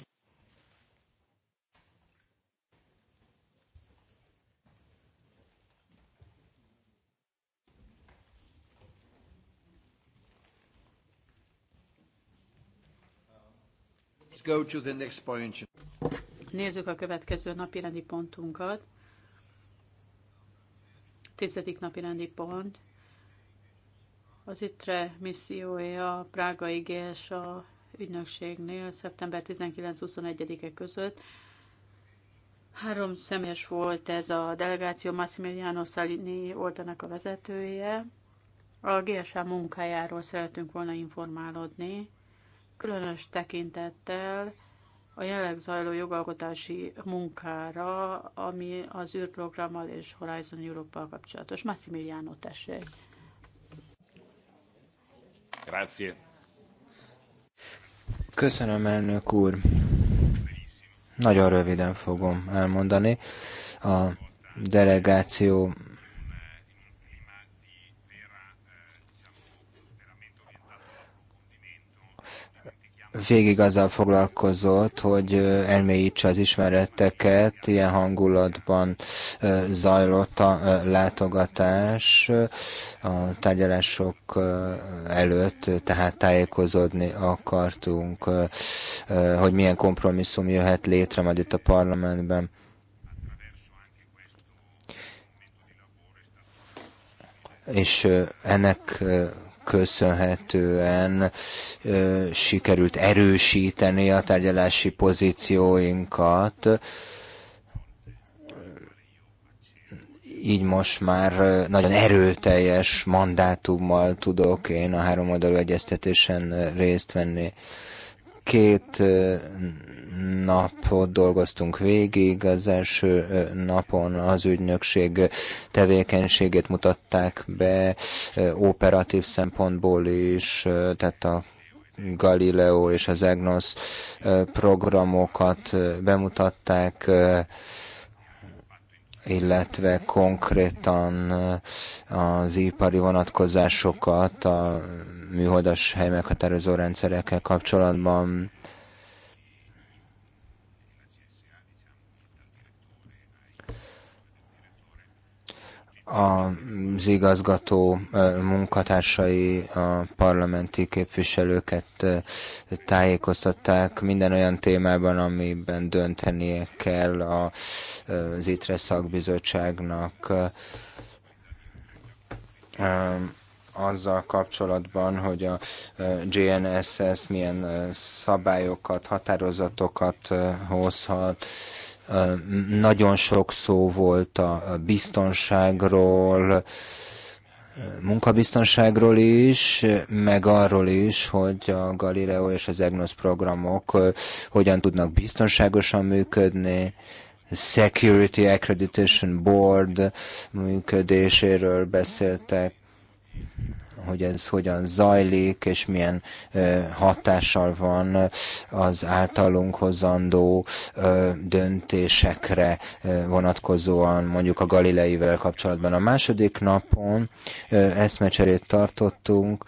S1: Go to the next point.
S2: Nézzük a következő napi rendi pontunkat. Tizedik napi rendi pont. Az ITRE missziója, Prága IGS a ügynökségnél szeptember 19-21-e között. Három személyes volt ez a delegáció, Massimiliano Salini volt ennek a vezetője. A GSA munkájáról szeretünk volna informálódni, különös tekintettel a jelenleg zajló jogalkotási munkára, ami az űrprogrammal és Horizon Europe-val kapcsolatos. Massimiliano, tessék!
S3: Grazie.
S1: Köszönöm, elnök úr. Nagyon röviden fogom elmondani. A delegáció végig azzal foglalkozott, hogy elmélyítse az ismereteket, ilyen hangulatban zajlott a látogatás a tárgyalások előtt, tehát tájékozódni akartunk, hogy milyen kompromisszum jöhet létre majd itt a parlamentben. És ennek köszönhetően sikerült erősíteni a tárgyalási pozícióinkat. Így most már nagyon erőteljes mandátummal tudok én a oldalú egyeztetésen részt venni. Két napot dolgoztunk végig. Az első napon az ügynökség tevékenységét mutatták be operatív szempontból is, tehát a Galileo és az EGNOS programokat bemutatták, illetve konkrétan az ipari vonatkozásokat a műholdas hely meghatározó rendszerekkel kapcsolatban az igazgató munkatársai a parlamenti képviselőket tájékoztatták minden olyan témában, amiben döntenie kell az ITRE szakbizottságnak azzal kapcsolatban, hogy a GNSS milyen szabályokat, határozatokat hozhat, nagyon sok szó volt a biztonságról, munkabiztonságról is, meg arról is, hogy a Galileo és az EGNOS programok hogyan tudnak biztonságosan működni, Security Accreditation Board működéséről beszéltek, hogy ez hogyan zajlik, és milyen hatással van az általunk hozandó döntésekre vonatkozóan, mondjuk a Galileivel kapcsolatban. A második napon eszmecserét tartottunk,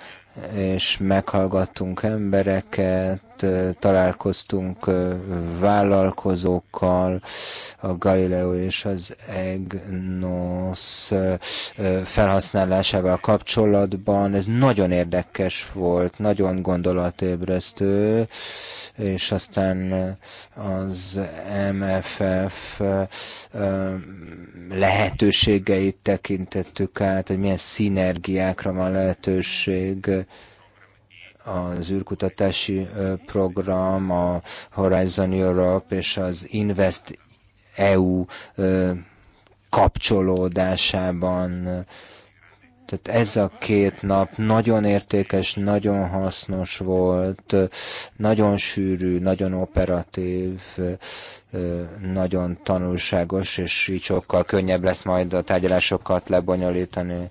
S1: és meghallgattunk embereket, találkoztunk vállalkozókkal, a Galileo és az EGNOS felhasználásával kapcsolatban. Ez nagyon érdekes volt, nagyon gondolatébresztő, és aztán az MFF lehetőségeit tekintettük át, hogy milyen szinergiákra van lehetőség az űrkutatási program, a Horizon Europe és az Invest EU kapcsolódásában. Tehát ez a két nap nagyon értékes, nagyon hasznos volt, nagyon sűrű, nagyon operatív, nagyon tanulságos, és így sokkal könnyebb lesz majd a tárgyalásokat lebonyolítani.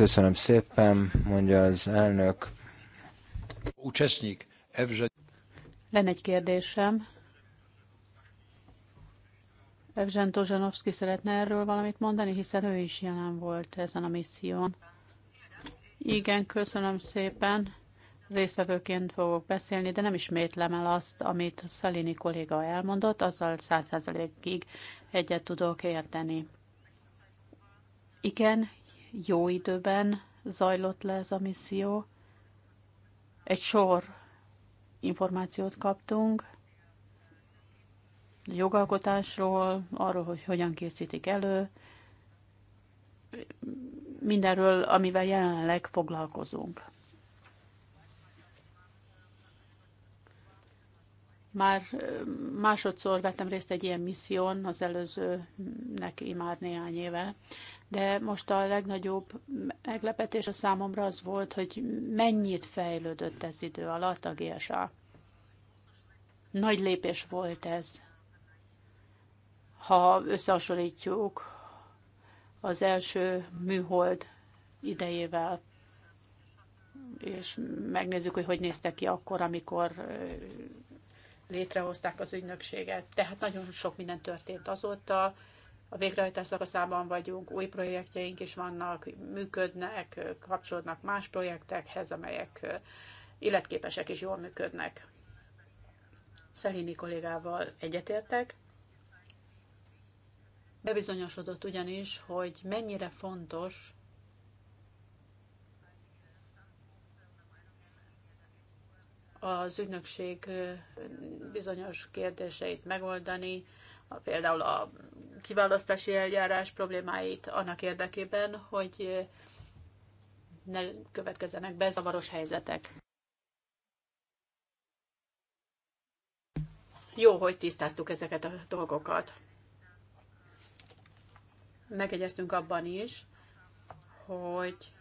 S1: Köszönöm szépen, mondja az elnök. Len
S2: Lenne egy kérdésem. Evzsen Tozsanovszki szeretne erről valamit mondani, hiszen ő is jelen volt ezen a misszión. Igen, köszönöm szépen. Részvevőként fogok beszélni, de nem ismétlem el azt, amit Szalini kolléga elmondott, azzal százszerzelékig egyet tudok érteni. Igen, jó időben zajlott le ez a misszió. Egy sor információt kaptunk jogalkotásról, arról, hogy hogyan készítik elő, mindenről, amivel jelenleg foglalkozunk. Már másodszor vettem részt egy ilyen misszión, az előzőnek már néhány éve, de most a legnagyobb meglepetés a számomra az volt, hogy mennyit fejlődött ez idő alatt a GSA. Nagy lépés volt ez. Ha összehasonlítjuk az első műhold idejével, és megnézzük, hogy hogy néztek ki akkor, amikor létrehozták az ügynökséget. Tehát nagyon sok minden történt azóta, a végrehajtás szakaszában vagyunk, új projektjeink is vannak, működnek, kapcsolódnak más projektekhez, amelyek illetképesek és jól működnek. Szelini kollégával egyetértek. Bebizonyosodott ugyanis, hogy mennyire fontos az ügynökség bizonyos kérdéseit megoldani, például a kiválasztási eljárás problémáit annak érdekében, hogy ne következzenek be zavaros helyzetek. Jó, hogy tisztáztuk ezeket a dolgokat. Megegyeztünk abban is, hogy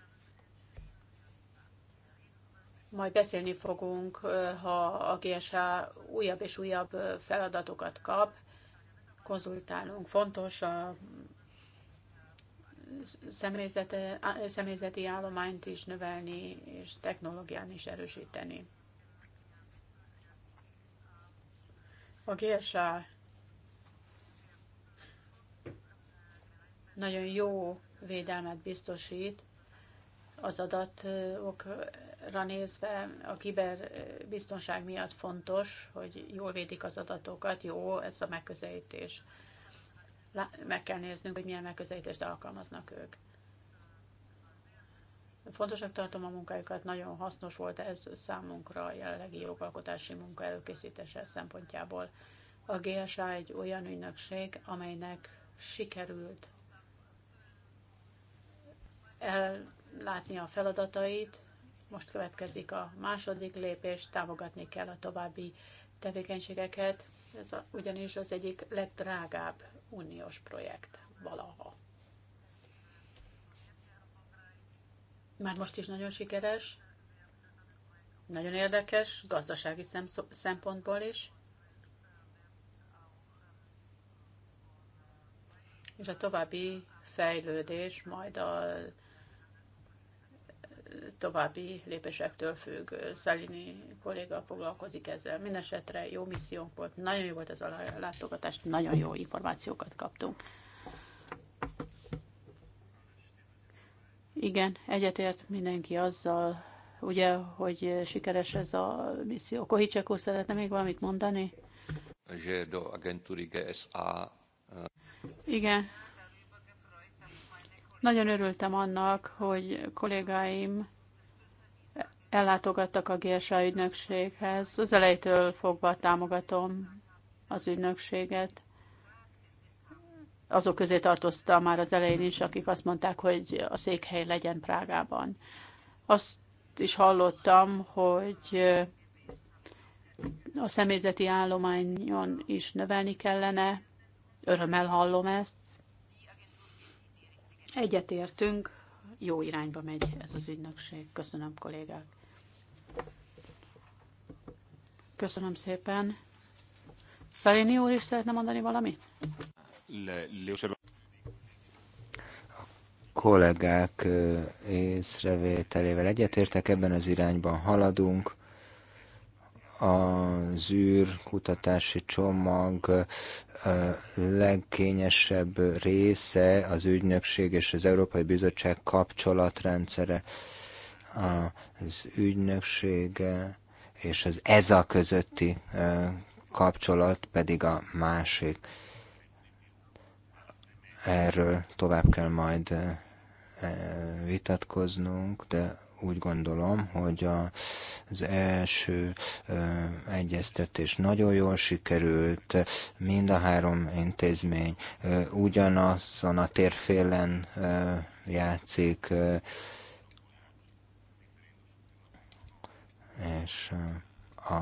S2: majd beszélni fogunk, ha a GSA újabb és újabb feladatokat kap, konzultálunk. Fontos a személyzeti állományt is növelni, és technológián is erősíteni. A GSA nagyon jó védelmet biztosít az adatok ra nézve a kiberbiztonság miatt fontos, hogy jól védik az adatokat, jó ez a megközelítés. Meg kell néznünk, hogy milyen megközelítést alkalmaznak ők. Fontosnak tartom a munkájukat, nagyon hasznos volt ez számunkra a jelenlegi jogalkotási munka előkészítése szempontjából. A GSA egy olyan ügynökség, amelynek sikerült ellátni a feladatait, most következik a második lépés, támogatni kell a további tevékenységeket. Ez a, ugyanis az egyik legdrágább uniós projekt valaha. Már most is nagyon sikeres, nagyon érdekes, gazdasági szempontból is. És a további fejlődés majd a további lépésektől függ. Szalini kolléga foglalkozik ezzel. Mindenesetre jó missziónk volt, nagyon jó volt ez a látogatás, nagyon jó információkat kaptunk. Igen, egyetért mindenki azzal, ugye, hogy sikeres ez a misszió. Kohicsek úr szeretne még valamit mondani?
S1: Eh,
S2: Igen, nagyon örültem annak, hogy kollégáim ellátogattak a GSA ügynökséghez. Az elejétől fogva támogatom az ügynökséget. Azok közé tartoztam már az elején is, akik azt mondták, hogy a székhely legyen Prágában. Azt is hallottam, hogy eh, a személyzeti állományon is növelni kellene. Örömmel hallom ezt. Egyetértünk, jó irányba megy ez az ügynökség. Köszönöm, kollégák. Köszönöm szépen. Szaléni úr is szeretne mondani valamit?
S1: A kollégák észrevételével egyetértek, ebben az irányban haladunk az kutatási csomag legkényesebb része az ügynökség és az Európai Bizottság kapcsolatrendszere. Az ügynökség és az e a közötti kapcsolat pedig a másik. Erről tovább kell majd vitatkoznunk, de úgy gondolom, hogy a, az első egyeztetés nagyon jól sikerült, mind a három intézmény ugyanazon a térfélen játszik, és a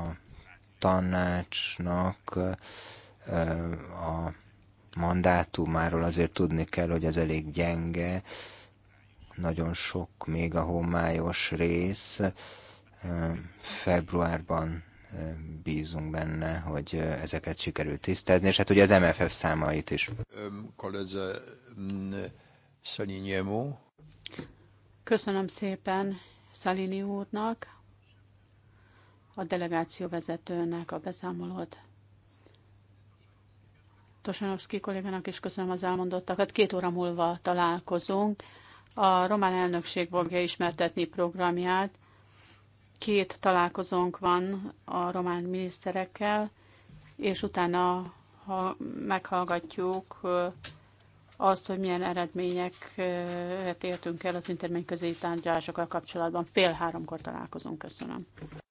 S1: tanácsnak a mandátumáról azért tudni kell, hogy az elég gyenge, nagyon sok még a homályos rész. Februárban bízunk benne, hogy ezeket sikerült tisztázni, és hát ugye az MFF számait is.
S2: Mm, köszönöm szépen Szalini úrnak, a delegáció vezetőnek a beszámolót. Tosanovszki kollégának is köszönöm az elmondottakat. Két óra múlva találkozunk a román elnökség fogja ismertetni programját. Két találkozónk van a román miniszterekkel, és utána ha meghallgatjuk azt, hogy milyen eredményeket értünk el az közé tárgyalásokkal kapcsolatban. Fél háromkor találkozunk. Köszönöm.